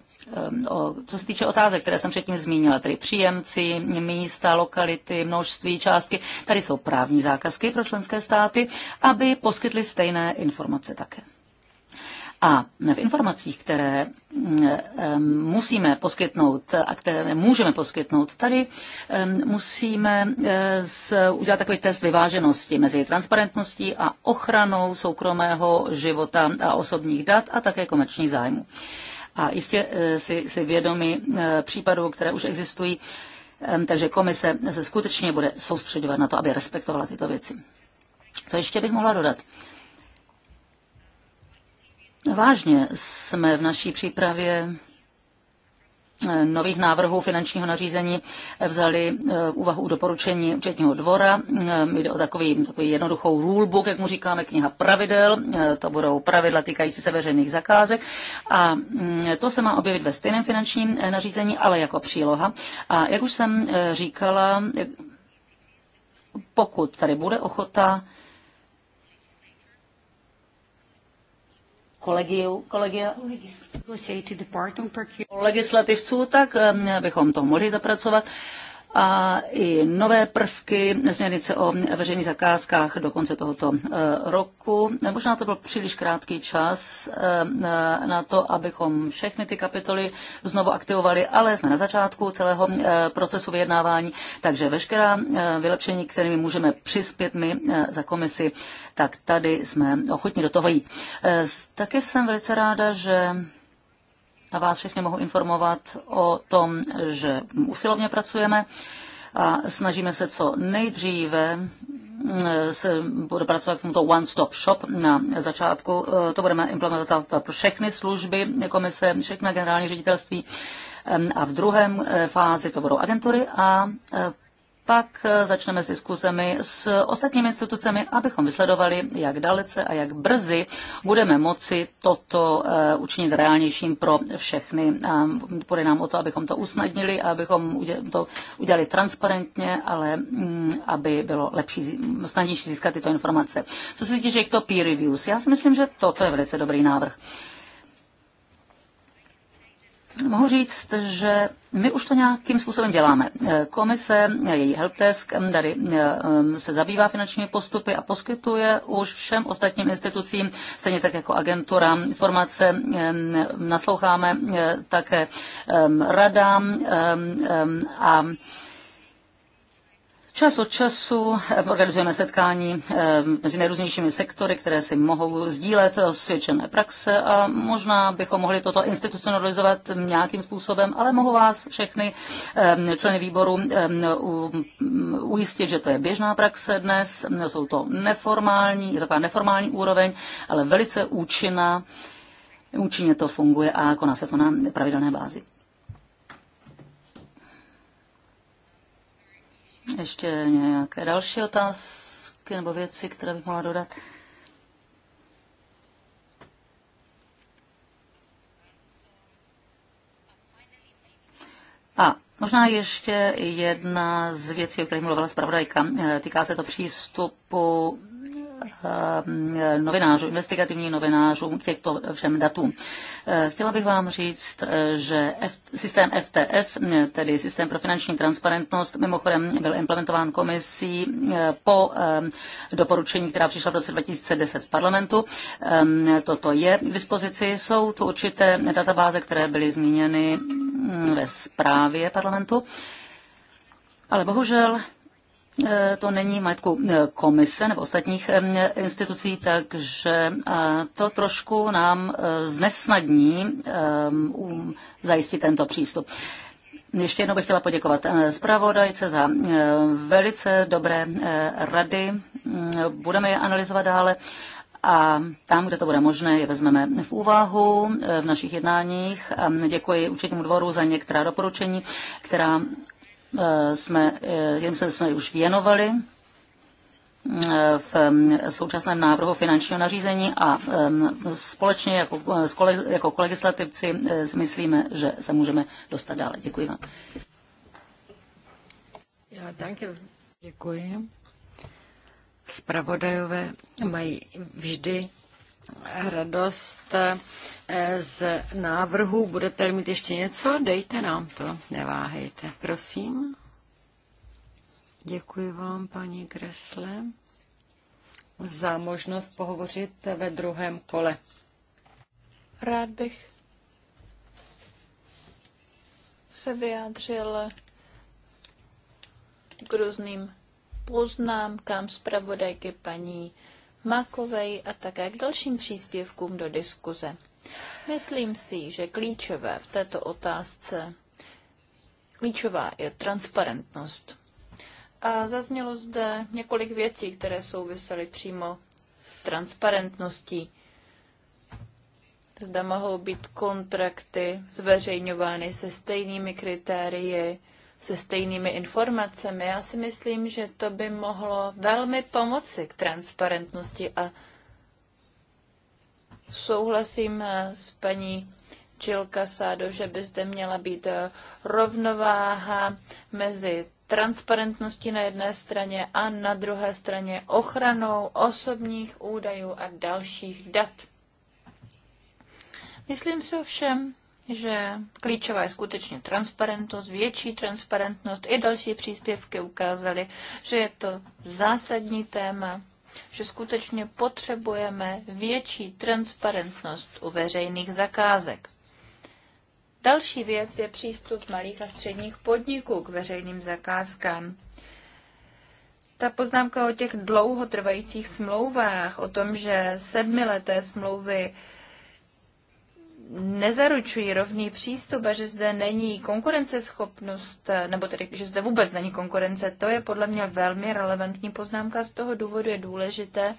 ehm, co se týče otázek, které jsem předtím zmínila, tedy příjemci, místa, lokality, množství, částky, tady jsou právní zákazky pro členské státy, aby poskytly stejné informace také. A v informacích, které mm, musíme poskytnout a které můžeme poskytnout tady, musíme eh, udělat takový test vyváženosti mezi transparentností a ochranou soukromého života a osobních dat a také komerčních zájmů. A jistě eh, si, si vědomi eh, případů, které už existují, takže komise se skutečně bude soustředovat na to, aby respektovala tyto věci. Co ještě bych mohla dodat? Vážně jsme v naší přípravě eh, nových návrhů finančního nařízení vzali eh, v úvahu doporučení účetního dvora. Eh, jde o takový, takový jednoduchou rulebook, jak mu říkáme, kniha pravidel. To budou pravidla týkající se veřejných zakázek. A mm, to se má objevit ve stejném finančním nařízení, ale jako příloha. A jak už jsem říkala, pokud tady bude ochota kolegiu, kolegia, legislativců, tak eh, bychom to mohli zapracovat a i nové prvky směrnice o veřejných zakázkách do konce tohoto eh, roku. Možná to byl příliš krátký čas eh, na to, abychom všechny ty kapitoly znovu aktivovali, ale jsme na začátku celého eh, procesu vyjednávání, takže veškerá vylepšení, kterými můžeme přispět my za komisi, tak tady jsme ochotni do toho jít. Taky jsem velice ráda, že a vás všechny mohu informovat o tom, že usilovně pracujeme a snažíme se co nejdříve mm, se bude pracovat v tomto one-stop shop na začátku. E, to budeme implementovat pro všechny služby komise, všechna generální ředitelství a v druhém e, fázi to budou agentury a e, pak eh, začneme s diskuzemi s ostatními institucemi, abychom vysledovali, jak dalece a jak brzy budeme moci toto eh, učinit reálnějším pro všechny. Půjde nám o to, abychom to usnadnili, abychom to udělali transparentně, ale mm, aby bylo lepší, snadnější získat tyto informace. Co se týče těchto peer reviews, já si myslím, že toto je velice dobrý návrh. Mohu říct, že my už to nějakým způsobem děláme. Eh, komise, její helpdesk, eh, tady eh, se zabývá finančními postupy a poskytuje už všem ostatním institucím, stejně tak jako agentura informace, nasloucháme také radám a Čas od času eh, organizujeme setkání eh, mezi nejrůznějšími sektory, které si mohou sdílet osvědčené praxe a možná bychom mohli toto institucionalizovat nějakým způsobem, ale mohu vás všechny eh, členy výboru mm, ujistit, že to je běžná praxe dnes, jsou to neformální, je taková neformální úroveň, ale velice účinná, účinně to funguje a koná se to na pravidelné bázi. Ještě nějaké další otázky nebo věci, které bych mohla dodat? A možná ještě jedna z věcí, o kterých mluvila zpravodajka. Týká se to přístupu Ehm, novinářů, investigativních novinářů k těchto všem datům. Eh, chtěla bych vám říct, eh, že F, systém FTS, eh, tedy systém pro finanční transparentnost, mimochodem byl implementován komisí po ehm, doporučení, která přišla v roce 2010 z parlamentu. Ehm, toto je k dispozici. Jsou tu určité databáze, které byly zmíněny mm, ve zprávě parlamentu. Ale bohužel Eh, to není majetku eh, komise nebo ostatních eh, institucí, takže to trošku nám znesnadní um, zajistit tento přístup. Ještě jednou bych chtěla poděkovat zpravodajce za velice dobré rady. Mm, budeme je analyzovat dále a tam, kde to bude možné, je vezmeme v úvahu v našich jednáních. Děkuji účetnímu dvoru za některá doporučení, která Eh, jsme, jim eh, se jsme už věnovali eh, v mm, současném návrhu finančního nařízení a mm, společně jako, jako kolegislativci si myslíme, že se můžeme dostat dále. Děkuji vám. Já, danke. Děkuji. Spravodajové mají vždy radost eh, z návrhu. Budete mít ještě něco? Dejte nám to, neváhejte. Prosím. Děkuji vám, paní Gresle, za možnost pohovořit ve druhém kole. Rád bych se vyjádřil k různým poznámkám zpravodajky paní Makovej a také k dalším příspěvkům do diskuze. Myslím si, že klíčové v této otázce, klíčová je transparentnost. A zaznělo zde několik věcí, které souvisely přímo s transparentností. Zda mohou být kontrakty zveřejňovány se stejnými kritérii, se stejnými informacemi. Já si myslím, že to by mohlo velmi pomoci k transparentnosti a souhlasím eh, s paní Jill Casado, že by zde měla být eh, rovnováha mezi transparentností na jedné straně a na druhé straně ochranou osobních údajů a dalších dat. Myslím si ovšem, že klíčová je skutečně transparentnost, větší transparentnost. I další příspěvky ukázaly, že je to zásadní téma, že skutečně potřebujeme větší transparentnost u veřejných zakázek. Další věc je přístup malých a středních podniků k veřejným zakázkám. Ta poznámka o těch dlouhotrvajících smlouvách, o tom, že sedmileté smlouvy nezaručují rovný přístup a že zde není konkurenceschopnost, eh, nebo tedy, že zde vůbec není konkurence, to je podle mě velmi relevantní poznámka. Z toho důvodu je důležité,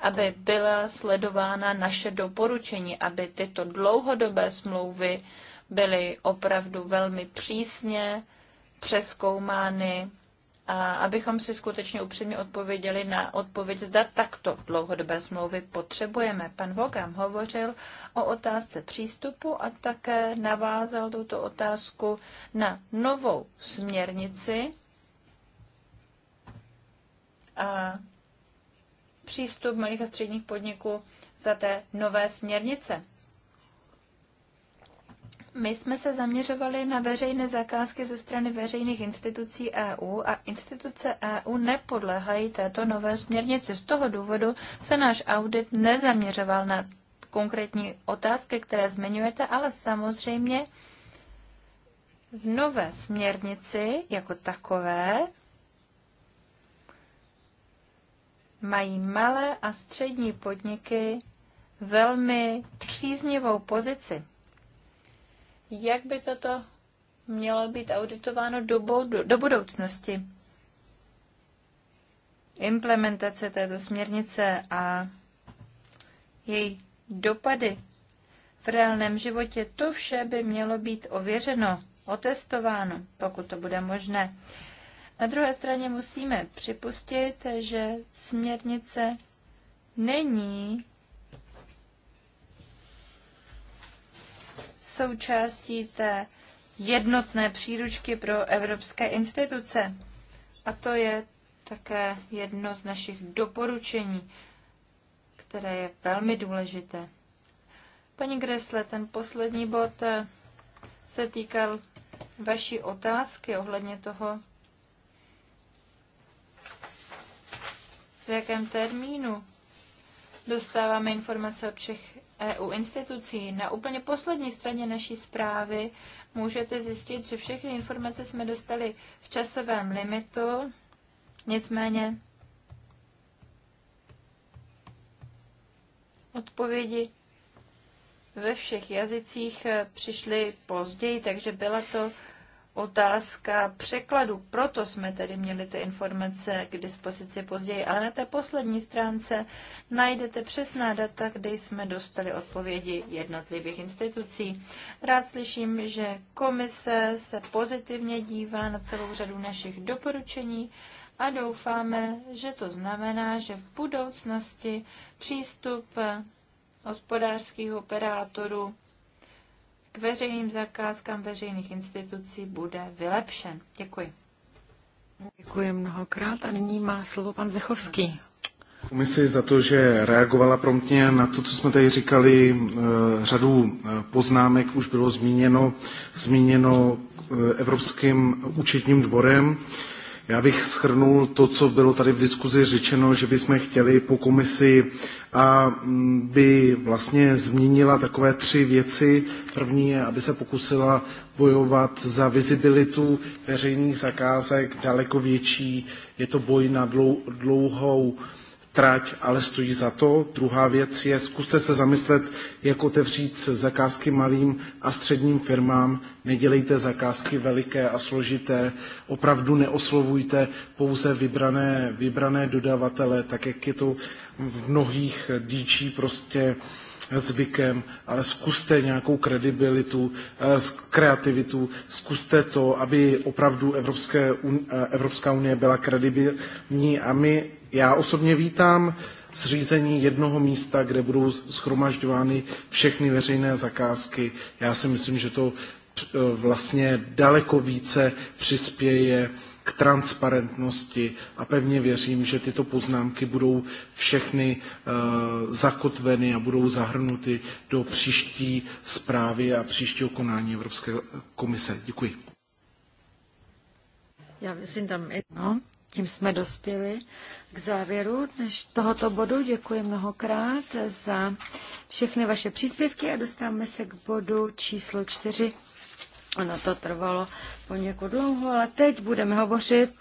aby byla sledována naše doporučení, aby tyto dlouhodobé smlouvy byly opravdu velmi přísně přeskoumány a abychom si skutečně upřímně odpověděli na odpověď, zda takto dlouhodobé smlouvy potřebujeme. Pan Vogam hovořil o otázce přístupu a také navázal tuto otázku na novou směrnici a přístup malých a středních podniků za té nové směrnice. My jsme se zaměřovali na veřejné zakázky ze strany veřejných institucí EU a instituce EU nepodléhají této nové směrnici. Z toho důvodu se náš audit nezaměřoval na konkrétní otázky, které zmiňujete, ale samozřejmě v nové směrnici jako takové mají malé a střední podniky velmi příznivou pozici jak by toto mělo být auditováno do, bodu, do budoucnosti. Implementace této směrnice a její dopady v reálném životě, to vše by mělo být ověřeno, otestováno, pokud to bude možné. Na druhé straně musíme připustit, že směrnice není součástí té jednotné příručky pro evropské instituce. A to je také jedno z našich doporučení, které je velmi důležité. Paní Gresle, ten poslední bod eh, se týkal vaší otázky ohledně toho, v jakém termínu dostáváme informace od všech EU institucí. Na úplně poslední straně naší zprávy můžete zjistit, že všechny informace jsme dostali v časovém limitu, nicméně odpovědi ve všech jazycích eh, přišly později, takže byla to otázka překladu, proto jsme tedy měli ty informace k dispozici později, ale na té poslední stránce najdete přesná data, kde jsme dostali odpovědi jednotlivých institucí. Rád slyším, že komise se pozitivně dívá na celou řadu našich doporučení a doufáme, že to znamená, že v budoucnosti přístup hospodářských operátorů k veřejným zakázkám veřejných institucí bude vylepšen. Děkuji. Děkuji mnohokrát a nyní má slovo pan Zechovský. Komisi za to, že reagovala promptně na to, co jsme tady říkali, e, řadu e, poznámek už bylo zmíněno, zmíněno e, Evropským účetním dvorem. Já bych schrnul to, co bylo tady v diskuzi řečeno, že bychom chtěli po komisi, aby mm, vlastně zmínila takové tři věci. První je, aby se pokusila bojovat za vizibilitu veřejných zakázek daleko větší. Je to boj na dlouhou trať, ale stojí za to. Druhá věc je, zkuste se zamyslet, jak otevřít zakázky malým a středním firmám. Nedělejte zakázky veliké a složité. Opravdu neoslovujte pouze vybrané, vybrané dodavatele, tak jak je to v mnohých DG prostě zvykem, ale zkuste nějakou kredibilitu, eh, kreativitu, zkuste to, aby opravdu Evropské, eh, Evropská unie byla kredibilní a my já osobně vítám zřízení jednoho místa, kde budou schromažďovány všechny veřejné zakázky. Já si myslím, že to eh, vlastně daleko více přispěje k transparentnosti a pevně věřím, že tyto poznámky budou všechny eh, zakotveny a budou zahrnuty do příští zprávy a příštího konání Evropské komise. Děkuji. Já myslím tam no. Tím jsme dospěli k závěru než tohoto bodu. Děkuji mnohokrát za všechny vaše příspěvky a dostáváme se k bodu číslo čtyři. Ono to trvalo poněkud dlouho, ale teď budeme hovořit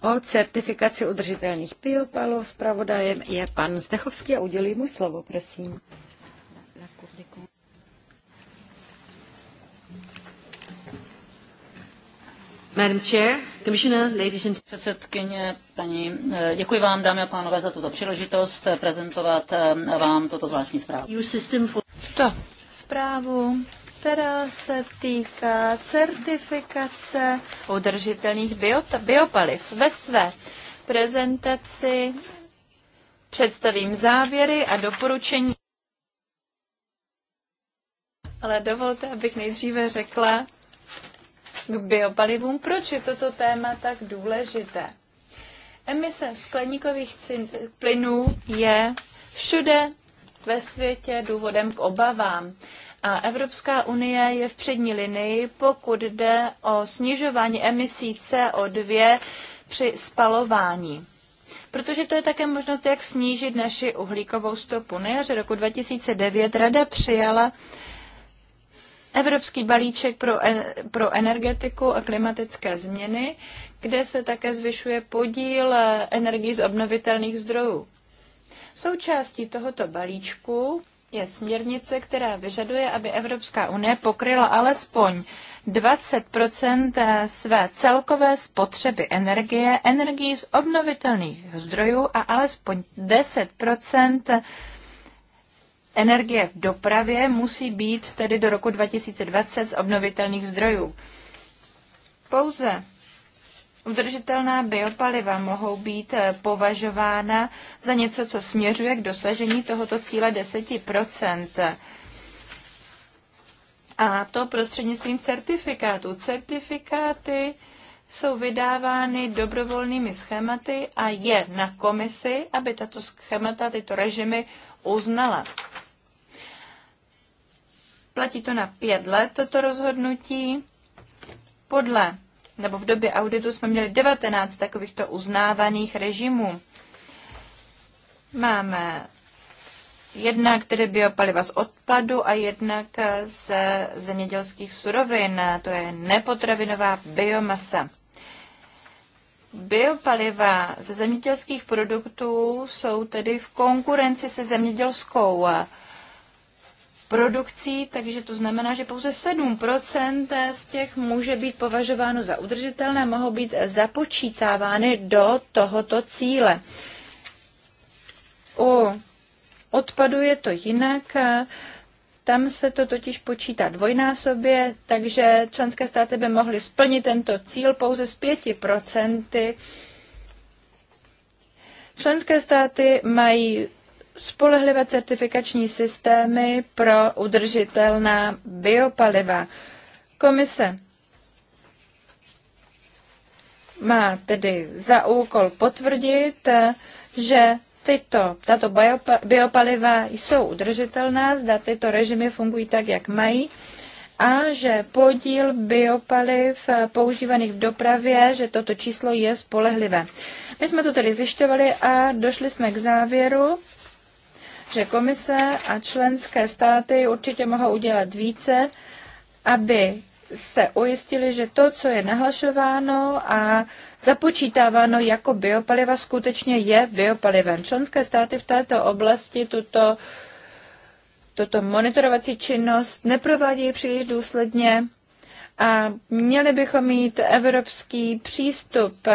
o certifikaci udržitelných biopalů. Spravodajem je pan Zdechovský a udělí mu slovo, prosím. předsedkyně, paní, eh, děkuji vám, dámy a pánové, za tuto příležitost eh, prezentovat eh, vám toto zvláštní zprávu. To zprávu která se týká certifikace udržitelných biopaliv. Ve své prezentaci představím závěry a doporučení. Ale dovolte, abych nejdříve řekla, k biopalivům. Proč je toto téma tak důležité? Emise skleníkových plynů je všude ve světě důvodem k obavám. A Evropská unie je v přední linii, pokud jde o snižování emisí CO2 při spalování. Protože to je také možnost, jak snížit naši uhlíkovou stopu. Na jaře roku 2009 Rada přijala Evropský balíček pro, pro energetiku a klimatické změny, kde se také zvyšuje podíl eh, energii z obnovitelných zdrojů. Součástí tohoto balíčku je směrnice, která vyžaduje, aby Evropská unie pokryla alespoň 20 eh, své celkové spotřeby energie, energií z obnovitelných zdrojů a alespoň 10 energie v dopravě musí být tedy do roku 2020 z obnovitelných zdrojů. Pouze udržitelná biopaliva mohou být eh, považována za něco, co směřuje k dosažení tohoto cíle 10 a to prostřednictvím certifikátů. Certifikáty jsou vydávány dobrovolnými schématy a je na komisi, aby tato schémata, tyto režimy uznala. Platí to na pět let toto rozhodnutí. Podle nebo v době auditu jsme měli 19 takovýchto uznávaných režimů. Máme jedna které biopaliva z odpadu a jednak z zemědělských surovin. To je nepotravinová biomasa. Biopaliva ze zemědělských produktů jsou tedy v konkurenci se zemědělskou produkcí, takže to znamená, že pouze 7% z těch může být považováno za udržitelné, mohou být započítávány do tohoto cíle. U odpadu je to jinak, tam se to totiž počítá dvojnásobě, takže členské státy by mohly splnit tento cíl pouze z 5%. Členské státy mají spolehlivé certifikační systémy pro udržitelná biopaliva. Komise má tedy za úkol potvrdit, že tyto, tato biopaliva jsou udržitelná, zda tyto režimy fungují tak, jak mají a že podíl biopaliv používaných v dopravě, že toto číslo je spolehlivé. My jsme to tedy zjišťovali a došli jsme k závěru, že komise a členské státy určitě mohou udělat více, aby se ujistili, že to, co je nahlašováno a započítáváno jako biopaliva, skutečně je biopalivem. Členské státy v této oblasti tuto, tuto monitorovací činnost neprovádějí příliš důsledně a měli bychom mít evropský přístup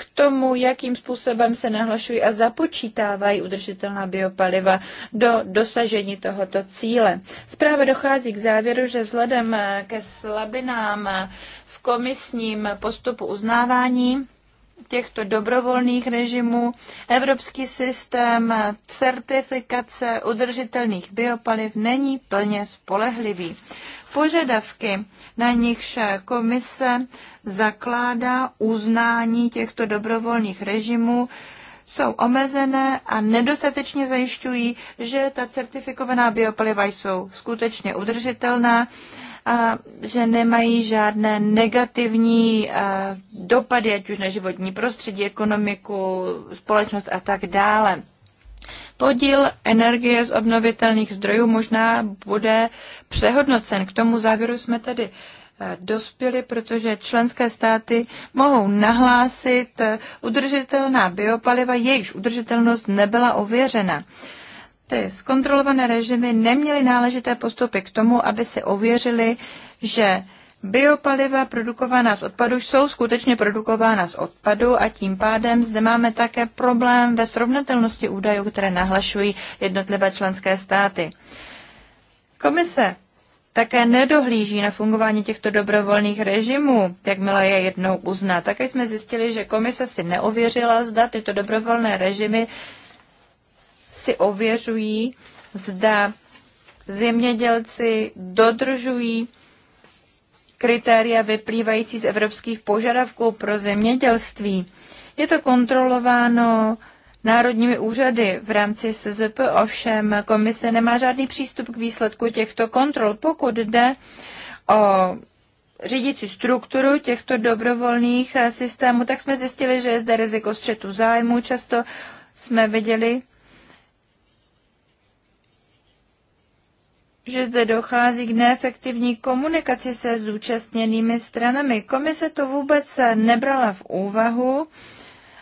k tomu, jakým způsobem se nahlašují a započítávají udržitelná biopaliva do dosažení tohoto cíle. Zpráva dochází k závěru, že vzhledem ke slabinám v komisním postupu uznávání těchto dobrovolných režimů evropský systém certifikace udržitelných biopaliv není plně spolehlivý požadavky, na nichž komise zakládá uznání těchto dobrovolných režimů, jsou omezené a nedostatečně zajišťují, že ta certifikovaná biopaliva jsou skutečně udržitelná a že nemají žádné negativní eh, dopady, ať už na životní prostředí, ekonomiku, společnost a tak dále. Podíl energie z obnovitelných zdrojů možná bude přehodnocen. K tomu závěru jsme tedy eh, dospěli, protože členské státy mohou nahlásit eh, udržitelná biopaliva, jejichž udržitelnost nebyla ověřena. Ty zkontrolované režimy neměly náležité postupy k tomu, aby se ověřili, že Biopaliva produkovaná z odpadu jsou skutečně produkována z odpadu a tím pádem zde máme také problém ve srovnatelnosti údajů, které nahlašují jednotlivé členské státy. Komise také nedohlíží na fungování těchto dobrovolných režimů, jakmile je jednou uzná. Také jsme zjistili, že komise si neověřila, zda tyto dobrovolné režimy si ověřují, zda zemědělci dodržují kritéria vyplývající z evropských požadavků pro zemědělství. Je to kontrolováno národními úřady v rámci SZP, ovšem komise nemá žádný přístup k výsledku těchto kontrol, pokud jde o řídící strukturu těchto dobrovolných eh, systémů, tak jsme zjistili, že je zde riziko střetu zájmu. Často jsme viděli, že zde dochází k neefektivní komunikaci se zúčastněnými stranami. Komise to vůbec nebrala v úvahu,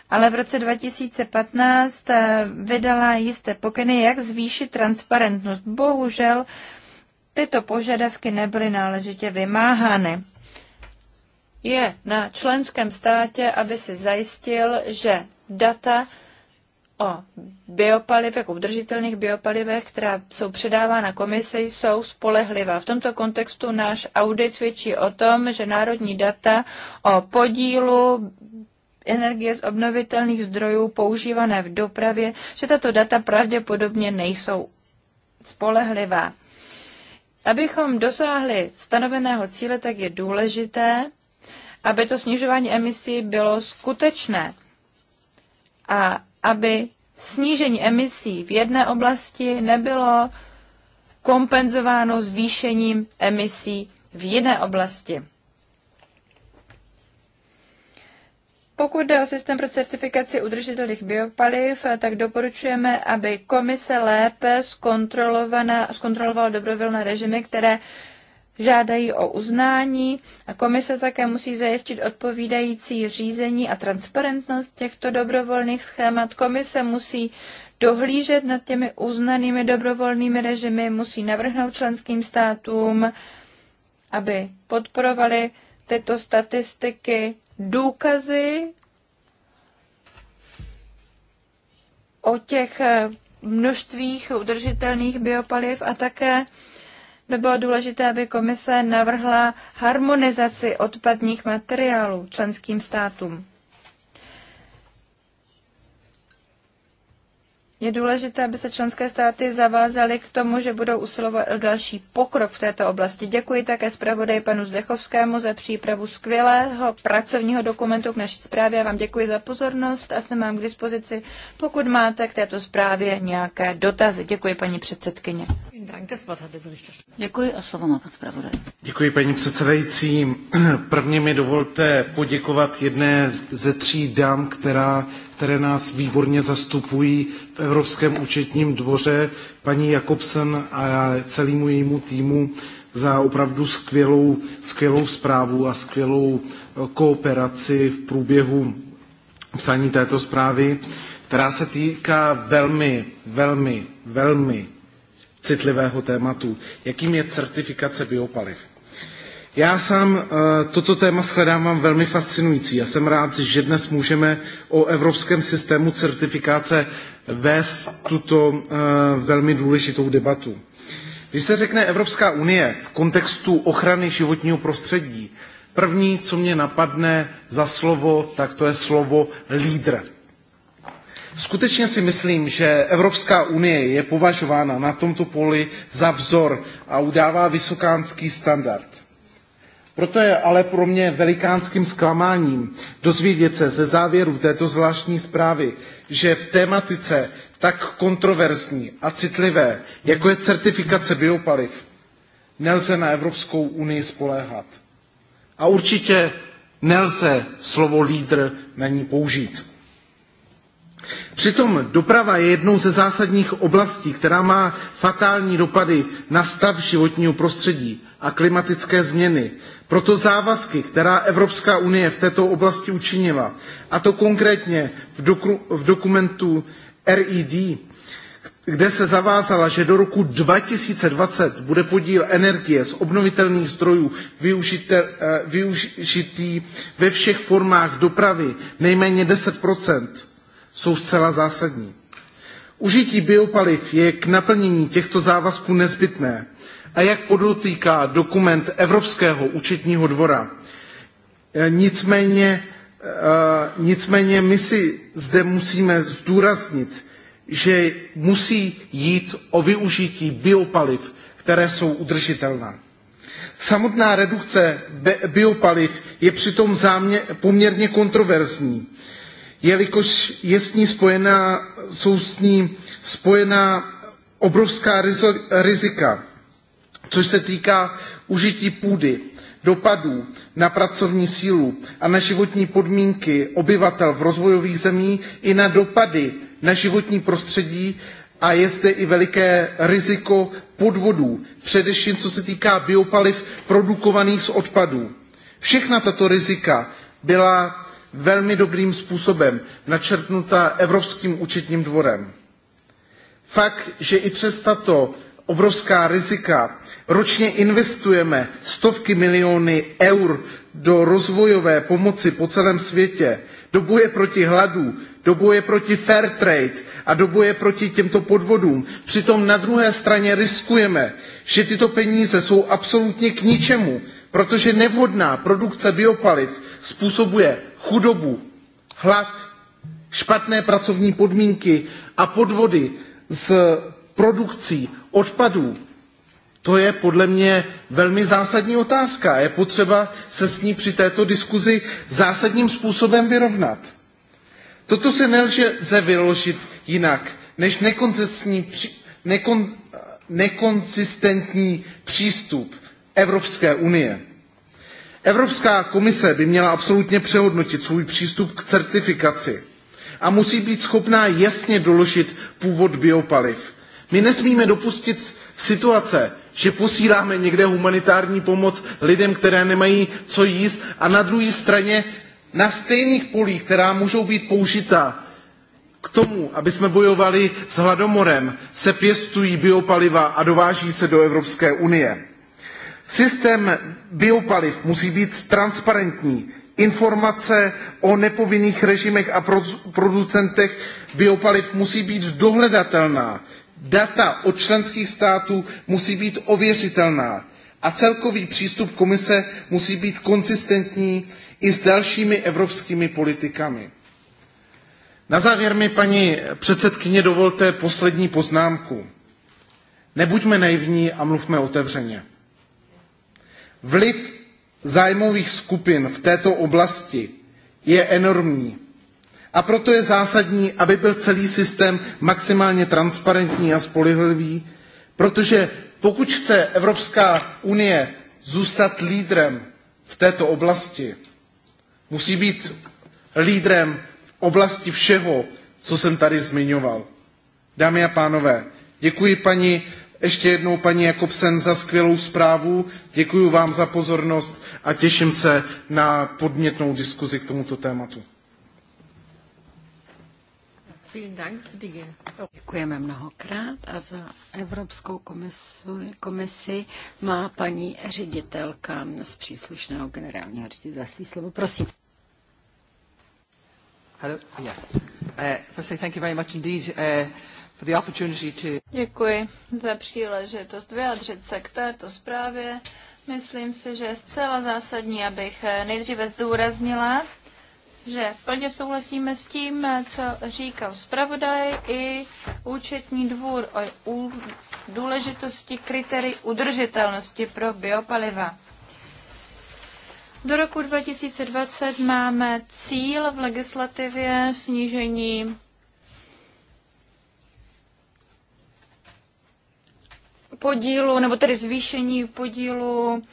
ale v roce 2015 eh, vydala jisté pokyny, jak zvýšit transparentnost. Bohužel tyto požadavky nebyly náležitě vymáhány. Je na členském státě, aby si zajistil, že data o biopalivech, udržitelných biopalivech, která jsou předávána komisi, jsou spolehlivá. V tomto kontextu náš audit svědčí o tom, že národní data o podílu energie z obnovitelných zdrojů používané v dopravě, že tato data pravděpodobně nejsou spolehlivá. Abychom dosáhli stanoveného cíle, tak je důležité, aby to snižování emisí bylo skutečné. A aby snížení emisí v jedné oblasti nebylo kompenzováno zvýšením emisí v jiné oblasti. Pokud jde o systém pro certifikaci udržitelných biopaliv, tak doporučujeme, aby komise lépe zkontrolovala dobrovolné režimy, které žádají o uznání a komise také musí zajistit odpovídající řízení a transparentnost těchto dobrovolných schémat. Komise musí dohlížet nad těmi uznanými dobrovolnými režimy, musí navrhnout členským státům, aby podporovali tyto statistiky důkazy o těch množstvích udržitelných biopaliv a také by bylo důležité, aby komise navrhla harmonizaci odpadních materiálů členským státům. Je důležité, aby se členské státy zavázaly k tomu, že budou usilovat o další pokrok v této oblasti. Děkuji také zpravodaji panu Zdechovskému za přípravu skvělého pracovního dokumentu k naší zprávě. Já vám děkuji za pozornost a jsem vám k dispozici, pokud máte k této zprávě nějaké dotazy. Děkuji, paní předsedkyně. Děkuji a slovo má pan zpravodaj. Děkuji, paní předsedající. Prvně mi dovolte poděkovat jedné ze tří dám, která které nás výborně zastupují v Evropském účetním dvoře, paní Jakobsen a celému jejímu týmu za opravdu skvělou, skvělou zprávu a skvělou eh, kooperaci v průběhu psaní této zprávy, která se týká velmi, velmi, velmi citlivého tématu, jakým je certifikace biopaliv. Já sám eh, toto téma shledávám velmi fascinující a jsem rád, že dnes můžeme o evropském systému certifikace vést tuto eh, velmi důležitou debatu. Když se řekne Evropská unie v kontextu ochrany životního prostředí, první, co mě napadne za slovo, tak to je slovo lídr. Skutečně si myslím, že Evropská unie je považována na tomto poli za vzor a udává vysokánský standard. Proto je ale pro mě velikánským zklamáním dozvědět se ze závěrů této zvláštní zprávy, že v tématice tak kontroverzní a citlivé, jako je certifikace biopaliv, nelze na Evropskou unii spoléhat. A určitě nelze slovo lídr na ní použít. Přitom doprava je jednou ze zásadních oblastí, která má fatální dopady na stav životního prostředí a klimatické změny, proto závazky, která Evropská unie v této oblasti učinila, a to konkrétně v, doku, v dokumentu RED, kde se zavázala, že do roku 2020 bude podíl energie z obnovitelných zdrojů využité, eh, využitý ve všech formách dopravy nejméně 10 jsou zcela zásadní. Užití biopaliv je k naplnění těchto závazků nezbytné a jak podotýká dokument Evropského účetního dvora. E, nicméně, e, nicméně my si zde musíme zdůraznit, že musí jít o využití biopaliv, které jsou udržitelná. Samotná redukce biopaliv je přitom zámě, poměrně kontroverzní, jelikož je s ní spojená, jsou s ní spojená obrovská rizika což se týká užití půdy, dopadů na pracovní sílu a na životní podmínky obyvatel v rozvojových zemích i na dopady na životní prostředí a je zde i veliké riziko podvodů, především co se týká biopaliv produkovaných z odpadů. Všechna tato rizika byla velmi dobrým způsobem načrtnuta Evropským účetním dvorem. Fakt, že i přes tato obrovská rizika. Ročně investujeme stovky miliony eur do rozvojové pomoci po celém světě, do boje proti hladu, do boje proti fair trade a do boje proti těmto podvodům. Přitom na druhé straně riskujeme, že tyto peníze jsou absolutně k ničemu, protože nevhodná produkce biopaliv způsobuje chudobu, hlad, špatné pracovní podmínky a podvody s produkcí odpadů. To je podle mě velmi zásadní otázka a je potřeba se s ní při této diskuzi zásadním způsobem vyrovnat. Toto se nelze vyložit jinak než nekon, nekonzistentní přístup Evropské unie. Evropská komise by měla absolutně přehodnotit svůj přístup k certifikaci a musí být schopná jasně doložit původ biopaliv my nesmíme dopustit situace, že posíláme někde humanitární pomoc lidem, které nemají co jíst a na druhé straně na stejných polích, která můžou být použita k tomu, aby jsme bojovali s hladomorem, se pěstují biopaliva a dováží se do Evropské unie. Systém biopaliv musí být transparentní. Informace o nepovinných režimech a producentech biopaliv musí být dohledatelná. Data od členských států musí být ověřitelná a celkový přístup komise musí být konzistentní i s dalšími evropskými politikami. Na závěr mi, paní předsedkyně, dovolte poslední poznámku. Nebuďme naivní a mluvme otevřeně. Vliv zájmových skupin v této oblasti je enormní a proto je zásadní, aby byl celý systém maximálně transparentní a spolehlivý, protože pokud chce Evropská unie zůstat lídrem v této oblasti, musí být lídrem v oblasti všeho, co jsem tady zmiňoval. Dámy a pánové, děkuji paní, ještě jednou paní Jakobsen za skvělou zprávu, děkuji vám za pozornost a těším se na podnětnou diskuzi k tomuto tématu. Děkujeme mnohokrát a za Evropskou komisi, komisi má paní ředitelka z příslušného generálního ředitelství slovo. Prosím. Hello? Yes. Uh, firstly, thank you very much indeed. Uh, for the opportunity to... Děkuji za příležitost vyjádřit se k této zprávě. Myslím si, že je zcela zásadní, abych eh, nejdříve zdůraznila, že plně souhlasíme s tím, co říkal zpravodaj i účetní dvůr o důležitosti kritérií udržitelnosti pro biopaliva. Do roku 2020 máme cíl v legislativě snížení podílu, nebo tedy zvýšení podílu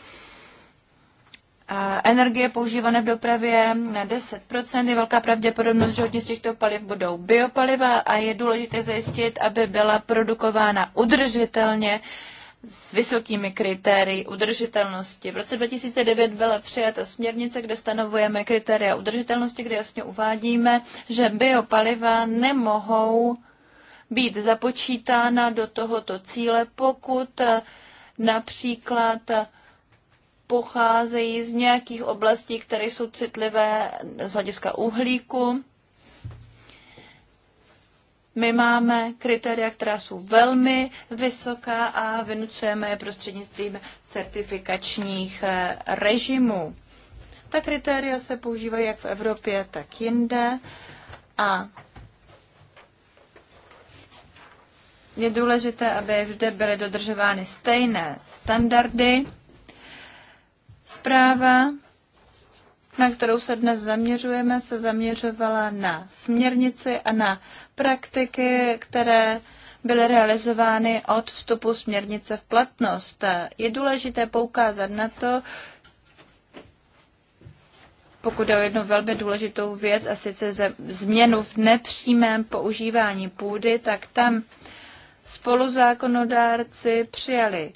energie používané v dopravě na 10%. Je velká pravděpodobnost, že hodně z těchto paliv budou biopaliva a je důležité zajistit, aby byla produkována udržitelně s vysokými kritérii udržitelnosti. V roce 2009 byla přijata směrnice, kde stanovujeme kritéria udržitelnosti, kde jasně uvádíme, že biopaliva nemohou být započítána do tohoto cíle, pokud eh, například pocházejí z nějakých oblastí, které jsou citlivé z hlediska uhlíku. My máme kritéria, která jsou velmi vysoká a vynucujeme je prostřednictvím certifikačních eh, režimů. Ta kritéria se používají jak v Evropě, tak jinde a je důležité, aby vždy byly dodržovány stejné standardy Zpráva, na kterou se dnes zaměřujeme, se zaměřovala na směrnici a na praktiky, které byly realizovány od vstupu směrnice v platnost. Je důležité poukázat na to, pokud je o jednu velmi důležitou věc, a sice změnu v nepřímém používání půdy, tak tam spoluzákonodárci přijali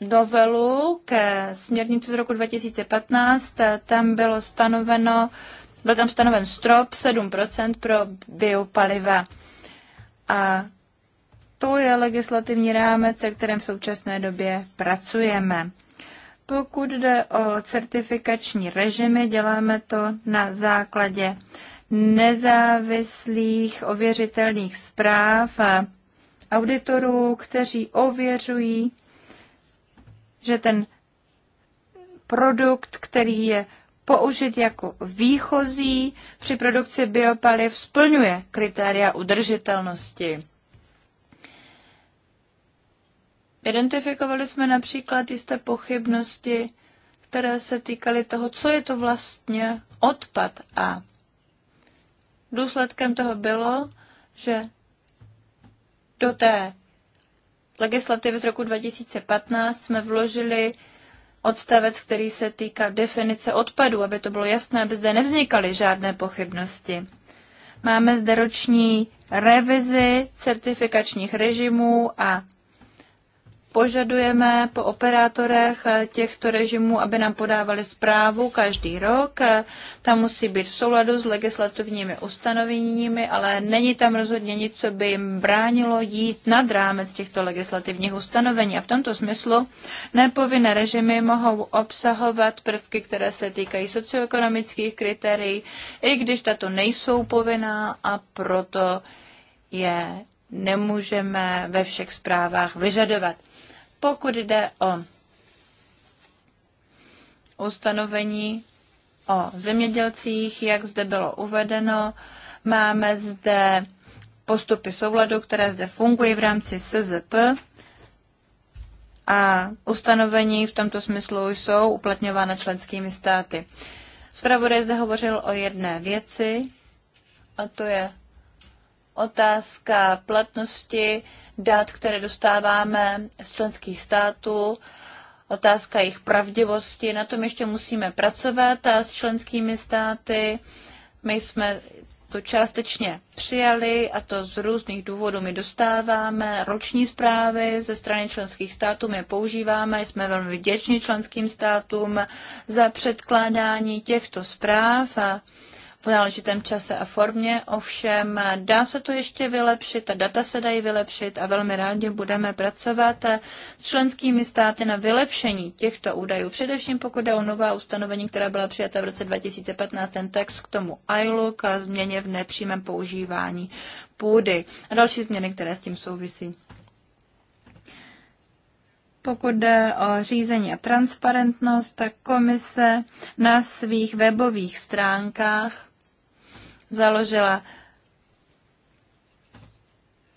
novelu ke směrnici z roku 2015. Tam bylo stanoveno, byl tam stanoven strop 7% pro biopaliva. A to je legislativní rámec, se kterým v současné době pracujeme. Pokud jde o certifikační režimy, děláme to na základě nezávislých ověřitelných zpráv auditorů, kteří ověřují že ten produkt, který je použit jako výchozí při produkci biopaliv, splňuje kritéria udržitelnosti. Identifikovali jsme například jisté pochybnosti, které se týkaly toho, co je to vlastně odpad. A důsledkem toho bylo, že do té legislativy z roku 2015 jsme vložili odstavec, který se týká definice odpadu, aby to bylo jasné, aby zde nevznikaly žádné pochybnosti. Máme zde roční revizi certifikačních režimů a Požadujeme po operátorech těchto režimů, aby nám podávali zprávu každý rok. Tam musí být v souladu s legislativními ustanoveními, ale není tam rozhodně nic, co by jim bránilo jít nad rámec těchto legislativních ustanovení. A v tomto smyslu nepovinné režimy mohou obsahovat prvky, které se týkají socioekonomických kritérií, i když tato nejsou povinná a proto je nemůžeme ve všech zprávách vyžadovat. Pokud jde o ustanovení o zemědělcích, jak zde bylo uvedeno, máme zde postupy souladu, které zde fungují v rámci SZP a ustanovení v tomto smyslu jsou uplatňována členskými státy. Zpravodaj zde hovořil o jedné věci, a to je otázka platnosti dat, které dostáváme z členských států, otázka jejich pravdivosti. Na tom ještě musíme pracovat a s členskými státy. My jsme to částečně přijali a to z různých důvodů. My dostáváme roční zprávy ze strany členských států, my je používáme, jsme velmi vděční členským státům za předkládání těchto zpráv a v náležitém čase a formě. Ovšem dá se to ještě vylepšit, ta data se dají vylepšit a velmi rádi budeme pracovat s členskými státy na vylepšení těchto údajů. Především pokud je o nová ustanovení, která byla přijata v roce 2015, ten text k tomu ILUK a změně v nepřímém používání půdy a další změny, které s tím souvisí. Pokud jde o řízení a transparentnost, tak komise na svých webových stránkách založila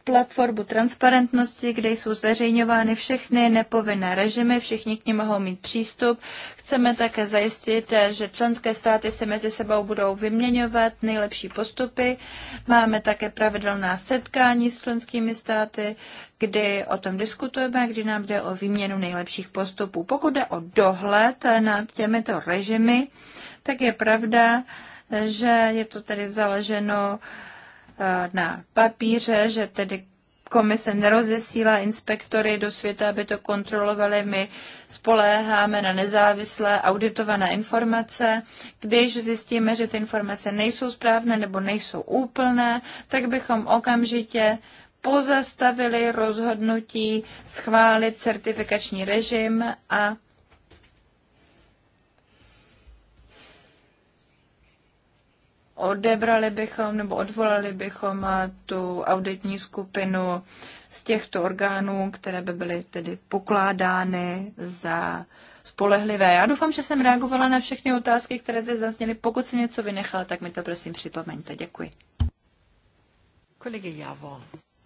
platformu transparentnosti, kde jsou zveřejňovány všechny nepovinné režimy, všichni k ní mohou mít přístup. Chceme také zajistit, že členské státy se mezi sebou budou vyměňovat nejlepší postupy. Máme také pravidelná setkání s členskými státy, kdy o tom diskutujeme, kdy nám jde o výměnu nejlepších postupů. Pokud jde o dohled nad těmito režimy, tak je pravda, že je to tedy založeno eh, na papíře, že tedy komise nerozesílá inspektory do světa, aby to kontrolovali. My spoléháme na nezávislé auditované informace. Když zjistíme, že ty informace nejsou správné nebo nejsou úplné, tak bychom okamžitě pozastavili rozhodnutí schválit certifikační režim a odebrali bychom nebo odvolali bychom eh, tu auditní skupinu z těchto orgánů, které by byly tedy pokládány za spolehlivé. Já doufám, že jsem reagovala na všechny otázky, které zde zazněly. Pokud jsem něco vynechala, tak mi to prosím připomeňte. Děkuji. Kolegy Javor.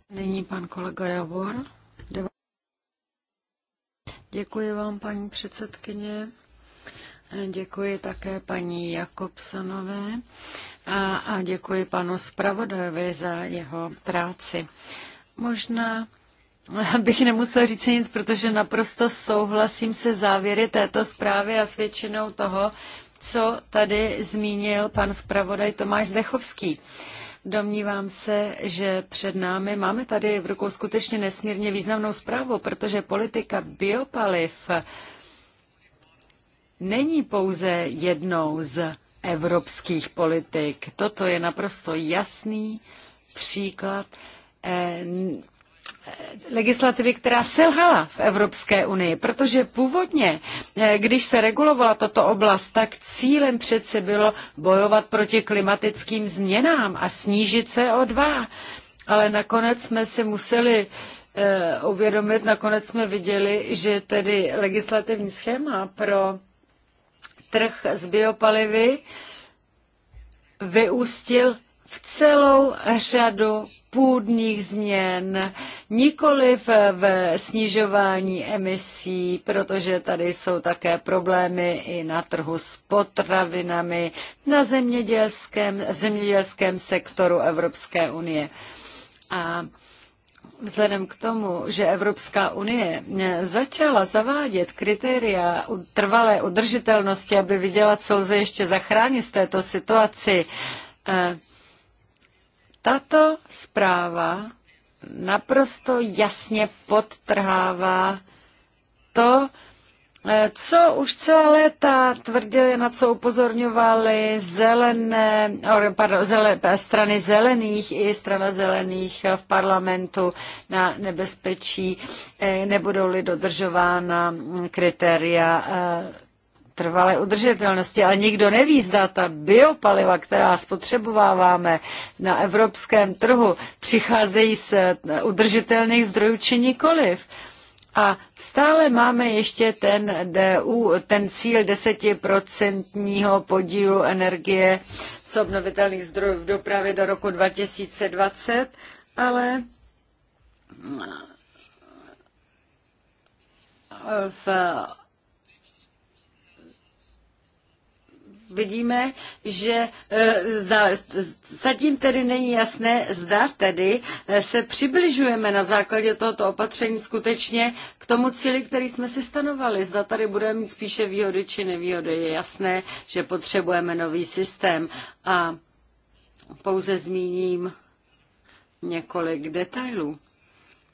Nyní pan kolega Javor. Děkuji vám, paní předsedkyně. Děkuji také paní Jakobsonové a, a děkuji panu zpravodajovi za jeho práci. Možná bych nemusela říct nic, protože naprosto souhlasím se závěry této zprávy a s většinou toho, co tady zmínil pan zpravodaj Tomáš Zdechovský. Domnívám se, že před námi máme tady v rukou skutečně nesmírně významnou zprávu, protože politika biopaliv není pouze jednou z evropských politik. Toto je naprosto jasný příklad eh, legislativy, která selhala v Evropské unii, protože původně, eh, když se regulovala toto oblast, tak cílem přece bylo bojovat proti klimatickým změnám a snížit se o dva. Ale nakonec jsme si museli eh, uvědomit, nakonec jsme viděli, že tedy legislativní schéma pro trh s biopalivy vyústil v celou řadu půdních změn, nikoliv v snižování emisí, protože tady jsou také problémy i na trhu s potravinami, na zemědělském, v zemědělském sektoru Evropské unie. A Vzhledem k tomu, že Evropská unie eh, začala zavádět kritéria trvalé udržitelnosti, aby viděla, co lze ještě zachránit z této situaci, eh, tato zpráva naprosto jasně podtrhává to, co už celá léta tvrdili, na co upozorňovali zelené, pardon, zelené, strany zelených i strana zelených v parlamentu na nebezpečí, eh, nebudou-li dodržována kritéria eh, trvalé udržitelnosti, ale nikdo neví, zda ta biopaliva, která spotřebováváme na evropském trhu, přicházejí z eh, udržitelných zdrojů či nikoliv. A stále máme ještě ten, DU, ten cíl desetiprocentního podílu energie z obnovitelných zdrojů v dopravě do roku 2020, ale eh, v vidíme, že e, zda, zatím tedy není jasné, zda tedy e, se přibližujeme na základě tohoto opatření skutečně k tomu cíli, který jsme si stanovali. Zda tady budeme mít spíše výhody či nevýhody. Je jasné, že potřebujeme nový systém. A pouze zmíním několik detailů.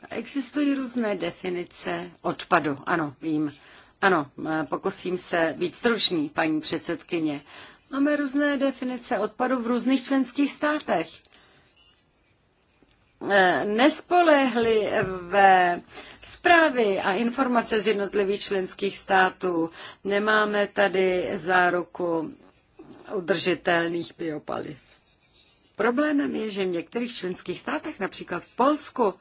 Existují různé definice odpadu, ano, vím. Ano, eh, pokusím se být stručný, paní předsedkyně. Máme různé definice odpadu v různých členských státech. Eh, nespolehli ve zprávy a informace z jednotlivých členských států. Nemáme tady záruku udržitelných biopaliv. Problémem je, že v některých členských státech, například v Polsku,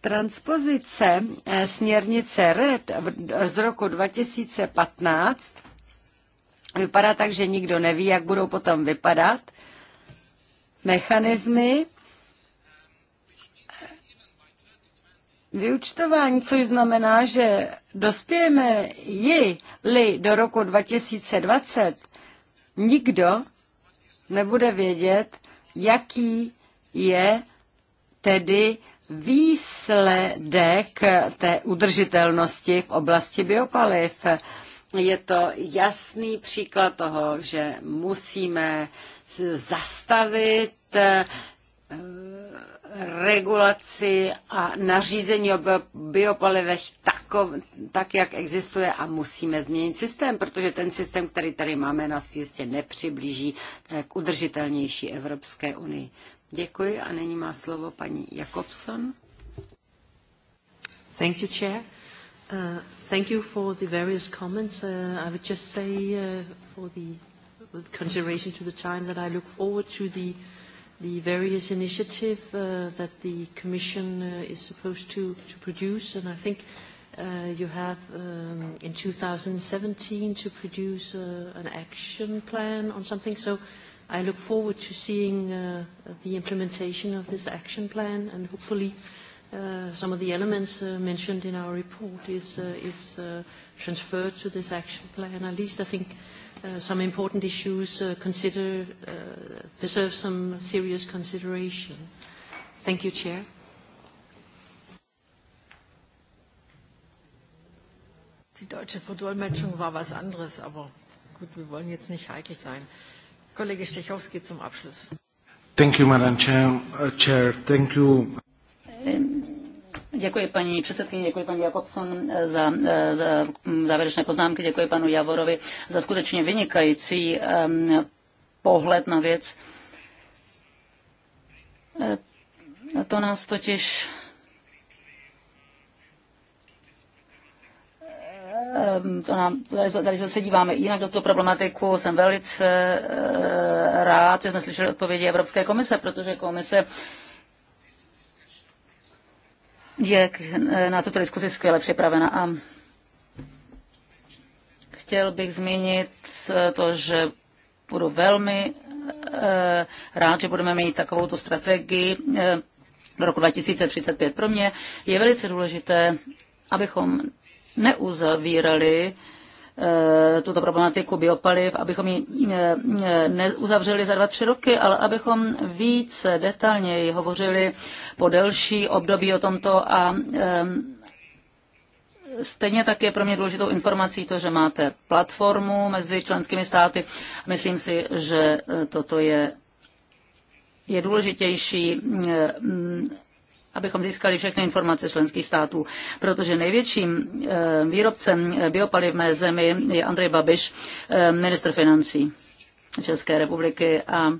Transpozice eh, směrnice RED z roku 2015 vypadá tak, že nikdo neví, jak budou potom vypadat mechanismy vyučtování, což znamená, že dospějeme ji-li do roku 2020, nikdo nebude vědět, jaký je tedy výsledek té udržitelnosti v oblasti biopaliv. Je to jasný příklad toho, že musíme zastavit eh, regulaci a nařízení o biopalivech takov, tak, jak existuje a musíme změnit systém, protože ten systém, který tady máme, nás jistě nepřiblíží k udržitelnější Evropské unii. Děkuji a nyní má slovo paní Jakobson. Thank you, Chair. Uh, thank you for the various comments. Uh, I would just say uh, for the with consideration to the time that I look forward to the the various initiative uh, that the Commission uh, is supposed to, to produce. And I think uh, you have um, in 2017 to produce uh, an action plan on something. So i look forward to seeing uh, the implementation of this action plan and hopefully uh, some of the elements uh, mentioned in our report is, uh, is uh, transferred to this action plan. At least I think uh, some important issues uh, consider, uh, deserve some serious consideration. Thank you, Chair. Die deutsche Verdolmetschung war was anderes, aber gut, wir wollen jetzt nicht heikel sein. Kolega zum Abschluss. Thank you, Madam Chair. Uh, Thank you. Děkuji paní předsedkyni, děkuji paní Jakobson za, eh, za závěrečné poznámky, děkuji panu Javorovi za skutečně vynikající ehm, pohled na věc. Eh, to nás totiž Ehm, to nám, tady, tady se díváme jinak do tu problematiku. Jsem velice eh, rád, že jsme slyšeli odpovědi Evropské komise, protože komise je eh, na tuto diskusi skvěle připravena a chtěl bych zmínit eh, to, že budu velmi rád, že budeme mít takovou tu strategii do roku 2035. Pro mě je velice důležité, abychom neuzavírali eh, tuto problematiku biopaliv, abychom ji eh, eh, neuzavřeli za dva, tři roky, ale abychom více detailněji hovořili po delší období o tomto a Stejně tak je pro mě důležitou informací to, že máte platformu mezi členskými státy. Myslím si, že toto je, je důležitější abychom získali všechny informace členských států, protože největším eh, výrobcem eh, biopaliv v mé zemi je Andrej Babiš, eh, minister financí České republiky. A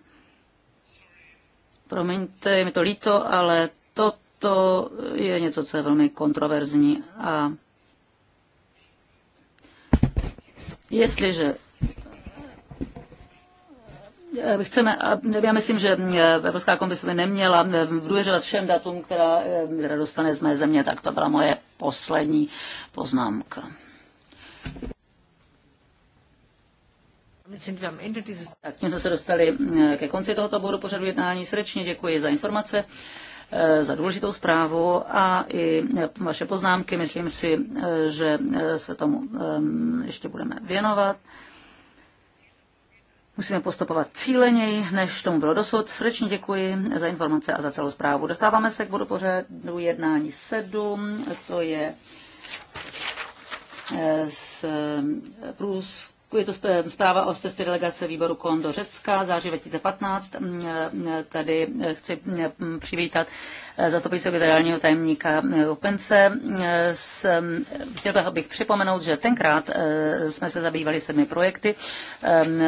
promiňte, je mi to líto, ale toto je něco, co je velmi kontroverzní. A jestliže Eh, chceme, já myslím, že eh, Evropská komise by neměla eh, důvěřovat všem datům, která, která dostane z mé země, tak to byla moje poslední poznámka. Tak tím jsme se dostali ke konci tohoto bodu pořadu jednání. Srdečně děkuji za informace, za důležitou zprávu a i vaše poznámky. Myslím si, že se tomu ehm, ještě budeme věnovat. Musíme postupovat cíleněji, než tomu bylo dosud. Srdečně děkuji za informace a za celou zprávu. Dostáváme se k bodu pořadu jednání 7, to je z eh, eh, průzkumu je to zpráva o cestě delegace výboru KON do Řecka září 2015. Tady chci přivítat e, zastupující generálního tajemníka e, Upence. E, chtěl bych připomenout, že tenkrát jsme se zabývali sedmi projekty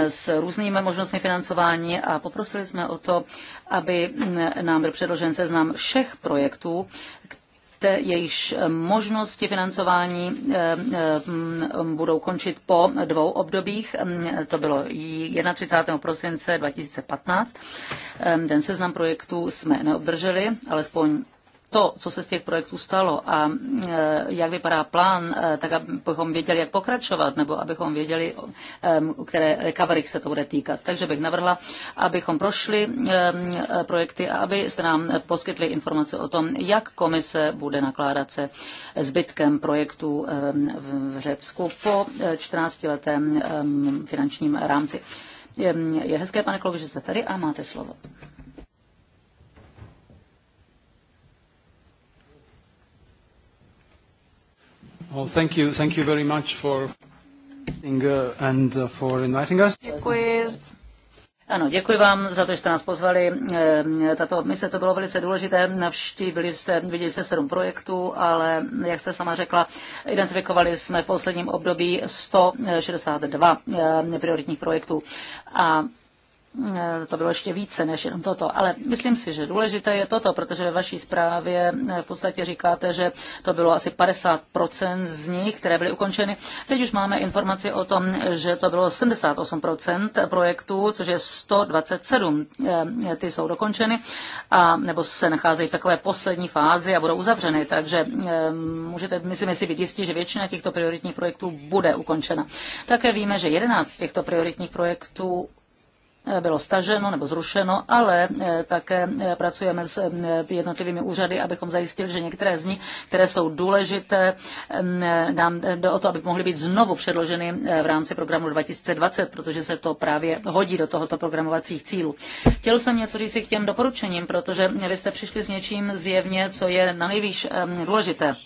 s různými možnostmi financování a poprosili jsme o to, aby nám byl předložen seznam všech projektů, jejichž možnosti financování eh, eh, mm, budou končit po dvou obdobích. Mm, to bylo 31. prosince 2015. Eh, ten seznam projektů jsme neobdrželi, alespoň to, co se z těch projektů stalo a e, jak vypadá plán, e, tak abychom věděli, jak pokračovat, nebo abychom věděli, které recovery se to bude týkat. Takže bych navrhla, abychom prošli projekty a abyste nám poskytli informace o tom, jak komise bude nakládat se zbytkem projektů v Řecku po 14-letém e, finančním rámci. Je hezké, pane kolego, že jste tady a máte slovo. Děkuji. Ano, děkuji vám za to, že jste nás pozvali. Eh, tato mise to bylo velice důležité. Navštívili jste, viděli jste sedm projektů, ale jak jste sama řekla, identifikovali jsme v posledním období 162 eh, prioritních projektů. A Eh, to bylo ještě více než jenom toto, ale myslím si, že důležité je toto, protože ve vaší zprávě eh, v podstatě říkáte, že to bylo asi 50% z nich, které byly ukončeny. Teď už máme informaci o tom, že to bylo 78% projektů, což je 127, eh, ty jsou dokončeny, a, nebo se nacházejí v takové poslední fázi a budou uzavřeny, takže můžete, myslím, si jistí, že většina těchto prioritních projektů bude ukončena. Také víme, že 11 z těchto prioritních projektů Eh, bylo staženo nebo zrušeno, ale eh, také eh, pracujeme s jednotlivými úřady, abychom zajistili, že některé z nich, které jsou důležité, mm, nám jde o to, aby mohly být znovu předloženy v rámci programu 2020, protože se to právě hodí do tohoto programovacích cílů. Chtěl jsem něco říct k těm doporučením, protože vy jste přišli s něčím zjevně, co je na nejvýš důležité.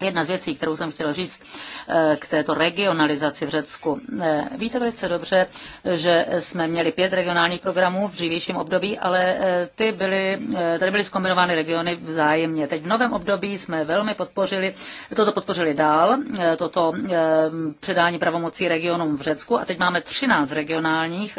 Jedna z věcí, kterou jsem chtěla říct eh, k této regionalizaci v Řecku. Eh, víte velice dobře, že jsme měli pět regionálních programů v dřívějším období, ale eh, ty byly, tady byly zkombinovány regiony vzájemně. Teď v novém období jsme velmi podpořili, toto podpořili dál, toto předání pravomocí regionům v Řecku a teď máme 13 regionálních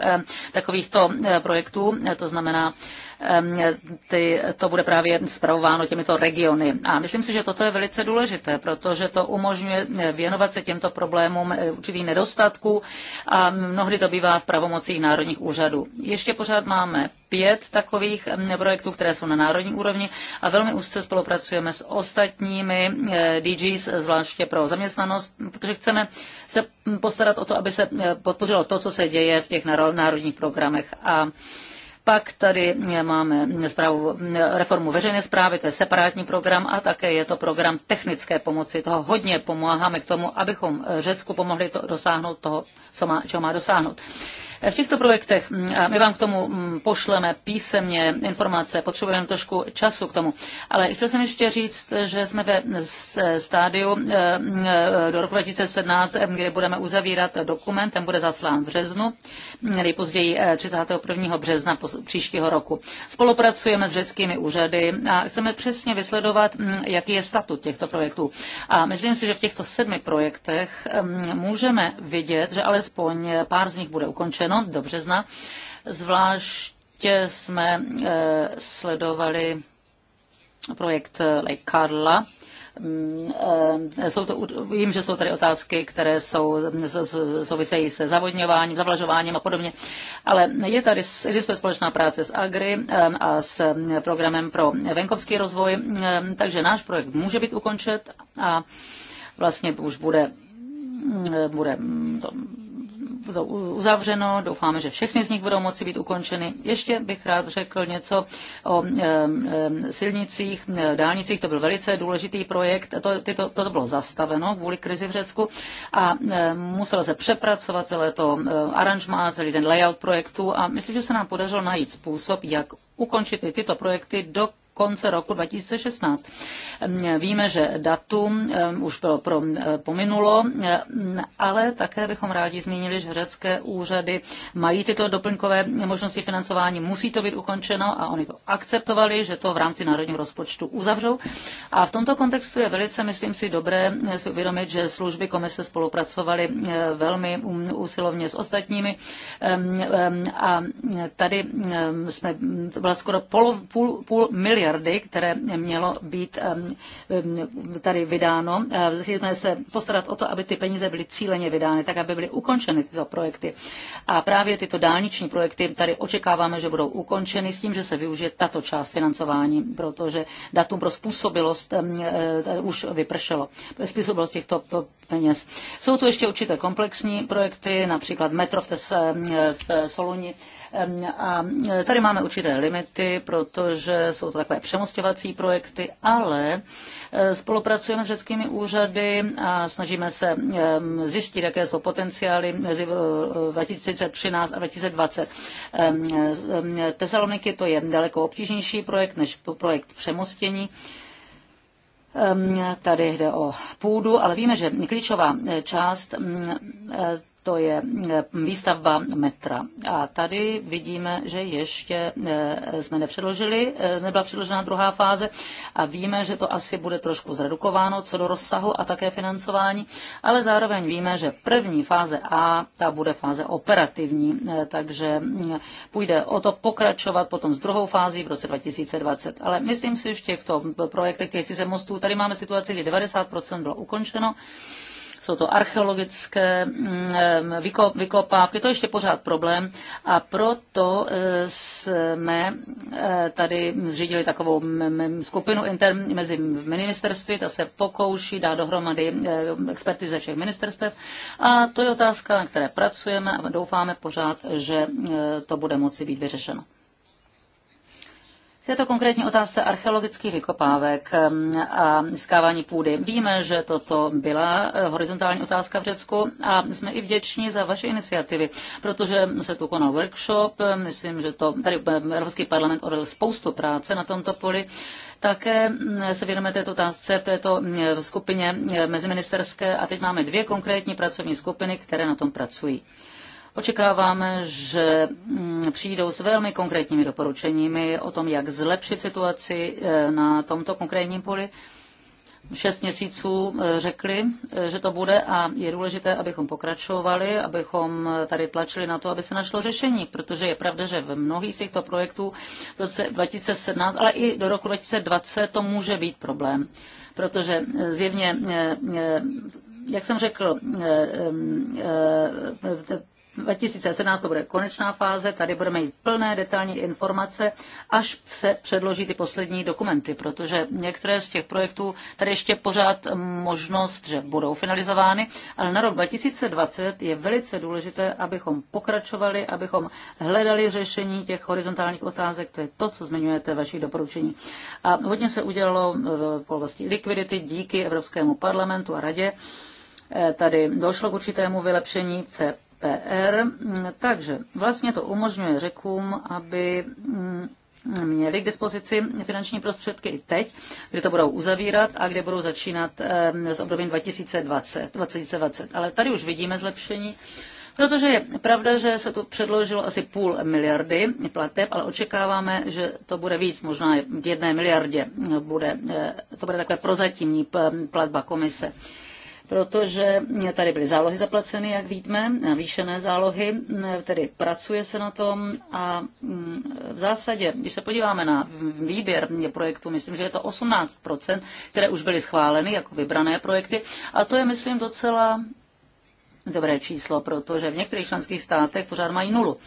takovýchto projektů, to znamená Ehm, ty, to bude právě zpravováno těmito regiony. A myslím si, že toto je velice důležité, protože to umožňuje věnovat se těmto problémům eh, určitých nedostatků a mnohdy to bývá v pravomocích národních úřadů. Ještě pořád máme pět takových ehm, projektů, které jsou na národní úrovni a velmi úzce spolupracujeme s ostatními eh, DGs, zvláště pro zaměstnanost, protože chceme se postarat o to, aby se eh, podpořilo to, co se děje v těch národních programech. A pak tady máme zprávu, reformu veřejné zprávy, to je separátní program a také je to program technické pomoci. Toho hodně pomáháme k tomu, abychom Řecku pomohli to, dosáhnout toho, co má, čeho má dosáhnout. V těchto projektech, mm, a my vám k tomu mm, pošleme písemně informace, potřebujeme trošku času k tomu, ale chtěl jsem ještě říct, že jsme ve stádiu eh, mm, do roku 2017, eh, kde budeme uzavírat dokument, ten bude zaslán v březnu, nejpozději 31. Eh, března příštího roku. Spolupracujeme s řeckými úřady a chceme přesně vysledovat, jaký je statut těchto projektů. A myslím si, že v těchto sedmi projektech můžeme vidět, že alespoň pár z nich bude ukončen No, do března. Zvláště jsme eh, sledovali projekt Lake Karla, mm, eh, jsou to, vím, že jsou tady otázky, které jsou, souvisejí se zavodňováním, zavlažováním a podobně, ale je tady, existuje společná práce s Agri eh, a s programem pro venkovský rozvoj, takže náš projekt může být ukončen a vlastně už bude, mm, bude mm, to uzavřeno. Doufáme, že všechny z nich budou moci být ukončeny. Ještě bych rád řekl něco o silnicích, e, dálnicích. To byl velice důležitý projekt. To, tyto, toto bylo zastaveno kvůli krizi v Řecku a e, muselo se přepracovat celé to e, aranžmá, celý ten layout projektu a myslím, že se nám podařilo najít způsob, jak ukončit i tyto projekty do konce roku 2016. Víme, že datum eh, už bylo pro, eh, pominulo, eh, ale také bychom rádi zmínili, že řecké úřady mají tyto doplňkové možnosti financování, musí to být ukončeno a oni to akceptovali, že to v rámci národního rozpočtu uzavřou. A v tomto kontextu je velice, myslím si, dobré si uvědomit, že služby komise spolupracovaly velmi úsilovně um, s ostatními a tady jsme, to byla skoro polo, půl, půl miliard miliardy, které mělo být tady vydáno. Chceme eh, se postarat o to, aby ty peníze byly cíleně vydány, tak aby byly ukončeny tyto projekty. A právě tyto dálniční projekty tady očekáváme, že budou ukončeny s tím, že se využije tato část financování, protože datum pro způsobilost eh, už vypršelo. Způsobilost těchto peněz. Jsou tu ještě určité komplexní projekty, například metro v, eh, Soluni, a tady máme určité limity, protože jsou to takové přemostěvací projekty, ale e, spolupracujeme s řeckými úřady a snažíme se zjistit, jaké jsou potenciály mezi 2013 e, a 2020. Tesaloniky to je daleko obtížnější projekt než projekt přemostění. Tady jde o půdu, ale víme, že klíčová e, část to je eh, výstavba metra. A tady vidíme, že ještě eh, jsme nepředložili, eh, nebyla předložena druhá fáze a víme, že to asi bude trošku zredukováno co do rozsahu a také financování, ale zároveň víme, že první fáze A, ta bude fáze operativní, takže mm, půjde o to pokračovat potom s druhou fází v roce 2020. Ale myslím si, že v těchto projektech, těch se mostů, tady máme situaci, kdy 90% bylo ukončeno, jsou to archeologické mm, eh, vykopávky, to je ještě pořád problém a proto eh, jsme eh, tady zřídili takovou skupinu inter, mezi ministerství, ta se pokouší dát dohromady experty ze všech ministerstev a to je otázka, na které pracujeme a doufáme pořád, že to bude moci být vyřešeno této konkrétní otázce archeologických vykopávek a získávání půdy. Víme, že toto byla eh, horizontální otázka v Řecku a jsme i vděční za vaše iniciativy, protože se tu konal workshop, eh, myslím, že to tady eh, Evropský parlament odvedl spoustu práce na tomto poli. Také mm, se věnujeme této otázce v této mm, skupině meziministerské a teď máme dvě konkrétní pracovní skupiny, které na tom pracují. Očekáváme, že mm, přijdou s velmi konkrétními doporučeními o tom, jak zlepšit situaci e, na tomto konkrétním poli. Šest měsíců e, řekli, e, že to bude a je důležité, abychom pokračovali, abychom tady tlačili na to, aby se našlo řešení, protože je pravda, že ve mnohých z těchto projektů v roce 2017, ale i do roku 2020 to může být problém, protože zjevně jak jsem řekl, 2017 to bude konečná fáze, tady budeme mít plné detailní informace, až se předloží ty poslední dokumenty, protože některé z těch projektů tady ještě pořád možnost, že budou finalizovány, ale na rok 2020 je velice důležité, abychom pokračovali, abychom hledali řešení těch horizontálních otázek, to je to, co zmiňujete ve doporučení. A hodně se udělalo v oblasti likvidity díky Evropskému parlamentu a radě. E, tady došlo k určitému vylepšení, se PR. Takže vlastně to umožňuje řekům, aby mm, měli k dispozici finanční prostředky i teď, kde to budou uzavírat a kde budou začínat eh, s obdobím 2020. 2020. Ale tady už vidíme zlepšení. Protože je pravda, že se tu předložilo asi půl miliardy plateb, ale očekáváme, že to bude víc, možná v jedné miliardě. Bude, eh, to bude takové prozatímní eh, platba komise protože tady byly zálohy zaplaceny, jak víme, navýšené zálohy, tedy pracuje se na tom a mm, v zásadě, když se podíváme na výběr projektů, myslím, že je to 18%, které už byly schváleny jako vybrané projekty a to je, myslím, docela dobré číslo, protože v některých členských státech pořád mají nulu.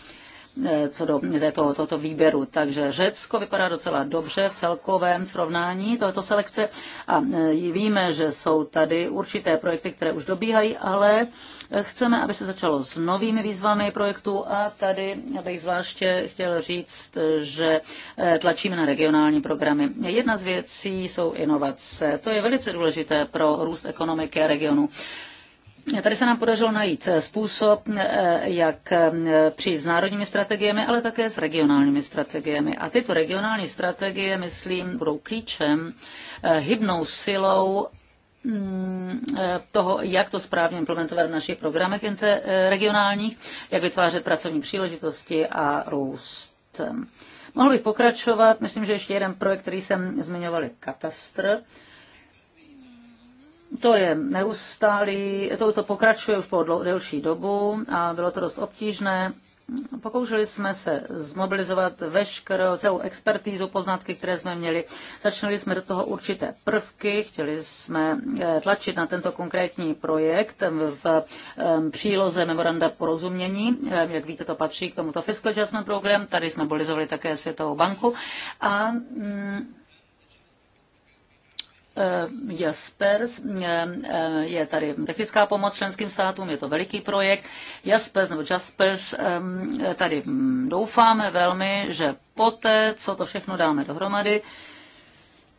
Eh, co do této, tohoto výběru. Takže Řecko vypadá docela dobře v celkovém srovnání tohoto selekce a eh, víme, že jsou tady určité projekty, které už dobíhají, ale eh, chceme, aby se začalo s novými výzvami projektů a tady bych zvláště chtěl říct, že tlačíme na regionální programy. Jedna z věcí jsou inovace. To je velice důležité pro růst ekonomiky a regionu. Tady se nám podařilo najít eh, způsob, eh, jak eh, přijít s národními strategiemi, ale také s regionálními strategiemi. A tyto regionální strategie, myslím, budou klíčem, hybnou silou mm, toho, jak to správně implementovat v našich programech regionálních, jak vytvářet pracovní příležitosti a růst. Mohl bych pokračovat, myslím, že ještě jeden projekt, který jsem zmiňoval, je katastr to je neustálý, to, to pokračuje v po delší dobu a bylo to dost obtížné. Pokoušeli jsme se zmobilizovat veškerou celou expertízu, poznatky, které jsme měli. Začali jsme do toho určité prvky, chtěli jsme eh, tlačit na tento konkrétní projekt v příloze memoranda porozumění. Jak víte, to patří k tomuto Fiscal Adjustment Program. Tady jsme mobilizovali také Světovou banku. A mm, Eh, Jaspers eh, eh, je tady technická pomoc členským státům, je to veliký projekt. Jaspers nebo Jaspers tady hm, doufáme velmi, že poté, co to všechno dáme dohromady,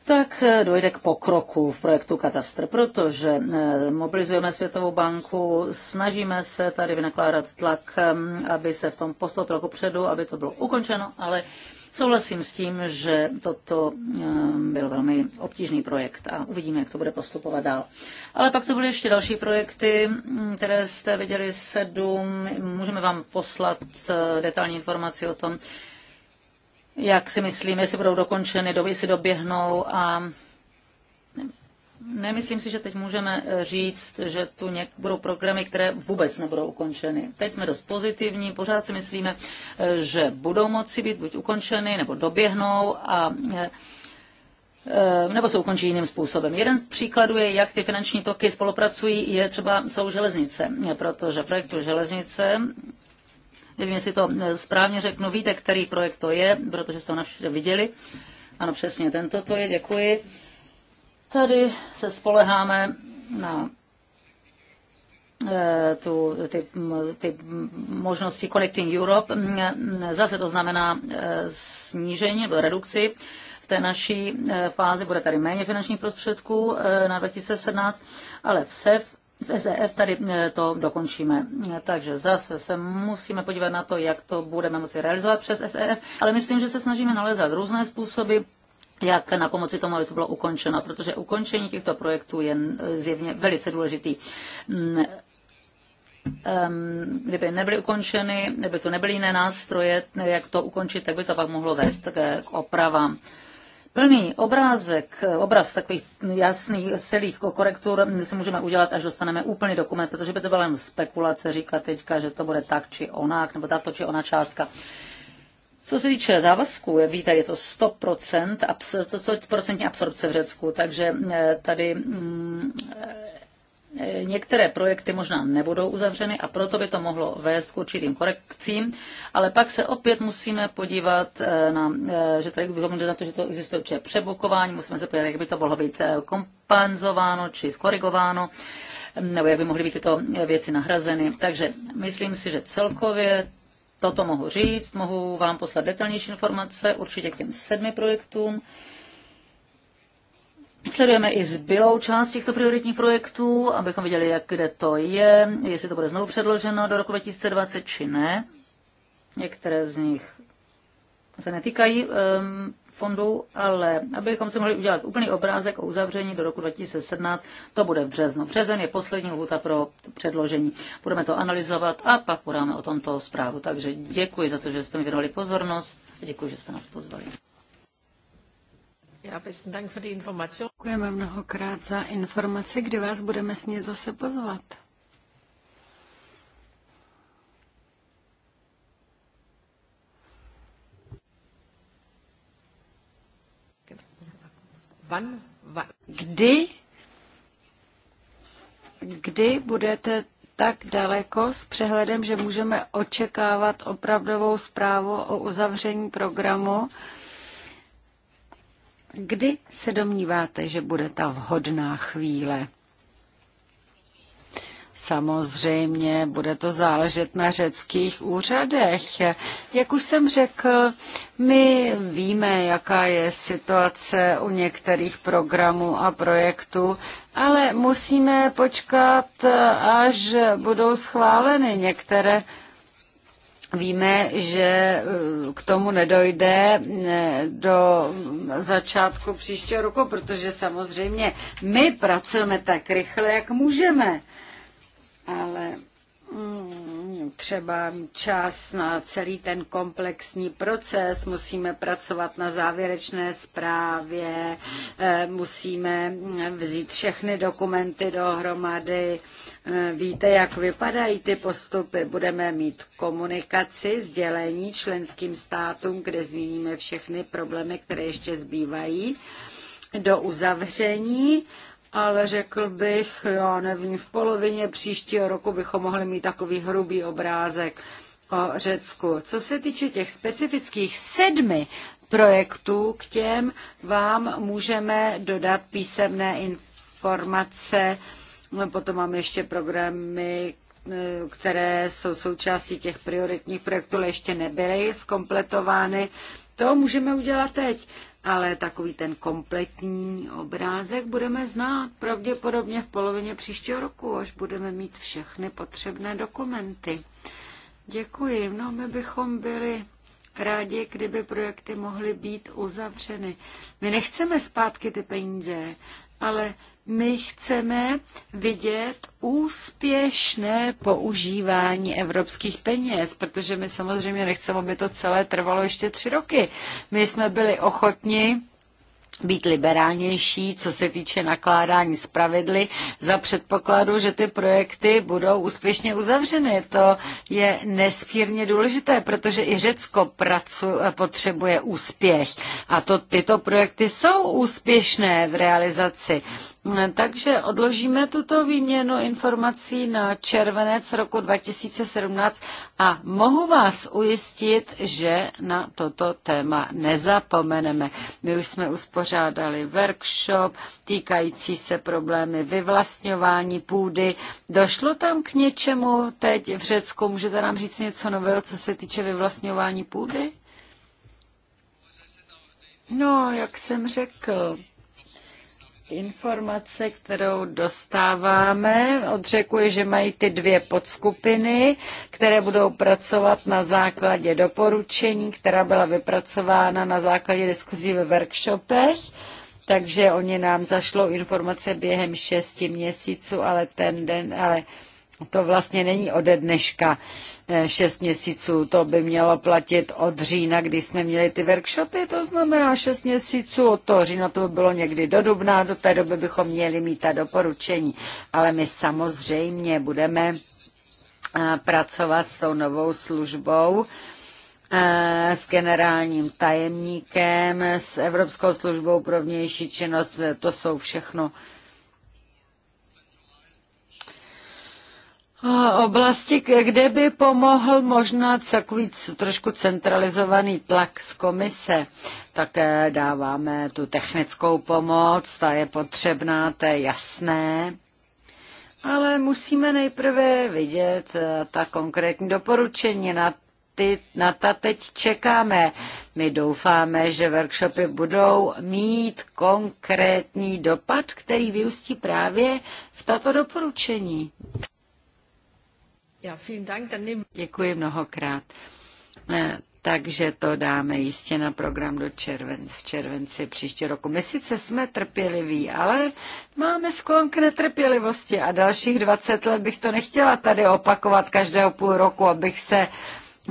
tak dojde k pokroku v projektu Katastr, protože mobilizujeme Světovou banku, snažíme se tady vynakládat tlak, hm, aby se v tom postoupilo předu, aby to bylo ukončeno, ale Souhlasím s tím, že toto ehm, byl velmi obtížný projekt a uvidíme, jak to bude postupovat dál. Ale pak to byly ještě další projekty, mm, které jste viděli sedm. Můžeme vám poslat eh, detailní informaci o tom, jak si myslíme, jestli budou dokončeny, doby si doběhnou a Nemyslím si, že teď můžeme eh, říct, že tu něk- budou programy, které vůbec nebudou ukončeny. Teď jsme dost pozitivní, pořád si myslíme, eh, že budou moci být buď ukončeny, nebo doběhnou a eh, nebo se ukončí jiným způsobem. Jeden z příkladů je, jak ty finanční toky spolupracují, je třeba jsou železnice, protože projektu železnice nevím, jestli to správně řeknu, víte, který projekt to je, protože jste to viděli. Ano, přesně, tento to je, děkuji. Tady se spoleháme na eh, tu, ty, ty možnosti Connecting Europe. Zase to znamená eh, snížení nebo redukci v té naší eh, fázi bude tady méně finančních prostředků na 2017, ale v SEF v SEF tady to dokončíme. Takže zase se musíme podívat na to, jak to budeme moci realizovat přes SEF, ale myslím, že se snažíme nalézat různé způsoby, jak na pomoci tomu, aby to bylo ukončeno, protože ukončení těchto projektů je zjevně velice důležitý mm, kdyby nebyly ukončeny, kdyby to nebyly jiné nástroje, jak to ukončit, tak by to pak mohlo vést k opravám. Plný obrázek, obraz takových jasných, celých korektur si můžeme udělat, až dostaneme úplný dokument, protože by to byla jen spekulace říkat teďka, že to bude tak či onak, nebo tato či ona částka. Co se týče závazků, jak víte, je to 100% absorpce v Řecku, takže eh, tady mm, eh, Některé projekty možná nebudou uzavřeny a proto by to mohlo vést k určitým korekcím, ale pak se opět musíme podívat eh, na, že tady bychom na to, že to existuje určitě přebokování, musíme se podívat, jak by to mohlo být kompenzováno či skorigováno, nebo jak by mohly být tyto věci nahrazeny. Takže myslím si, že celkově toto mohu říct, mohu vám poslat detailnější informace určitě k těm sedmi projektům. Sledujeme i zbylou část těchto prioritních projektů, abychom viděli, jak kde to je, jestli to bude znovu předloženo do roku 2020 či ne. Některé z nich se netýkají um, fondu, ale abychom si mohli udělat úplný obrázek o uzavření do roku 2017, to bude v březnu. Březen je poslední lhuta pro předložení. Budeme to analyzovat a pak podáme o tomto zprávu. Takže děkuji za to, že jste mi věnovali pozornost a děkuji, že jste nás pozvali. Já Dank für die Information. Děkujeme mnohokrát za informace, kdy vás budeme smět zase pozvat. Kdy, kdy budete tak daleko s přehledem, že můžeme očekávat opravdovou zprávu o uzavření programu? Kdy se domníváte, že bude ta vhodná chvíle? Samozřejmě bude to záležet na řeckých úřadech. Jak už jsem řekl, my víme, jaká je situace u některých programů a projektů, ale musíme počkat, až budou schváleny některé Víme, že eh, k tomu nedojde eh, do začátku příštího roku, protože samozřejmě my pracujeme tak rychle, jak můžeme ale mm, třeba čas na celý ten komplexní proces, musíme pracovat na závěrečné zprávě, eh, musíme vzít všechny dokumenty dohromady. Eh, víte, jak vypadají ty postupy? Budeme mít komunikaci, sdělení členským státům, kde zmíníme všechny problémy, které ještě zbývají do uzavření ale řekl bych, já nevím, v polovině příštího roku bychom mohli mít takový hrubý obrázek o Řecku. Co se týče těch specifických sedmi projektů, k těm vám můžeme dodat písemné informace. Potom máme ještě programy, které jsou součástí těch prioritních projektů, ale ještě nebyly zkompletovány. To můžeme udělat teď ale takový ten kompletní obrázek budeme znát pravděpodobně v polovině příštího roku, až budeme mít všechny potřebné dokumenty. Děkuji. No, my bychom byli rádi, kdyby projekty mohly být uzavřeny. My nechceme zpátky ty peníze, ale my chceme vidět úspěšné používání evropských peněz, protože my samozřejmě nechceme, aby to celé trvalo ještě tři roky. My jsme byli ochotni být liberálnější, co se týče nakládání s pravidly, za předpokladu, že ty projekty budou úspěšně uzavřeny. To je nespírně důležité, protože i Řecko pracu, potřebuje úspěch. A to, tyto projekty jsou úspěšné v realizaci. Takže odložíme tuto výměnu informací na červenec roku 2017 a mohu vás ujistit, že na toto téma nezapomeneme. My už jsme uspořádali workshop týkající se problémy vyvlastňování půdy. Došlo tam k něčemu teď v Řecku? Můžete nám říct něco nového, co se týče vyvlastňování půdy? No, jak jsem řekl, Informace, kterou dostáváme od řeku, je, že mají ty dvě podskupiny, které budou pracovat na základě doporučení, která byla vypracována na základě diskuzí ve workshopech. Takže oni nám zašlo informace během šesti měsíců, ale ten den, ale to vlastně není ode dneška eh, šest měsíců, to by mělo platit od října, kdy jsme měli ty workshopy, to znamená šest měsíců od toho října, to by bylo někdy do dubna, do té doby bychom měli mít ta doporučení. Ale my samozřejmě budeme eh, pracovat s tou novou službou, eh, s generálním tajemníkem, s Evropskou službou pro vnější činnost, to jsou všechno oblasti, kde by pomohl možná takový trošku centralizovaný tlak z komise. Také dáváme tu technickou pomoc, ta je potřebná, to je jasné. Ale musíme nejprve vidět eh, ta konkrétní doporučení na ty, na ta teď čekáme. My doufáme, že workshopy budou mít konkrétní dopad, který vyústí právě v tato doporučení. Děkuji mnohokrát. Eh, takže to dáme jistě na program do červen, v červenci příští roku. My sice jsme trpěliví, ale máme sklon k netrpělivosti a dalších 20 let bych to nechtěla tady opakovat každého půl roku, abych se uh,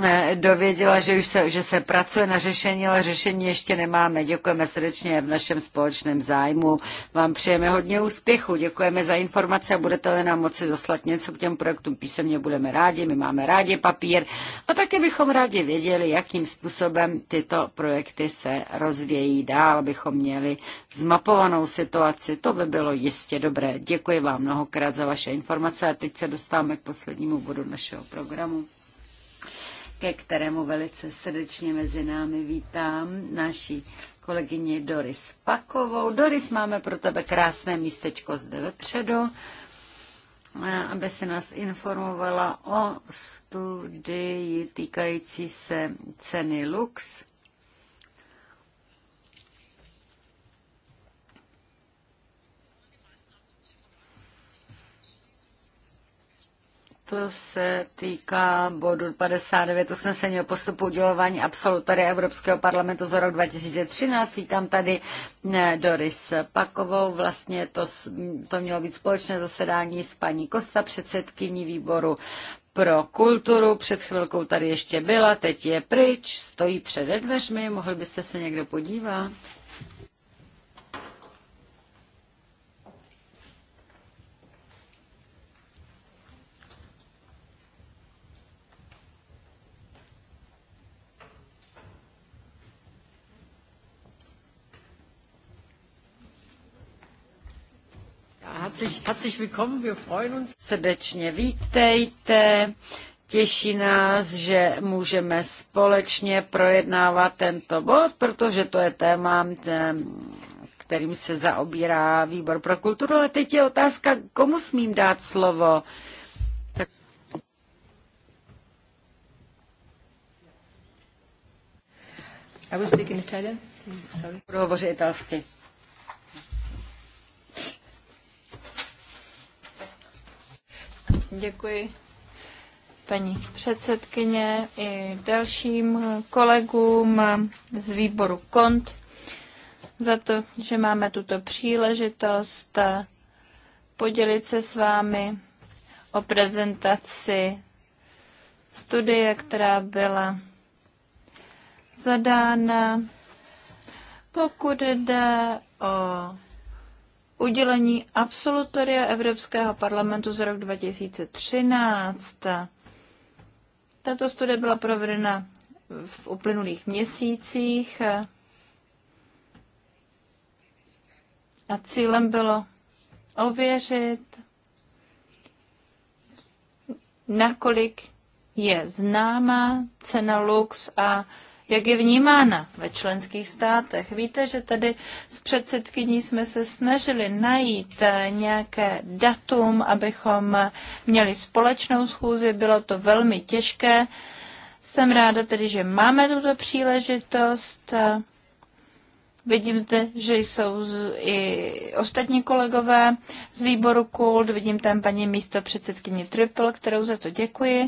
Eh, dověděla, že, už se, že se pracuje na řešení, ale řešení ještě nemáme. Děkujeme srdečně v našem společném zájmu. Vám přejeme hodně úspěchu, děkujeme za informace a budete nám moci doslat něco k těm projektům. Písemně budeme rádi, my máme rádi papír a také bychom rádi věděli, jakým způsobem tyto projekty se rozvějí dál, abychom měli zmapovanou situaci. To by bylo jistě dobré. Děkuji vám mnohokrát za vaše informace a teď se dostáváme k poslednímu bodu našeho programu ke kterému velice srdečně mezi námi vítám naší kolegyně Doris Pakovou. Doris, máme pro tebe krásné místečko zde vepředu, eh, aby se nás informovala o studii týkající se ceny Lux To se týká bodu 59 usnesení o postupu udělování absolutory Evropského parlamentu za rok 2013. Vítám tady eh, Doris Pakovou. Vlastně to, to mělo být společné zasedání s paní Kosta, předsedkyní výboru pro kulturu. Před chvilkou tady ještě byla, teď je pryč, stojí před dveřmi. Mohli byste se někdo podívat? herzlich, herzlich willkommen, wir freuen uns. Srdečně vítejte. Těší nás, že můžeme společně projednávat tento bod, protože to je téma, kterým se zaobírá výbor pro kulturu. Ale teď je otázka, komu smím dát slovo. Tak... I was speaking Italian. Sorry. Budu hovořit italsky. Děkuji paní předsedkyně i dalším kolegům z výboru KONT za to, že máme tuto příležitost podělit se s vámi o prezentaci studie, která byla zadána. Pokud jde o udělení absolutoria Evropského parlamentu z roku 2013. Tato studie byla provedena v uplynulých měsících a cílem bylo ověřit, nakolik je známa cena Lux a jak je vnímána ve členských státech. Víte, že tady s předsedkyní jsme se snažili najít eh, nějaké datum, abychom měli společnou schůzi. Bylo to velmi těžké. Jsem ráda tedy, že máme tuto příležitost. Eh, vidím zde, že jsou i ostatní kolegové z výboru KULT, vidím tam paní místo předsedkyně Triple, kterou za to děkuji.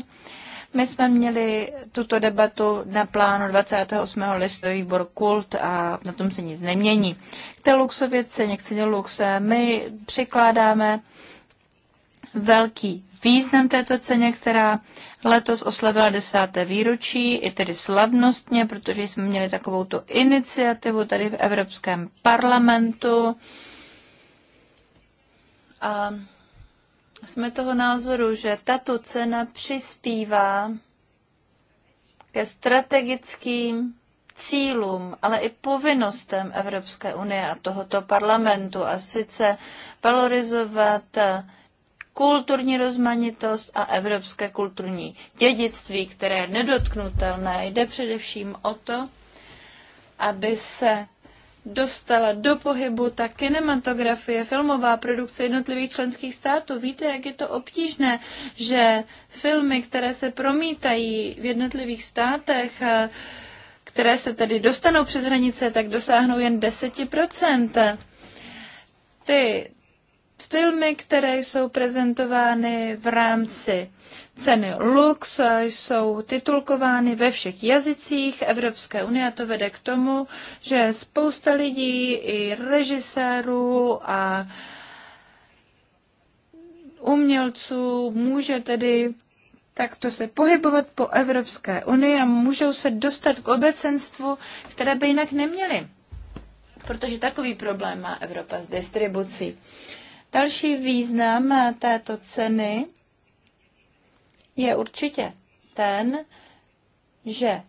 My jsme měli tuto debatu na plánu 28. listopadu výbor Kult a na tom se nic nemění. K té luxově ceně, luxe, my přikládáme velký význam této ceně, která letos oslavila desáté výročí, i tedy slavnostně, protože jsme měli takovou tu iniciativu tady v Evropském parlamentu. A jsme toho názoru, že tato cena přispívá ke strategickým cílům, ale i povinnostem Evropské unie a tohoto parlamentu a sice valorizovat kulturní rozmanitost a evropské kulturní dědictví, které je nedotknutelné. Jde především o to, aby se dostala do pohybu ta kinematografie, filmová produkce jednotlivých členských států. Víte, jak je to obtížné, že filmy, které se promítají v jednotlivých státech, eh, které se tedy dostanou přes hranice, tak dosáhnou jen 10%. Ty filmy, které jsou prezentovány v rámci Ceny lux jsou titulkovány ve všech jazycích Evropské unie a to vede k tomu, že spousta lidí i režisérů a umělců může tedy takto se pohybovat po Evropské unii a můžou se dostat k obecenstvu, které by jinak neměli. Protože takový problém má Evropa s distribucí. Další význam této ceny je určitě ten, že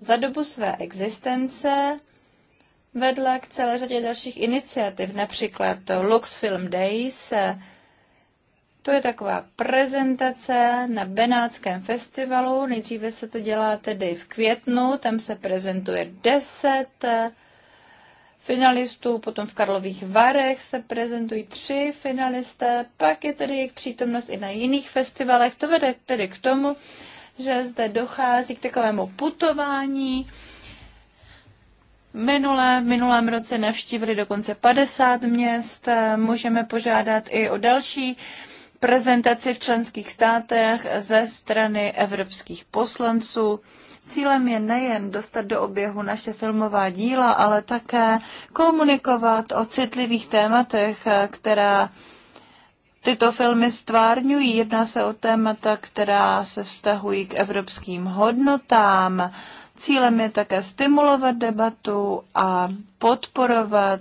za dobu své existence vedla k celé řadě dalších iniciativ, například to Luxfilm Days, to je taková prezentace na Benátském festivalu. Nejdříve se to dělá tedy v květnu, tam se prezentuje deset finalistů, potom v Karlových Varech se prezentují tři finalisté, pak je tedy jejich přítomnost i na jiných festivalech. To vede tedy k tomu, že zde dochází k takovému putování. Minulé, v minulém roce navštívili dokonce 50 měst. Můžeme požádat i o další prezentaci v členských státech ze strany evropských poslanců. Cílem je nejen dostat do oběhu naše filmová díla, ale také komunikovat o citlivých tématech, která tyto filmy stvárňují. Jedná se o témata, která se vztahují k evropským hodnotám. Cílem je také stimulovat debatu a podporovat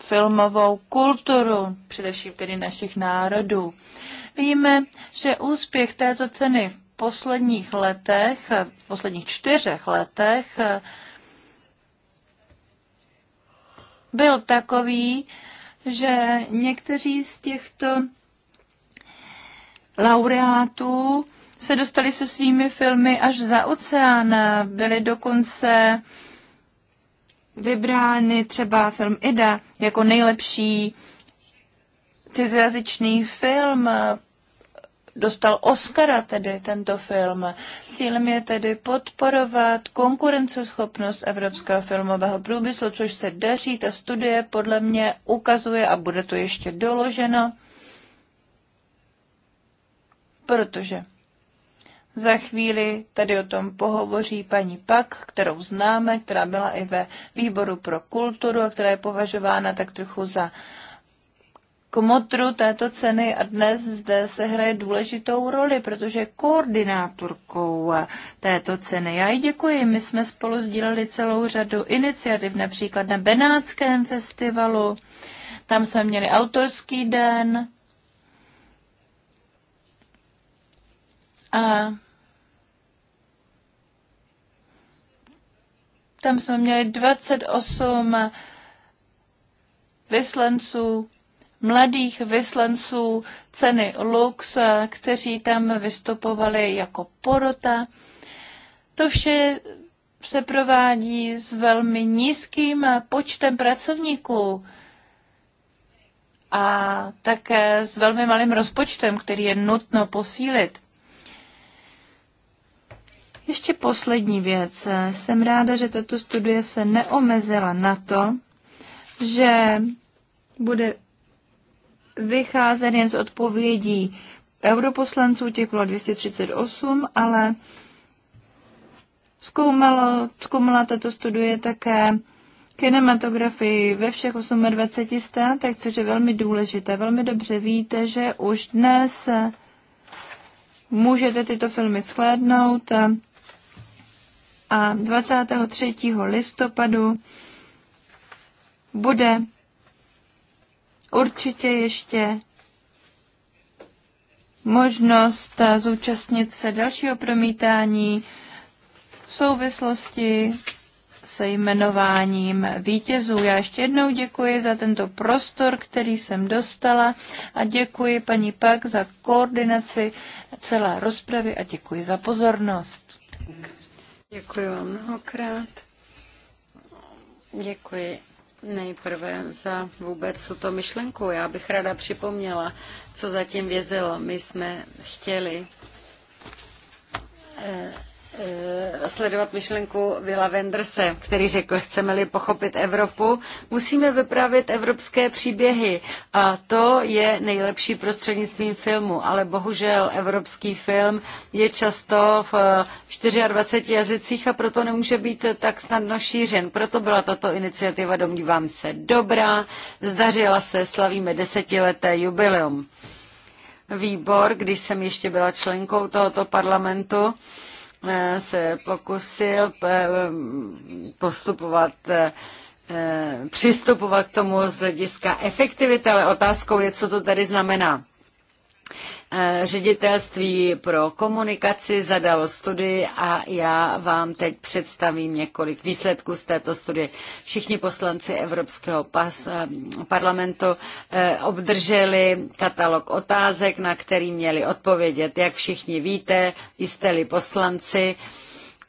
filmovou kulturu, především tedy našich národů. Víme, že úspěch této ceny v posledních letech, v posledních čtyřech letech byl takový, že někteří z těchto laureátů se dostali se svými filmy až za oceán. Byly dokonce vybrány třeba film Ida jako nejlepší cizojazyčný film dostal Oscara tedy tento film. Cílem je tedy podporovat konkurenceschopnost evropského filmového průmyslu, což se daří. Ta studie podle mě ukazuje a bude to ještě doloženo, protože za chvíli tady o tom pohovoří paní Pak, kterou známe, která byla i ve výboru pro kulturu a která je považována tak trochu za uh, kmotru této ceny a dnes zde se hraje důležitou roli, protože je koordinátorkou této ceny. Já jí děkuji. My jsme spolu sdíleli celou řadu iniciativ, například na Benátském festivalu. Tam jsme měli autorský den. A tam jsme měli 28 vyslanců mladých vyslanců ceny Lux, kteří tam vystupovali jako porota. To vše se provádí s velmi nízkým počtem pracovníků a také s velmi malým rozpočtem, který je nutno posílit. Ještě poslední věc. Jsem ráda, že tato studie se neomezila na to, že bude vycházet jen z odpovědí europoslanců, těch bylo 238, ale zkoumalo, zkoumala tato studie také kinematografii ve všech 28 státech, což je velmi důležité. Velmi dobře víte, že už dnes můžete tyto filmy shlédnout a 23. listopadu bude určitě ještě možnost eh, zúčastnit se dalšího promítání v souvislosti se jmenováním vítězů. Já ještě jednou děkuji za tento prostor, který jsem dostala a děkuji paní Pak za koordinaci celé rozpravy a děkuji za pozornost. Děkuji vám mnohokrát. Děkuji nejprve za vůbec tuto myšlenku. Já bych ráda připomněla, co zatím vězelo. My jsme chtěli eh, Eh, sledovat myšlenku Vila Venderse, který řekl, chceme-li pochopit Evropu, musíme vyprávět evropské příběhy a to je nejlepší prostřednictvím filmu, ale bohužel evropský film je často v 24 eh, jazycích a proto nemůže být tak snadno šířen. Proto byla tato iniciativa, domnívám se, dobrá, zdařila se, slavíme desetileté jubileum. Výbor, když jsem ještě byla členkou tohoto parlamentu, Eh, se pokusil eh, postupovat eh, přistupovat k tomu z hlediska efektivity, ale otázkou je, co to tady znamená. Eh, ředitelství pro komunikaci zadalo studii a já vám teď představím několik výsledků z této studie. Všichni poslanci Evropského eh, parlamentu eh, obdrželi katalog otázek, na který měli odpovědět. Jak všichni víte, jste-li poslanci,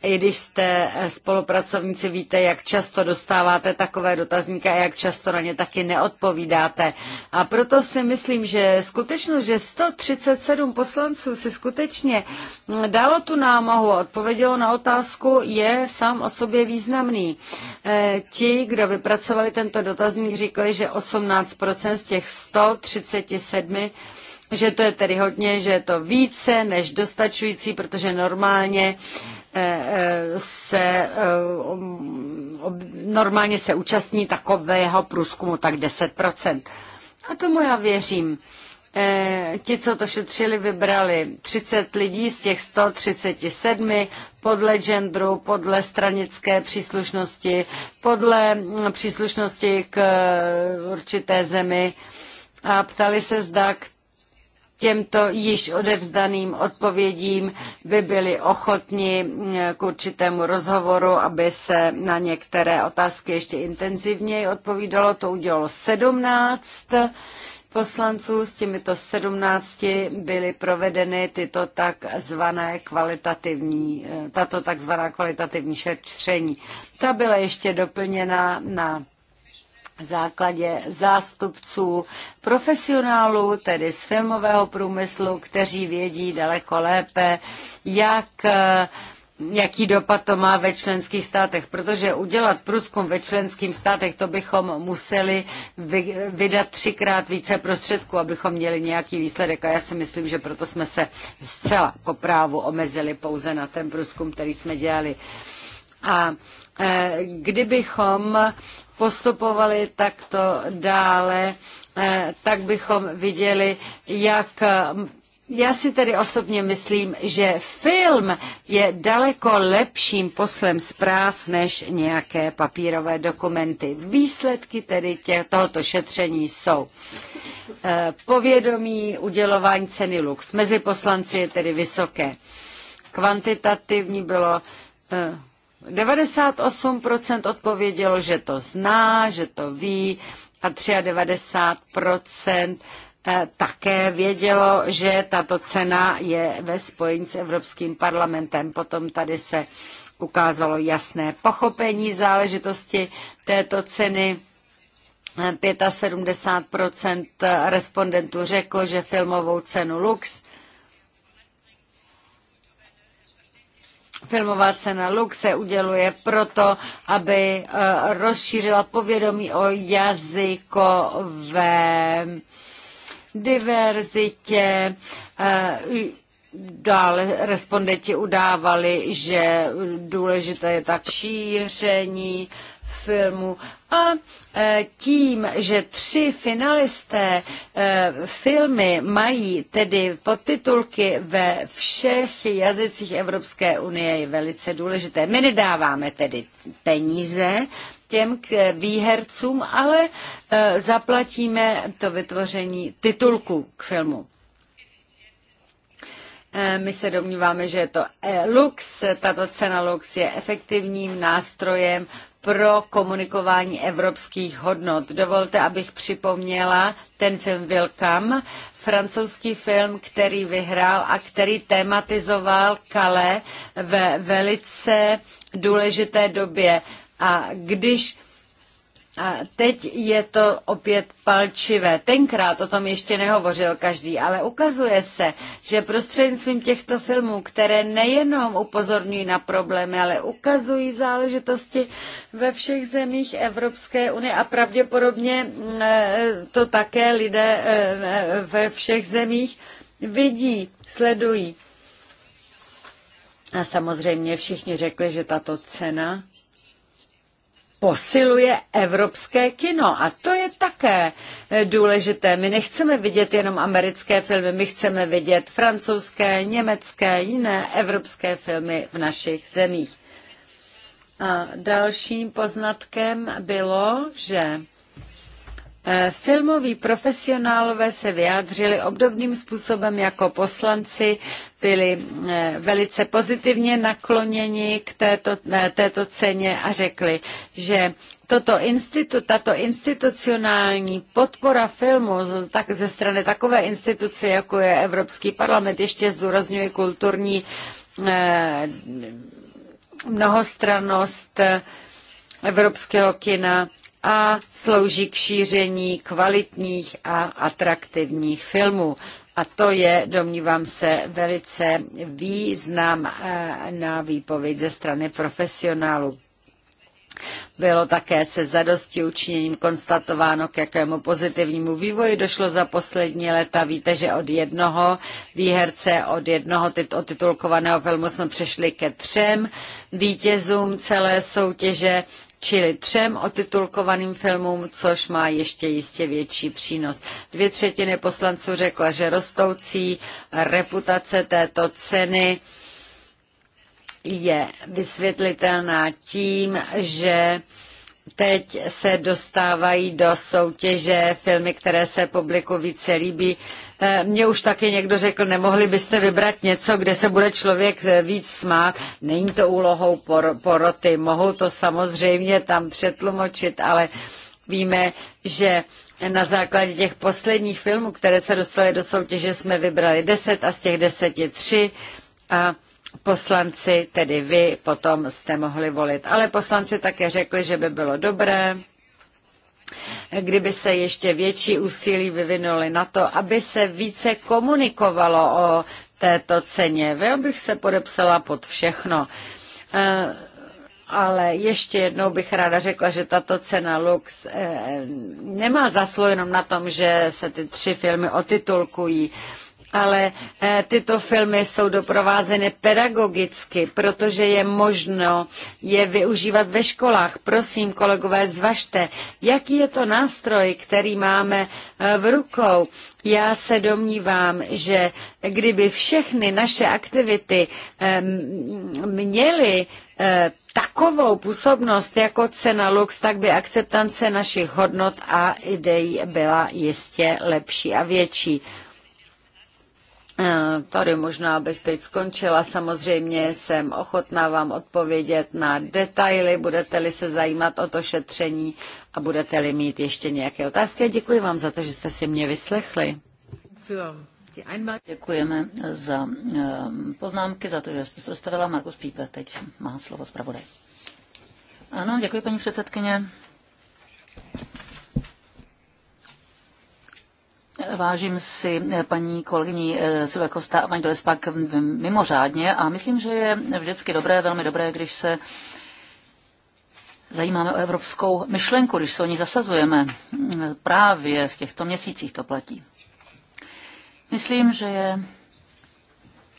i když jste eh, spolupracovníci, víte, jak často dostáváte takové dotazníky a jak často na ně taky neodpovídáte. A proto si myslím, že skutečnost, že 137 poslanců si skutečně hm, dalo tu námahu a odpovědělo na otázku, je sám o sobě významný. Eh, ti, kdo vypracovali tento dotazník, říkali, že 18% z těch 137 že to je tedy hodně, že je to více než dostačující, protože normálně Eh, eh, se eh, um, normálně se účastní takového průzkumu tak 10%. A tomu já věřím. Ti, co to šetřili, vybrali 30 lidí z těch 137 podle genderu, podle stranické příslušnosti, podle mm, příslušnosti k určité zemi a ptali se, zda k těmto již odevzdaným odpovědím by byli ochotni eh, k určitému rozhovoru, aby se na některé otázky ještě intenzivněji odpovídalo. To udělalo 17 poslanců, s těmito 17 byly provedeny tyto takzvané kvalitativní, eh, tato takzvaná kvalitativní šetření. Ta byla ještě doplněna na základě zástupců profesionálů, tedy z filmového průmyslu, kteří vědí daleko lépe, jak eh, jaký dopad to má ve členských státech, protože udělat průzkum ve členských státech, to bychom museli vydat třikrát více prostředků, abychom měli nějaký výsledek. A já si myslím, že proto jsme se zcela po právu omezili pouze na ten průzkum, který jsme dělali. A eh, kdybychom postupovali takto dále, eh, tak bychom viděli, jak eh, já si tedy osobně myslím, že film je daleko lepším poslem zpráv než nějaké papírové dokumenty. Výsledky tedy tě, tohoto šetření jsou eh, povědomí udělování ceny lux. Mezi poslanci je tedy vysoké. Kvantitativní bylo 98% odpovědělo, že to zná, že to ví a 93% eh, také vědělo, že tato cena je ve spojení s Evropským parlamentem. Potom tady se ukázalo jasné pochopení záležitosti této ceny. 75 eh, respondentů řeklo, že filmovou cenu Lux Filmová cena Lux se uděluje proto, aby eh, rozšířila povědomí o jazykové diverzitě. Eh, dále respondenti udávali, že důležité je tak šíření filmu a e, tím, že tři finalisté e, filmy mají tedy podtitulky ve všech jazycích Evropské unie, je velice důležité. My nedáváme tedy peníze těm k výhercům, ale e, zaplatíme to vytvoření titulku k filmu. My se domníváme, že je to Lux, tato cena Lux je efektivním nástrojem pro komunikování evropských hodnot. Dovolte, abych připomněla ten film Vilkam, francouzský film, který vyhrál a který tematizoval Kale ve velice důležité době. A když teď je to opět palčivé. Tenkrát o tom ještě nehovořil každý, ale ukazuje se, že prostřednictvím těchto filmů, které nejenom upozorňují na problémy, ale ukazují záležitosti ve všech zemích Evropské unie a pravděpodobně mm, eh, to také lidé eh, eh, ve všech zemích vidí, sledují. A samozřejmě všichni řekli, že tato cena posiluje evropské kino. A to je také eh, důležité. My nechceme vidět jenom americké filmy, my chceme vidět francouzské, německé, jiné evropské filmy v našich zemích. A dalším poznatkem bylo, že Eh, filmoví profesionálové se vyjádřili obdobným způsobem jako poslanci, byli eh, velice pozitivně nakloněni k této, eh, této ceně a řekli, že toto institut, tato institucionální podpora filmu tak ze strany takové instituce, jako je Evropský parlament, ještě zdůrazňuje kulturní mnohostrannost evropského kina, a slouží k šíření kvalitních a atraktivních filmů. A to je, domnívám se, velice význam eh, na výpověď ze strany profesionálu. Bylo také se zadosti učiněním konstatováno, k jakému pozitivnímu vývoji došlo za poslední léta. Víte, že od jednoho výherce, od jednoho tit- titulkovaného filmu jsme přešli ke třem vítězům celé soutěže čili třem otitulkovaným filmům, což má ještě jistě větší přínos. Dvě třetiny poslanců řekla, že rostoucí reputace této ceny je vysvětlitelná tím, že teď se dostávají do soutěže filmy, které se publiku více líbí, Eh, Mě už taky někdo řekl, nemohli byste vybrat něco, kde se bude člověk eh, víc smát. Není to úlohou poroty, mohou to samozřejmě tam přetlumočit, ale víme, že na základě těch posledních filmů, které se dostaly do soutěže, jsme vybrali deset a z těch deseti tři a poslanci, tedy vy, potom jste mohli volit. Ale poslanci také řekli, že by bylo dobré, kdyby se ještě větší úsilí vyvinuli na to, aby se více komunikovalo o této ceně. Já bych se podepsala pod všechno. Eh, ale ještě jednou bych ráda řekla, že tato cena Lux eh, nemá zaslu jenom na tom, že se ty tři filmy otitulkují ale eh, tyto filmy jsou doprovázeny pedagogicky, protože je možno je využívat ve školách. Prosím, kolegové, zvažte, jaký je to nástroj, který máme eh, v rukou. Já se domnívám, že kdyby všechny naše aktivity měly eh, takovou působnost jako cena Lux, tak by akceptance našich hodnot a ideí byla jistě lepší a větší. Eh, tady možná bych teď skončila. Samozřejmě jsem ochotná vám odpovědět na detaily, budete-li se zajímat o to šetření a budete-li mít ještě nějaké otázky. Děkuji vám za to, že jste si mě vyslechli. Děkujeme za eh, poznámky, za to, že jste se dostavila. Markus Pípe teď má slovo zpravodaj. Ano, děkuji paní předsedkyně. Vážím si eh, paní kolegyni eh, Silve Kosta a paní Dolespak mimořádně a myslím, že je vždycky dobré, velmi dobré, když se zajímáme o evropskou myšlenku, když se o ní zasazujeme. Právě v těchto měsících to platí. Myslím, že je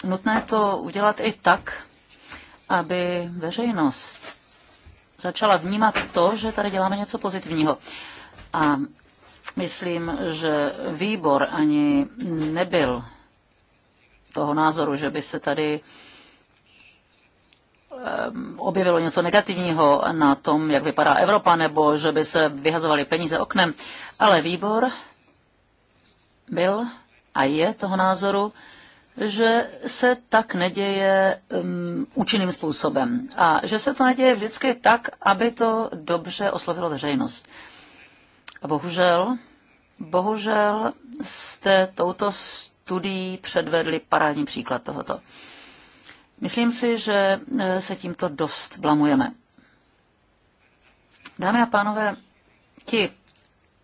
nutné to udělat i tak, aby veřejnost začala vnímat to, že tady děláme něco pozitivního. A Myslím, že výbor ani nebyl toho názoru, že by se tady ehm, objevilo něco negativního na tom, jak vypadá Evropa, nebo že by se vyhazovaly peníze oknem. Ale výbor byl a je toho názoru, že se tak neděje um, účinným způsobem a že se to neděje vždycky tak, aby to dobře oslovilo veřejnost. A bohužel, bohužel jste touto studií předvedli parádní příklad tohoto. Myslím si, že e, se tímto dost blamujeme. Dámy a pánové, ti,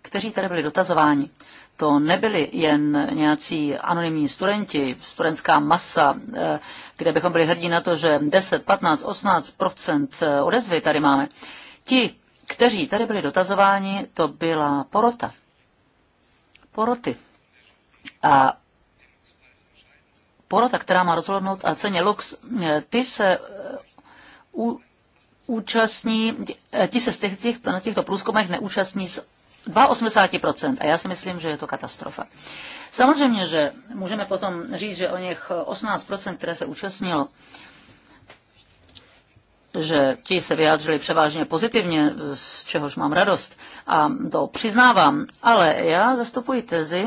kteří tady byli dotazováni, to nebyli jen nějací anonymní studenti, studentská masa, e, kde bychom byli hrdí na to, že 10, 15, 18 odezvy tady máme. Ti, kteří tady byli dotazováni, to byla porota. Poroty. A porota, která má rozhodnout a ceně Lux, eh, ty se eh, účastní, eh, ti se z těch, těch, na těchto průzkumech neúčastní z 82%. A já si myslím, že je to katastrofa. Samozřejmě, že můžeme potom říct, že o něch 18%, které se účastnilo, že ti se vyjádřili převážně pozitivně, z čehož mám radost a to přiznávám, ale já zastupuji tezi,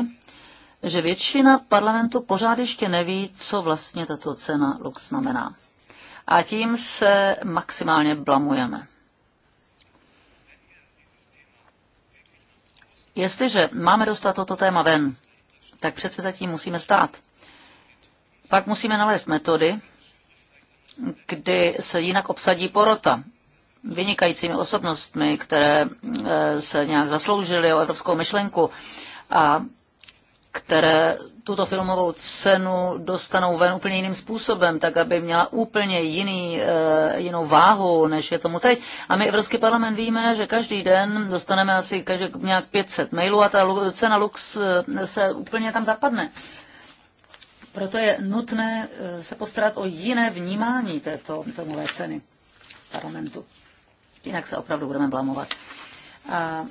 že většina parlamentu pořád ještě neví, co vlastně tato cena lux znamená. A tím se maximálně blamujeme. Jestliže máme dostat toto téma ven, tak přece zatím musíme stát. Pak musíme nalézt metody, kdy se jinak obsadí porota vynikajícími osobnostmi, které eh, se nějak zasloužily o evropskou myšlenku a které tuto filmovou cenu dostanou ven úplně jiným způsobem, tak aby měla úplně jiný, eh, jinou váhu, než je tomu teď. A my Evropský parlament víme, že každý den dostaneme asi každý, nějak 500 mailů a ta cena Lux eh, se úplně tam zapadne. Proto je nutné eh, se postarat o jiné vnímání této filmové ceny parlamentu. Jinak se opravdu budeme blamovat. A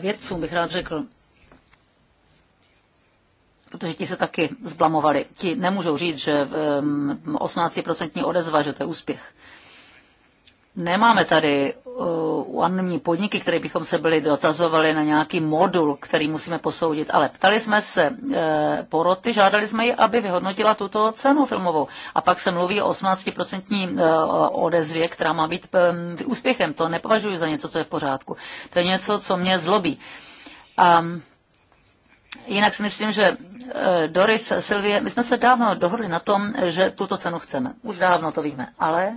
vědcům bych rád řekl, protože ti se taky zblamovali. Ti nemůžou říct, že 18% ehm, odezva, že to je úspěch. Nemáme tady uh, podniky, které bychom se byli dotazovali na nějaký modul, který musíme posoudit, ale ptali jsme se uh, poroty, žádali jsme ji, aby vyhodnotila tuto cenu filmovou. A pak se mluví o 18% uh, eh, odezvě, která má být um, úspěchem. To nepovažuji za něco, co je v pořádku. To je něco, co mě zlobí. Um, Jinak si myslím, že Doris, Silvie, my jsme se dávno dohodli na tom, že tuto cenu chceme. Už dávno to víme, ale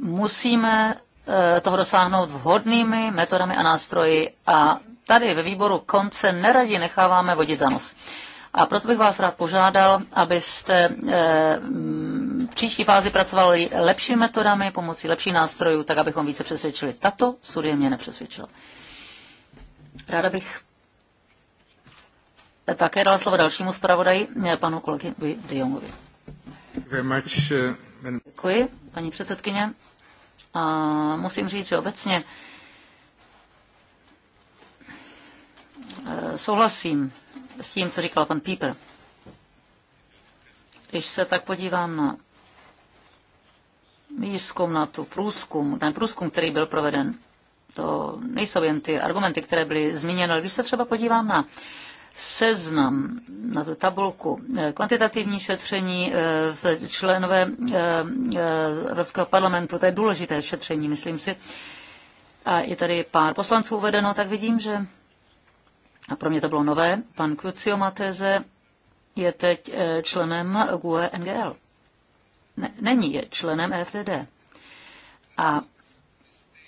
musíme eh, toho dosáhnout vhodnými metodami a nástroji a tady ve výboru konce neradi necháváme vodit za nos. A proto bych vás rád požádal, abyste eh, mm, v příští fázi pracovali lepšími metodami, pomocí lepších nástrojů, tak abychom více přesvědčili. Tato studie mě nepřesvědčila. Ráda bych také dala slovo dalšímu zpravodaji, eh, panu kolegovi De Děkuji, paní předsedkyně. A musím říct, že obecně e, souhlasím s tím, co říkal pan Pieper. Když se tak podívám na výzkum, na tu průzkum, ten průzkum, který byl proveden, to nejsou jen ty argumenty, které byly zmíněny, ale když se třeba podívám na seznam, na tu tabulku eh, kvantitativní šetření eh, v členové eh, Evropského parlamentu, to je důležité šetření, myslím si, a je tady pár poslanců uvedeno, tak vidím, že, a pro mě to bylo nové, pan Crucio Mateze je teď členem GUE NGL. Ne, není, je členem EFDD. A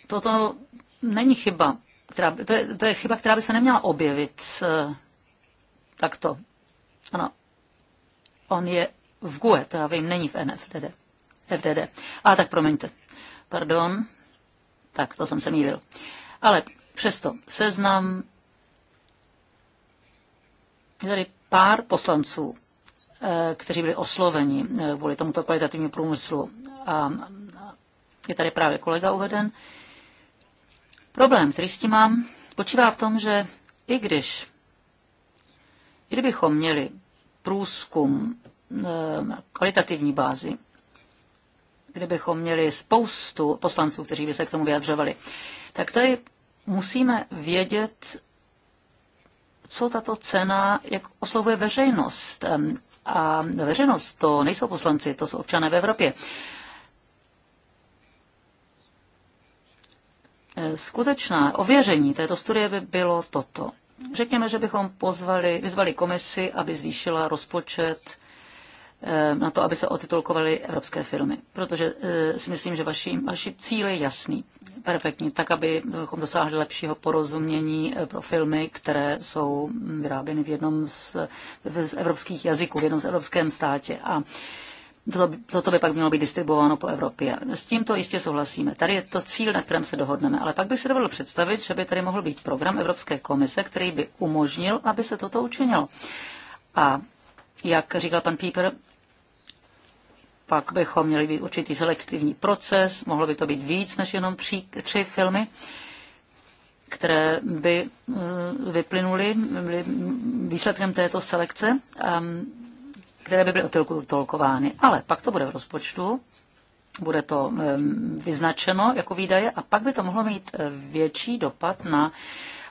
toto není chyba, která, to, je, to je chyba, která by se neměla objevit Takto. Ano. On je v GUE, to já vím, není v NFDD. FDD. A tak promiňte. Pardon. Tak, to jsem se mýlil. Ale přesto seznam je tady pár poslanců, eh, kteří byli osloveni eh, kvůli tomuto kvalitativnímu průmyslu. A je tady právě kolega uveden. Problém, který s tím mám, počívá v tom, že i když Kdybychom měli průzkum na eh, kvalitativní bázi, kdybychom měli spoustu poslanců, kteří by se k tomu vyjadřovali, tak tady musíme vědět, co tato cena, jak oslovuje veřejnost. A veřejnost to nejsou poslanci, to jsou občané v Evropě. Eh, skutečná ověření této studie by bylo toto. Řekněme, že bychom pozvali, vyzvali komisi, aby zvýšila rozpočet eh, na to, aby se otitulkovaly evropské filmy. Protože eh, si myslím, že vaši, vaši cíl je jasný, perfektní, tak, abychom dosáhli lepšího porozumění eh, pro filmy, které jsou vyráběny v jednom z, z evropských jazyků, v jednom z evropském státě. A Toto, toto by pak mělo být distribuováno po Evropě. S tímto jistě souhlasíme. Tady je to cíl, na kterém se dohodneme, ale pak bych si dovolil představit, že by tady mohl být program Evropské komise, který by umožnil, aby se toto učinilo. A jak říkal pan Píper, pak bychom měli být určitý selektivní proces, mohlo by to být víc než jenom tři, tři filmy, které by eh, vyplynuly výsledkem této selekce. Um, které by byly otolkovány. Ale pak to bude v rozpočtu, bude to vyznačeno jako výdaje a pak by to mohlo mít eh, větší dopad na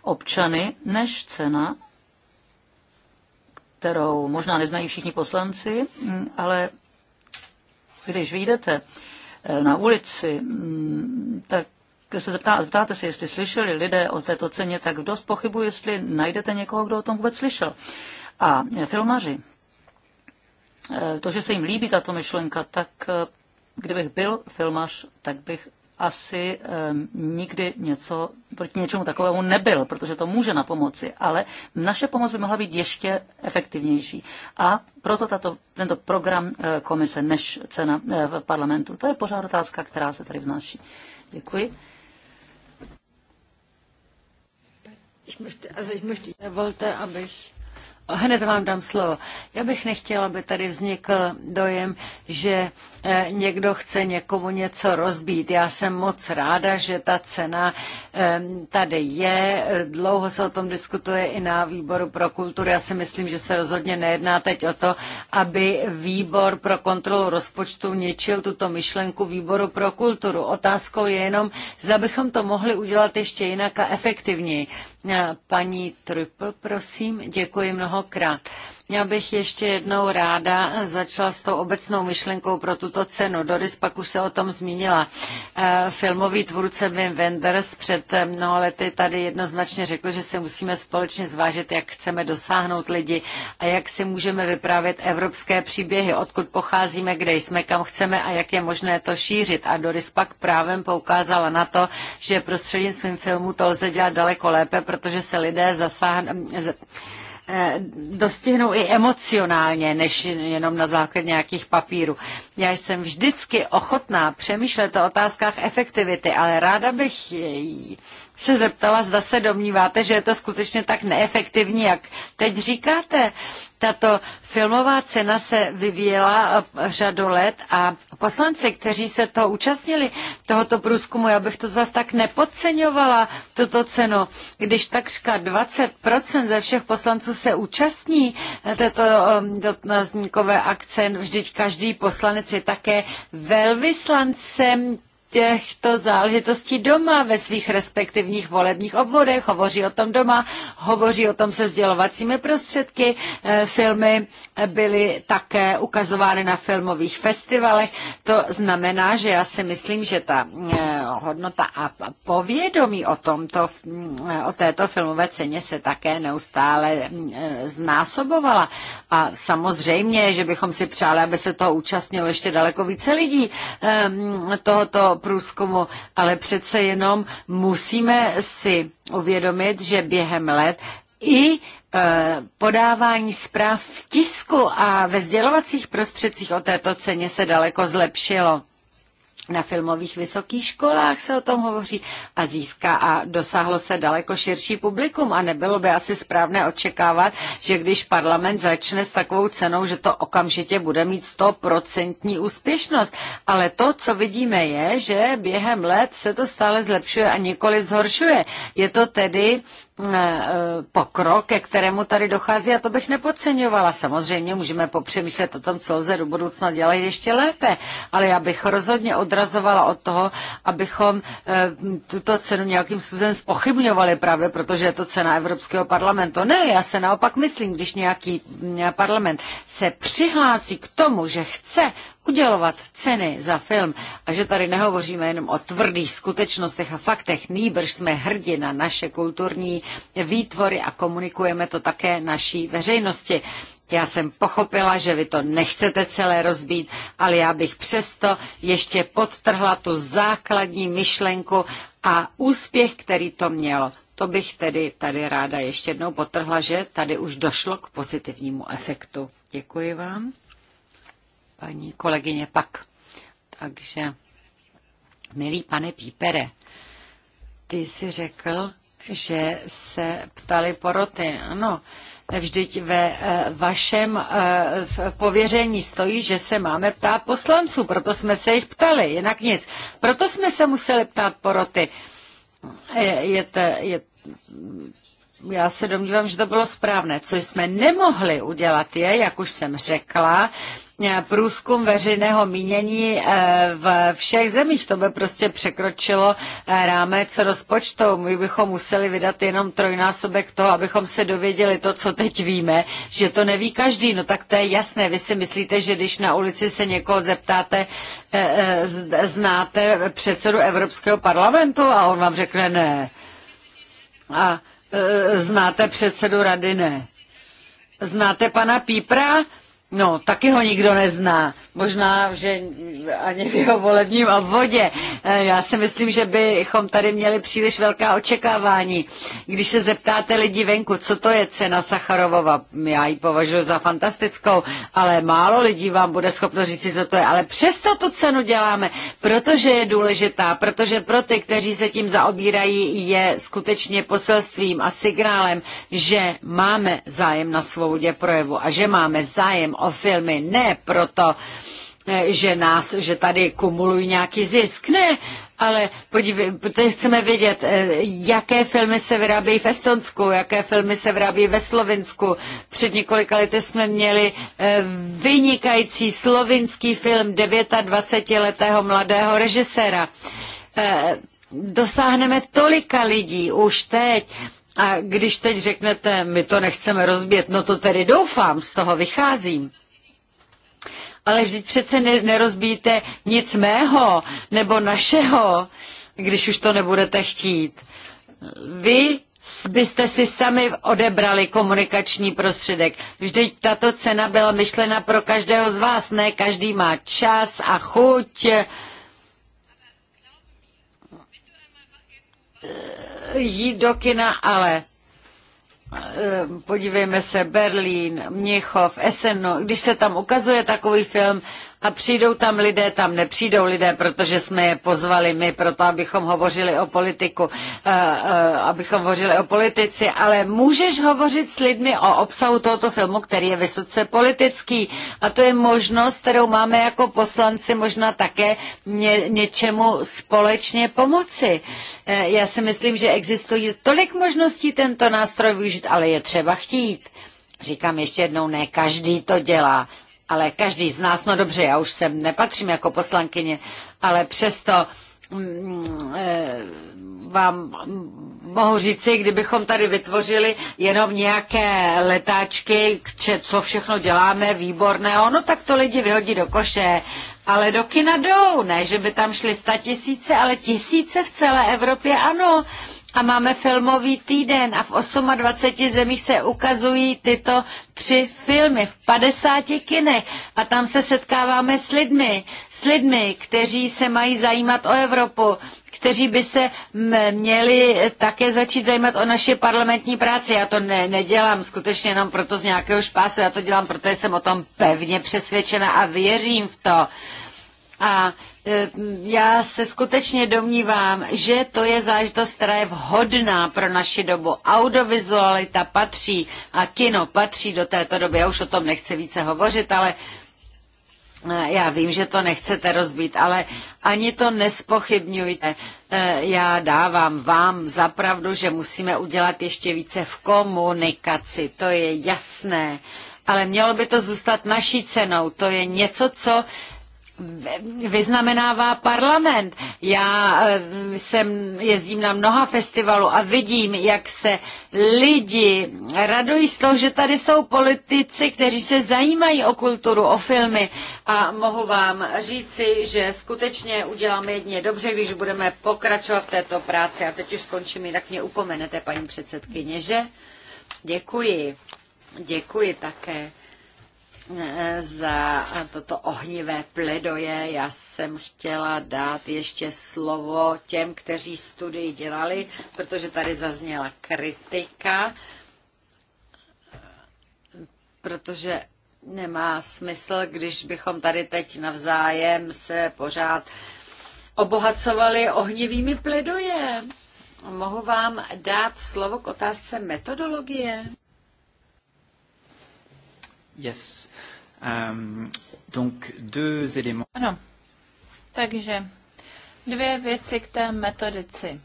občany než cena, kterou možná neznají všichni poslanci, mm, ale když vyjdete eh, na ulici, mm, tak když se zeptá, zeptáte se, jestli slyšeli lidé o této ceně, tak dost pochybuji, jestli najdete někoho, kdo o tom vůbec slyšel. A eh, filmaři Eh, to, že se jim líbí tato myšlenka, tak eh, kdybych byl filmař, tak bych asi um, nikdy něco proti něčemu takovému nebyl, protože to může na pomoci, ale naše pomoc by mohla být ještě efektivnější. A proto tato, tento program uh, komise než cena uh, v parlamentu. To je pořád otázka, která se tady vznáší. Děkuji. aber ich... Hned vám dám slovo. Já bych nechtěla, aby tady vznikl dojem, že Eh, někdo chce někomu něco rozbít. Já jsem moc ráda, že ta cena tady je. Dlouho se o tom diskutuje i na výboru pro kulturu. Já si myslím, že se rozhodně nejedná teď o to, aby výbor pro kontrolu rozpočtu ničil tuto myšlenku výboru pro kulturu. Otázkou je jenom, zda bychom to mohli udělat ještě jinak a efektivněji. Eh, paní Trypl, prosím, děkuji mnohokrát. Já bych ještě jednou ráda začala s tou obecnou myšlenkou pro tuto cenu. Doris pak už se o tom zmínila. Eh, filmový tvůrce Wim Wenders před eh, mnoha lety tady jednoznačně řekl, že se musíme společně zvážit, jak chceme dosáhnout lidi a jak si můžeme vyprávět evropské příběhy, odkud pocházíme, kde jsme, kam chceme a jak je možné to šířit. A Doris pak právem poukázala na to, že prostřednictvím filmu to lze dělat daleko lépe, protože se lidé zasáhnou dostihnou i emocionálně, než jenom na základě nějakých papírů. Já jsem vždycky ochotná přemýšlet o otázkách efektivity, ale ráda bych se zeptala, zda se domníváte, že je to skutečně tak neefektivní, jak teď říkáte. Tato filmová cena se vyvíjela eh, řadu let a poslanci, kteří se toho účastnili, tohoto průzkumu, já bych to zase tak nepodceňovala, tuto cenu. Když takřka 20% ze všech poslanců se účastní eh, této eh, dotazníkové akce, vždyť každý poslanec je také velvyslancem těchto záležitostí doma ve svých respektivních volebních obvodech, hovoří o tom doma, hovoří o tom se sdělovacími prostředky, e, filmy byly také ukazovány na filmových festivalech. To znamená, že já si myslím, že ta e, hodnota a povědomí o, tomto, mm, e, o této filmové ceně se také neustále mm, znásobovala. A samozřejmě, že bychom si přáli, aby se toho účastnilo ještě daleko více lidí mm, tohoto průzkumu, ale přece jenom musíme si uvědomit, že během let i e, podávání zpráv v tisku a ve sdělovacích prostředcích o této ceně se daleko zlepšilo. Na filmových vysokých školách se o tom hovoří a získá a dosáhlo se daleko širší publikum a nebylo by asi správné očekávat, že když parlament začne s takovou cenou, že to okamžitě bude mít 100% úspěšnost. Ale to, co vidíme, je, že během let se to stále zlepšuje a nikoli zhoršuje. Je to tedy Eh, pokrok, ke kterému tady dochází, a to bych nepodceňovala. Samozřejmě můžeme popřemýšlet o tom, co lze do budoucna dělat ještě lépe, ale já bych rozhodně odrazovala od toho, abychom eh, tuto cenu nějakým způsobem spochybňovali právě, protože je to cena Evropského parlamentu. Ne, já se naopak myslím, když nějaký mm, parlament se přihlásí k tomu, že chce udělovat ceny za film a že tady nehovoříme jenom o tvrdých skutečnostech a faktech, nýbrž jsme hrdi na naše kulturní výtvory a komunikujeme to také naší veřejnosti. Já jsem pochopila, že vy to nechcete celé rozbít, ale já bych přesto ještě podtrhla tu základní myšlenku a úspěch, který to mělo. To bych tedy tady ráda ještě jednou potrhla, že tady už došlo k pozitivnímu efektu. Děkuji vám paní kolegyně Pak. Takže, milý pane Pípere, ty jsi řekl, že se ptali poroty. Ano, vždyť ve eh, vašem eh, v pověření stojí, že se máme ptát poslanců, proto jsme se jich ptali, jinak nic. Proto jsme se museli ptát poroty. Je, je, to, je, já se domnívám, že to bylo správné. Co jsme nemohli udělat je, jak už jsem řekla, Eh, průzkum veřejného mínění eh, v všech zemích. To by prostě překročilo eh, rámec rozpočtu. My bychom museli vydat jenom trojnásobek toho, abychom se dověděli to, co teď víme, že to neví každý. No tak to je jasné. Vy si myslíte, že když na ulici se někoho zeptáte, znáte předsedu Evropského parlamentu a on vám řekne ne. A znáte předsedu rady ne. Znáte pana Pípra? No, taky ho nikdo nezná. Možná, že ani v jeho volebním obvodě. Eh, já si myslím, že bychom tady měli příliš velká očekávání. Když se zeptáte lidi venku, co to je cena Sacharovova, já ji považuji za fantastickou, ale málo lidí vám bude schopno říct, co to je. Ale přesto tu cenu děláme, protože je důležitá, protože pro ty, kteří se tím zaobírají, je skutečně poselstvím a signálem, že máme zájem na svobodě projevu a že máme zájem o filmy. Ne proto, eh, že nás, že tady kumulují nějaký zisk. Ne, ale podívej, protože chceme vědět, eh, jaké filmy se vyrábějí v Estonsku, jaké filmy se vyrábí ve Slovinsku. Před několika lety jsme měli eh, vynikající slovinský film 29-letého mladého režiséra. Dosáhneme tolika lidí už teď a když teď řeknete, my to nechceme rozbět, no to tedy doufám, z toho vycházím. Ale vždyť přece nerozbíte nic mého nebo našeho, když už to nebudete chtít. Vy byste si sami odebrali komunikační prostředek. Vždyť tato cena byla myšlena pro každého z vás, ne každý má čas a chuť jít do kina, ale eh, podívejme se, Berlín, Měchov, Eseno, když se tam ukazuje takový film, a přijdou tam lidé, tam nepřijdou lidé, protože jsme je pozvali my, proto abychom hovořili o politiku, eh, eh, abychom hovořili o politici, ale můžeš hovořit s lidmi o obsahu tohoto filmu, který je vysoce politický a to je možnost, kterou máme jako poslanci možná také ně, něčemu společně pomoci. Eh, já si myslím, že existují tolik možností tento nástroj využít, ale je třeba chtít. Říkám ještě jednou, ne každý to dělá ale každý z nás, no dobře, já už sem nepatřím jako poslankyně, ale přesto mm, eh, vám mohu říci, kdybychom tady vytvořili jenom nějaké letáčky, kče, co všechno děláme výborného, no tak to lidi vyhodí do koše, ale do kina jdou, ne, že by tam šly sta tisíce, ale tisíce v celé Evropě, ano a máme filmový týden a v 28 zemích se ukazují tyto tři filmy v 50 kinech a tam se setkáváme s lidmi, s lidmi, kteří se mají zajímat o Evropu, kteří by se měli také začít zajímat o naše parlamentní práci. Já to ne, nedělám skutečně jenom proto z nějakého špásu, já to dělám, protože jsem o tom pevně přesvědčena a věřím v to. A Eh, já se skutečně domnívám, že to je záležitost, která je vhodná pro naši dobu. Audiovizualita patří a kino patří do této doby. Já už o tom nechci více hovořit, ale eh, já vím, že to nechcete rozbít, ale ani to nespochybňujte. Eh, já dávám vám zapravdu, že musíme udělat ještě více v komunikaci, to je jasné. Ale mělo by to zůstat naší cenou. To je něco, co vyznamenává parlament. Já eh, jsem, jezdím na mnoha festivalu a vidím, jak se lidi radují z toho, že tady jsou politici, kteří se zajímají o kulturu, o filmy a mohu vám říci, že skutečně uděláme jedně dobře, když budeme pokračovat v této práci. A teď už skončím, jinak mě upomenete, paní předsedkyně, že? Děkuji. Děkuji také za toto ohnivé pledoje. Já jsem chtěla dát ještě slovo těm, kteří studii dělali, protože tady zazněla kritika, protože nemá smysl, když bychom tady teď navzájem se pořád obohacovali ohnivými pledoje. Mohu vám dát slovo k otázce metodologie? Yes, Um, donc deux éléments. Ano, takže dvě věci k té metodici.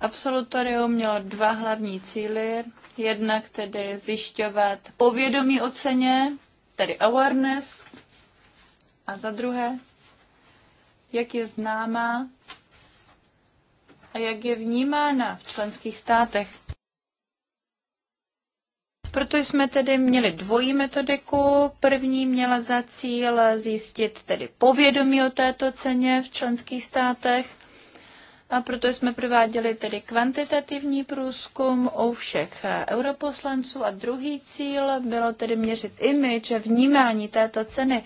Absolutorium mělo dva hlavní cíly. Jednak tedy zjišťovat povědomí o ceně, tedy awareness, a za druhé, jak je známá a jak je vnímána v členských státech. Proto jsme tedy měli dvojí metodiku. První měla za cíl zjistit tedy povědomí o této ceně v členských státech. A proto jsme prováděli tedy kvantitativní průzkum u všech europoslanců a druhý cíl bylo tedy měřit image a vnímání této ceny.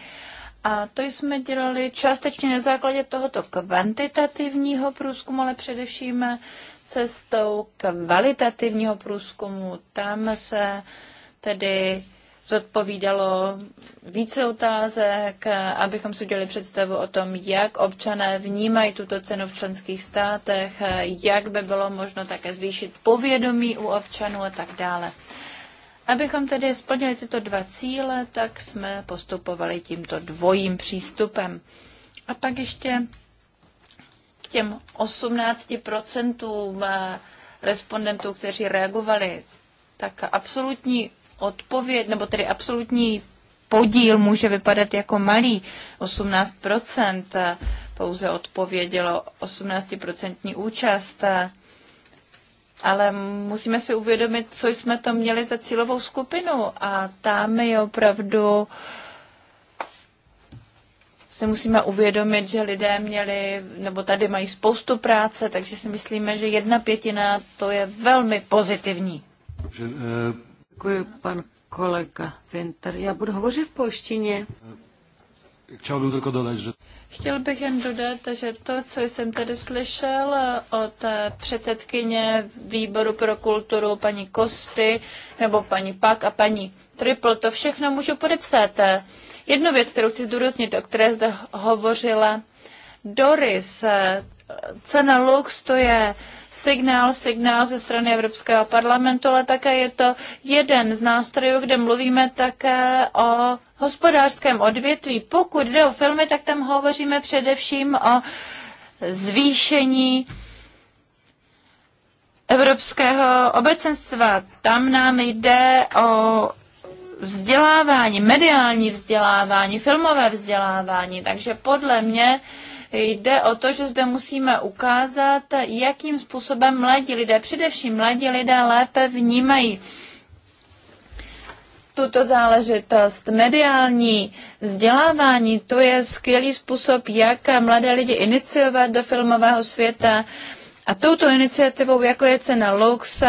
A to jsme dělali částečně na základě tohoto kvantitativního průzkumu, ale především cestou kvalitativního průzkumu. Tam se tedy zodpovídalo více otázek, abychom si udělali představu o tom, jak občané vnímají tuto cenu v členských státech, jak by bylo možno také zvýšit povědomí u občanů a tak dále. Abychom tedy splnili tyto dva cíle, tak jsme postupovali tímto dvojím přístupem. A pak ještě těm 18% eh, respondentů, kteří reagovali, tak absolutní odpověď, nebo tedy absolutní podíl může vypadat jako malý. 18% eh, pouze odpovědělo 18% účast. Eh, ale musíme si uvědomit, co jsme to měli za cílovou skupinu a tam je opravdu si musíme uvědomit, že lidé měli, nebo tady mají spoustu práce, takže si myslíme, že jedna pětina to je velmi pozitivní. Eh, Děkuji, pan kolega Winter. Já budu hovořit v polštině. Chtěl bych dodat, že... Chtěl bych jen dodat, že to, co jsem tady slyšel od předsedkyně výboru pro kulturu paní Kosty nebo paní Pak a paní Triple, to všechno můžu podepsat. Jednu věc, kterou chci zdůraznit, o které zde hovořila Doris, cena Lux to je signál, signál ze strany Evropského parlamentu, ale také je to jeden z nástrojů, kde mluvíme také o hospodářském odvětví. Pokud jde o filmy, tak tam hovoříme především o zvýšení evropského obecenstva. Tam nám jde o vzdělávání, mediální vzdělávání, filmové vzdělávání. Takže podle mě jde o to, že zde musíme ukázat, jakým způsobem mladí lidé, především mladí lidé, lépe vnímají tuto záležitost. Mediální vzdělávání, to je skvělý způsob, jak mladé lidi iniciovat do filmového světa, a touto iniciativou, jako je cena Lux,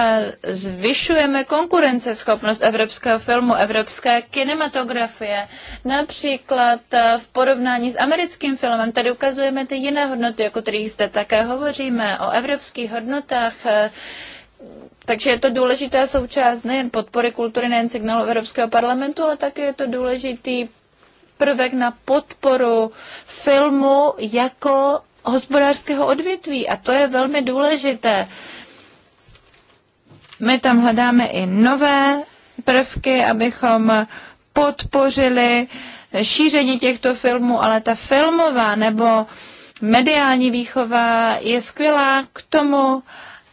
zvyšujeme konkurenceschopnost evropského filmu, evropské kinematografie. Například eh, v porovnání s americkým filmem, tady ukazujeme ty jiné hodnoty, o kterých zde také hovoříme, o evropských hodnotách. Eh, Takže je to důležitá součást nejen podpory kultury, nejen signálu Evropského parlamentu, ale také je to důležitý prvek na podporu filmu jako hospodářského odvětví a to je velmi důležité. My tam hledáme i nové prvky, abychom podpořili šíření těchto filmů, ale ta filmová nebo mediální výchova je skvělá k tomu,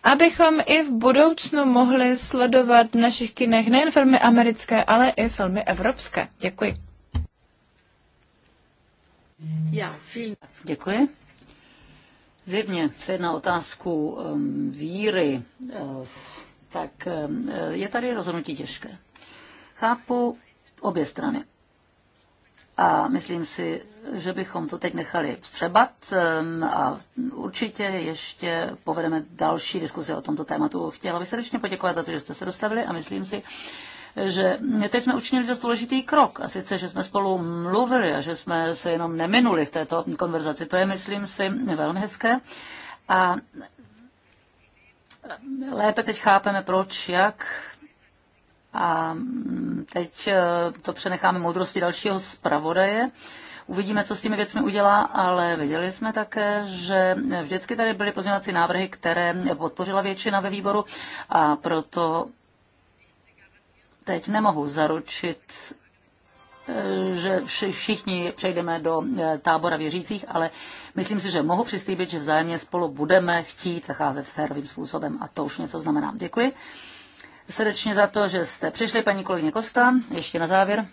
abychom i v budoucnu mohli sledovat v našich kinech nejen filmy americké, ale i filmy evropské. Děkuji. Já, film. Děkuji. Zjevně se jedná otázku um, víry, eh, tak um, eh, je tady rozhodnutí těžké. Chápu obě strany. A myslím si, že bychom to teď nechali vstřebat um, a určitě ještě povedeme další diskuzi o tomto tématu. Chtěla bych srdečně poděkovat za to, že jste se dostavili a myslím si, že teď jsme učinili dost důležitý krok, a sice, že jsme spolu mluvili a že jsme se jenom neminuli v této konverzaci. To je, myslím si, velmi hezké. A lépe teď chápeme, proč, jak, a teď eh, to přenecháme moudrosti dalšího zpravodaje. Uvidíme, co s těmi věcmi udělá, ale viděli jsme také, že vždycky tady byly pozměňovací návrhy, které podpořila většina ve výboru a proto teď nemohu zaručit, eh, že všichni přejdeme do eh, tábora věřících, ale myslím si, že mohu přistýbit, že vzájemně spolu budeme chtít zacházet férovým způsobem a to už něco znamená. Děkuji srdečně za to, že jste přišli, paní kolegyně Kosta. Ještě na závěr.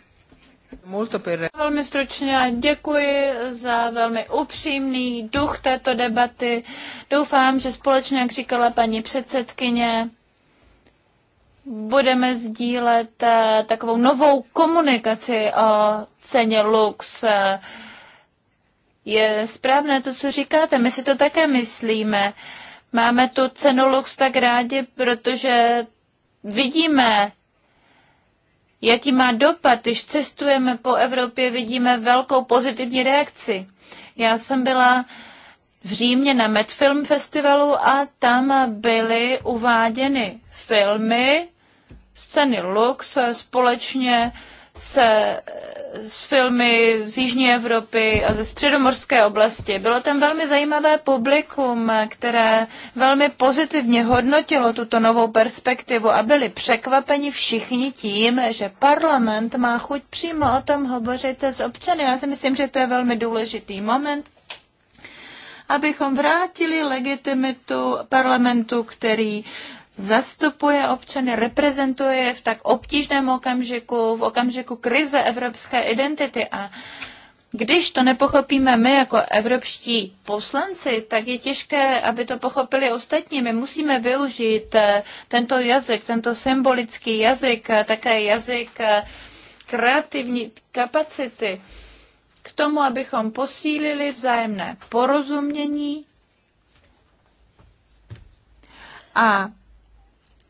Velmi stručně děkuji za velmi upřímný duch této debaty. Doufám, že společně, jak říkala paní předsedkyně, budeme sdílet eh, takovou novou komunikaci o ceně lux. Je správné to, co říkáte, my si to také myslíme. Máme tu cenu lux tak rádi, protože vidíme, jaký má dopad. Když cestujeme po Evropě, vidíme velkou pozitivní reakci. Já jsem byla v Římě na Metfilm festivalu a tam byly uváděny filmy scény Lux společně se s filmy z Jižní Evropy a ze středomorské oblasti. Bylo tam velmi zajímavé publikum, které velmi pozitivně hodnotilo tuto novou perspektivu a byli překvapeni všichni tím, že parlament má chuť přímo o tom hovořit s občany. Já si myslím, že to je velmi důležitý moment, abychom vrátili legitimitu parlamentu, který uh, zastupuje občany, reprezentuje je v tak obtížném okamžiku, v okamžiku krize evropské identity a když to nepochopíme my jako evropští poslanci, tak je těžké, aby to pochopili ostatní. My musíme využít eh, tento jazyk, tento symbolický jazyk, eh, také jazyk eh, kreativní kapacity k tomu, abychom posílili vzájemné porozumění a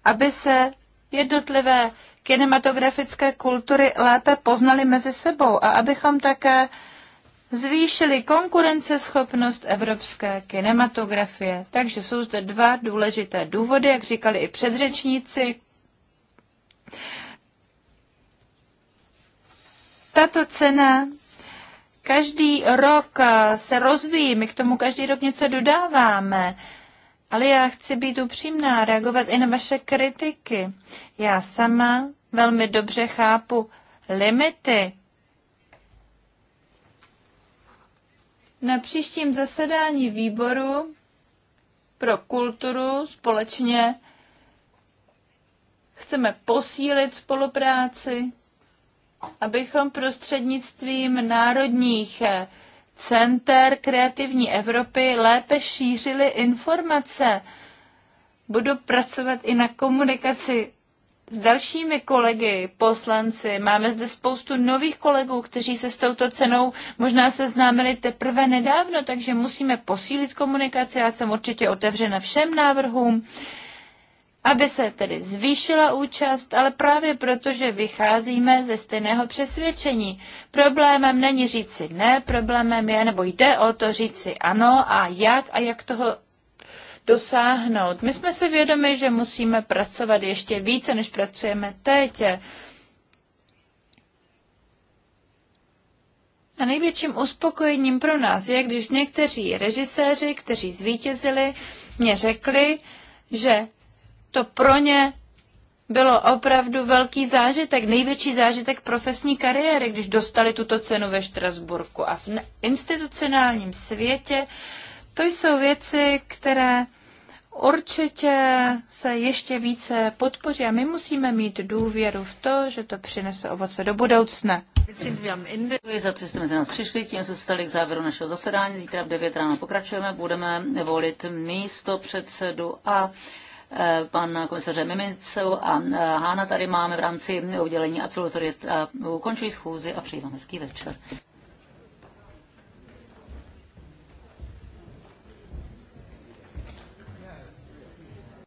aby se jednotlivé kinematografické kultury lépe poznaly mezi sebou a abychom také zvýšili konkurenceschopnost evropské kinematografie. Takže jsou zde dva důležité důvody, jak říkali i předřečníci. Tato cena každý rok se rozvíjí, my k tomu každý rok něco dodáváme. Ale já chci být upřímná, reagovat i na vaše kritiky. Já sama velmi dobře chápu limity. Na příštím zasedání výboru pro kulturu společně chceme posílit spolupráci, abychom prostřednictvím národních center kreativní Evropy lépe šířili informace. Budu pracovat i na komunikaci s dalšími kolegy, poslanci. Máme zde spoustu nových kolegů, kteří se s touto cenou možná seznámili teprve nedávno, takže musíme posílit komunikaci. Já jsem určitě otevřena všem návrhům aby se tedy zvýšila účast, ale právě proto, že vycházíme ze stejného přesvědčení. Problémem není říci ne, problémem je, nebo jde o to říci ano a jak a jak toho dosáhnout. My jsme si vědomi, že musíme pracovat ještě více, než pracujeme teď. A největším uspokojením pro nás je, když někteří režiséři, kteří zvítězili, mě řekli, že to pro ně bylo opravdu velký zážitek, největší zážitek profesní kariéry, když dostali tuto cenu ve Štrasburku. A v institucionálním světě to jsou věci, které určitě se ještě více podpoří a my musíme mít důvěru v to, že to přinese ovoce do budoucna. Děkuji za to, že jste mezi nás přišli, tím se stali k závěru našeho zasedání. Zítra v 9 ráno pokračujeme, budeme volit místo předsedu a Eh, pan komisaře Mimicu a eh, Hána tady máme v rámci udělení absolutoria. Eh, ukončuji schůzi a přeji vám hezký večer.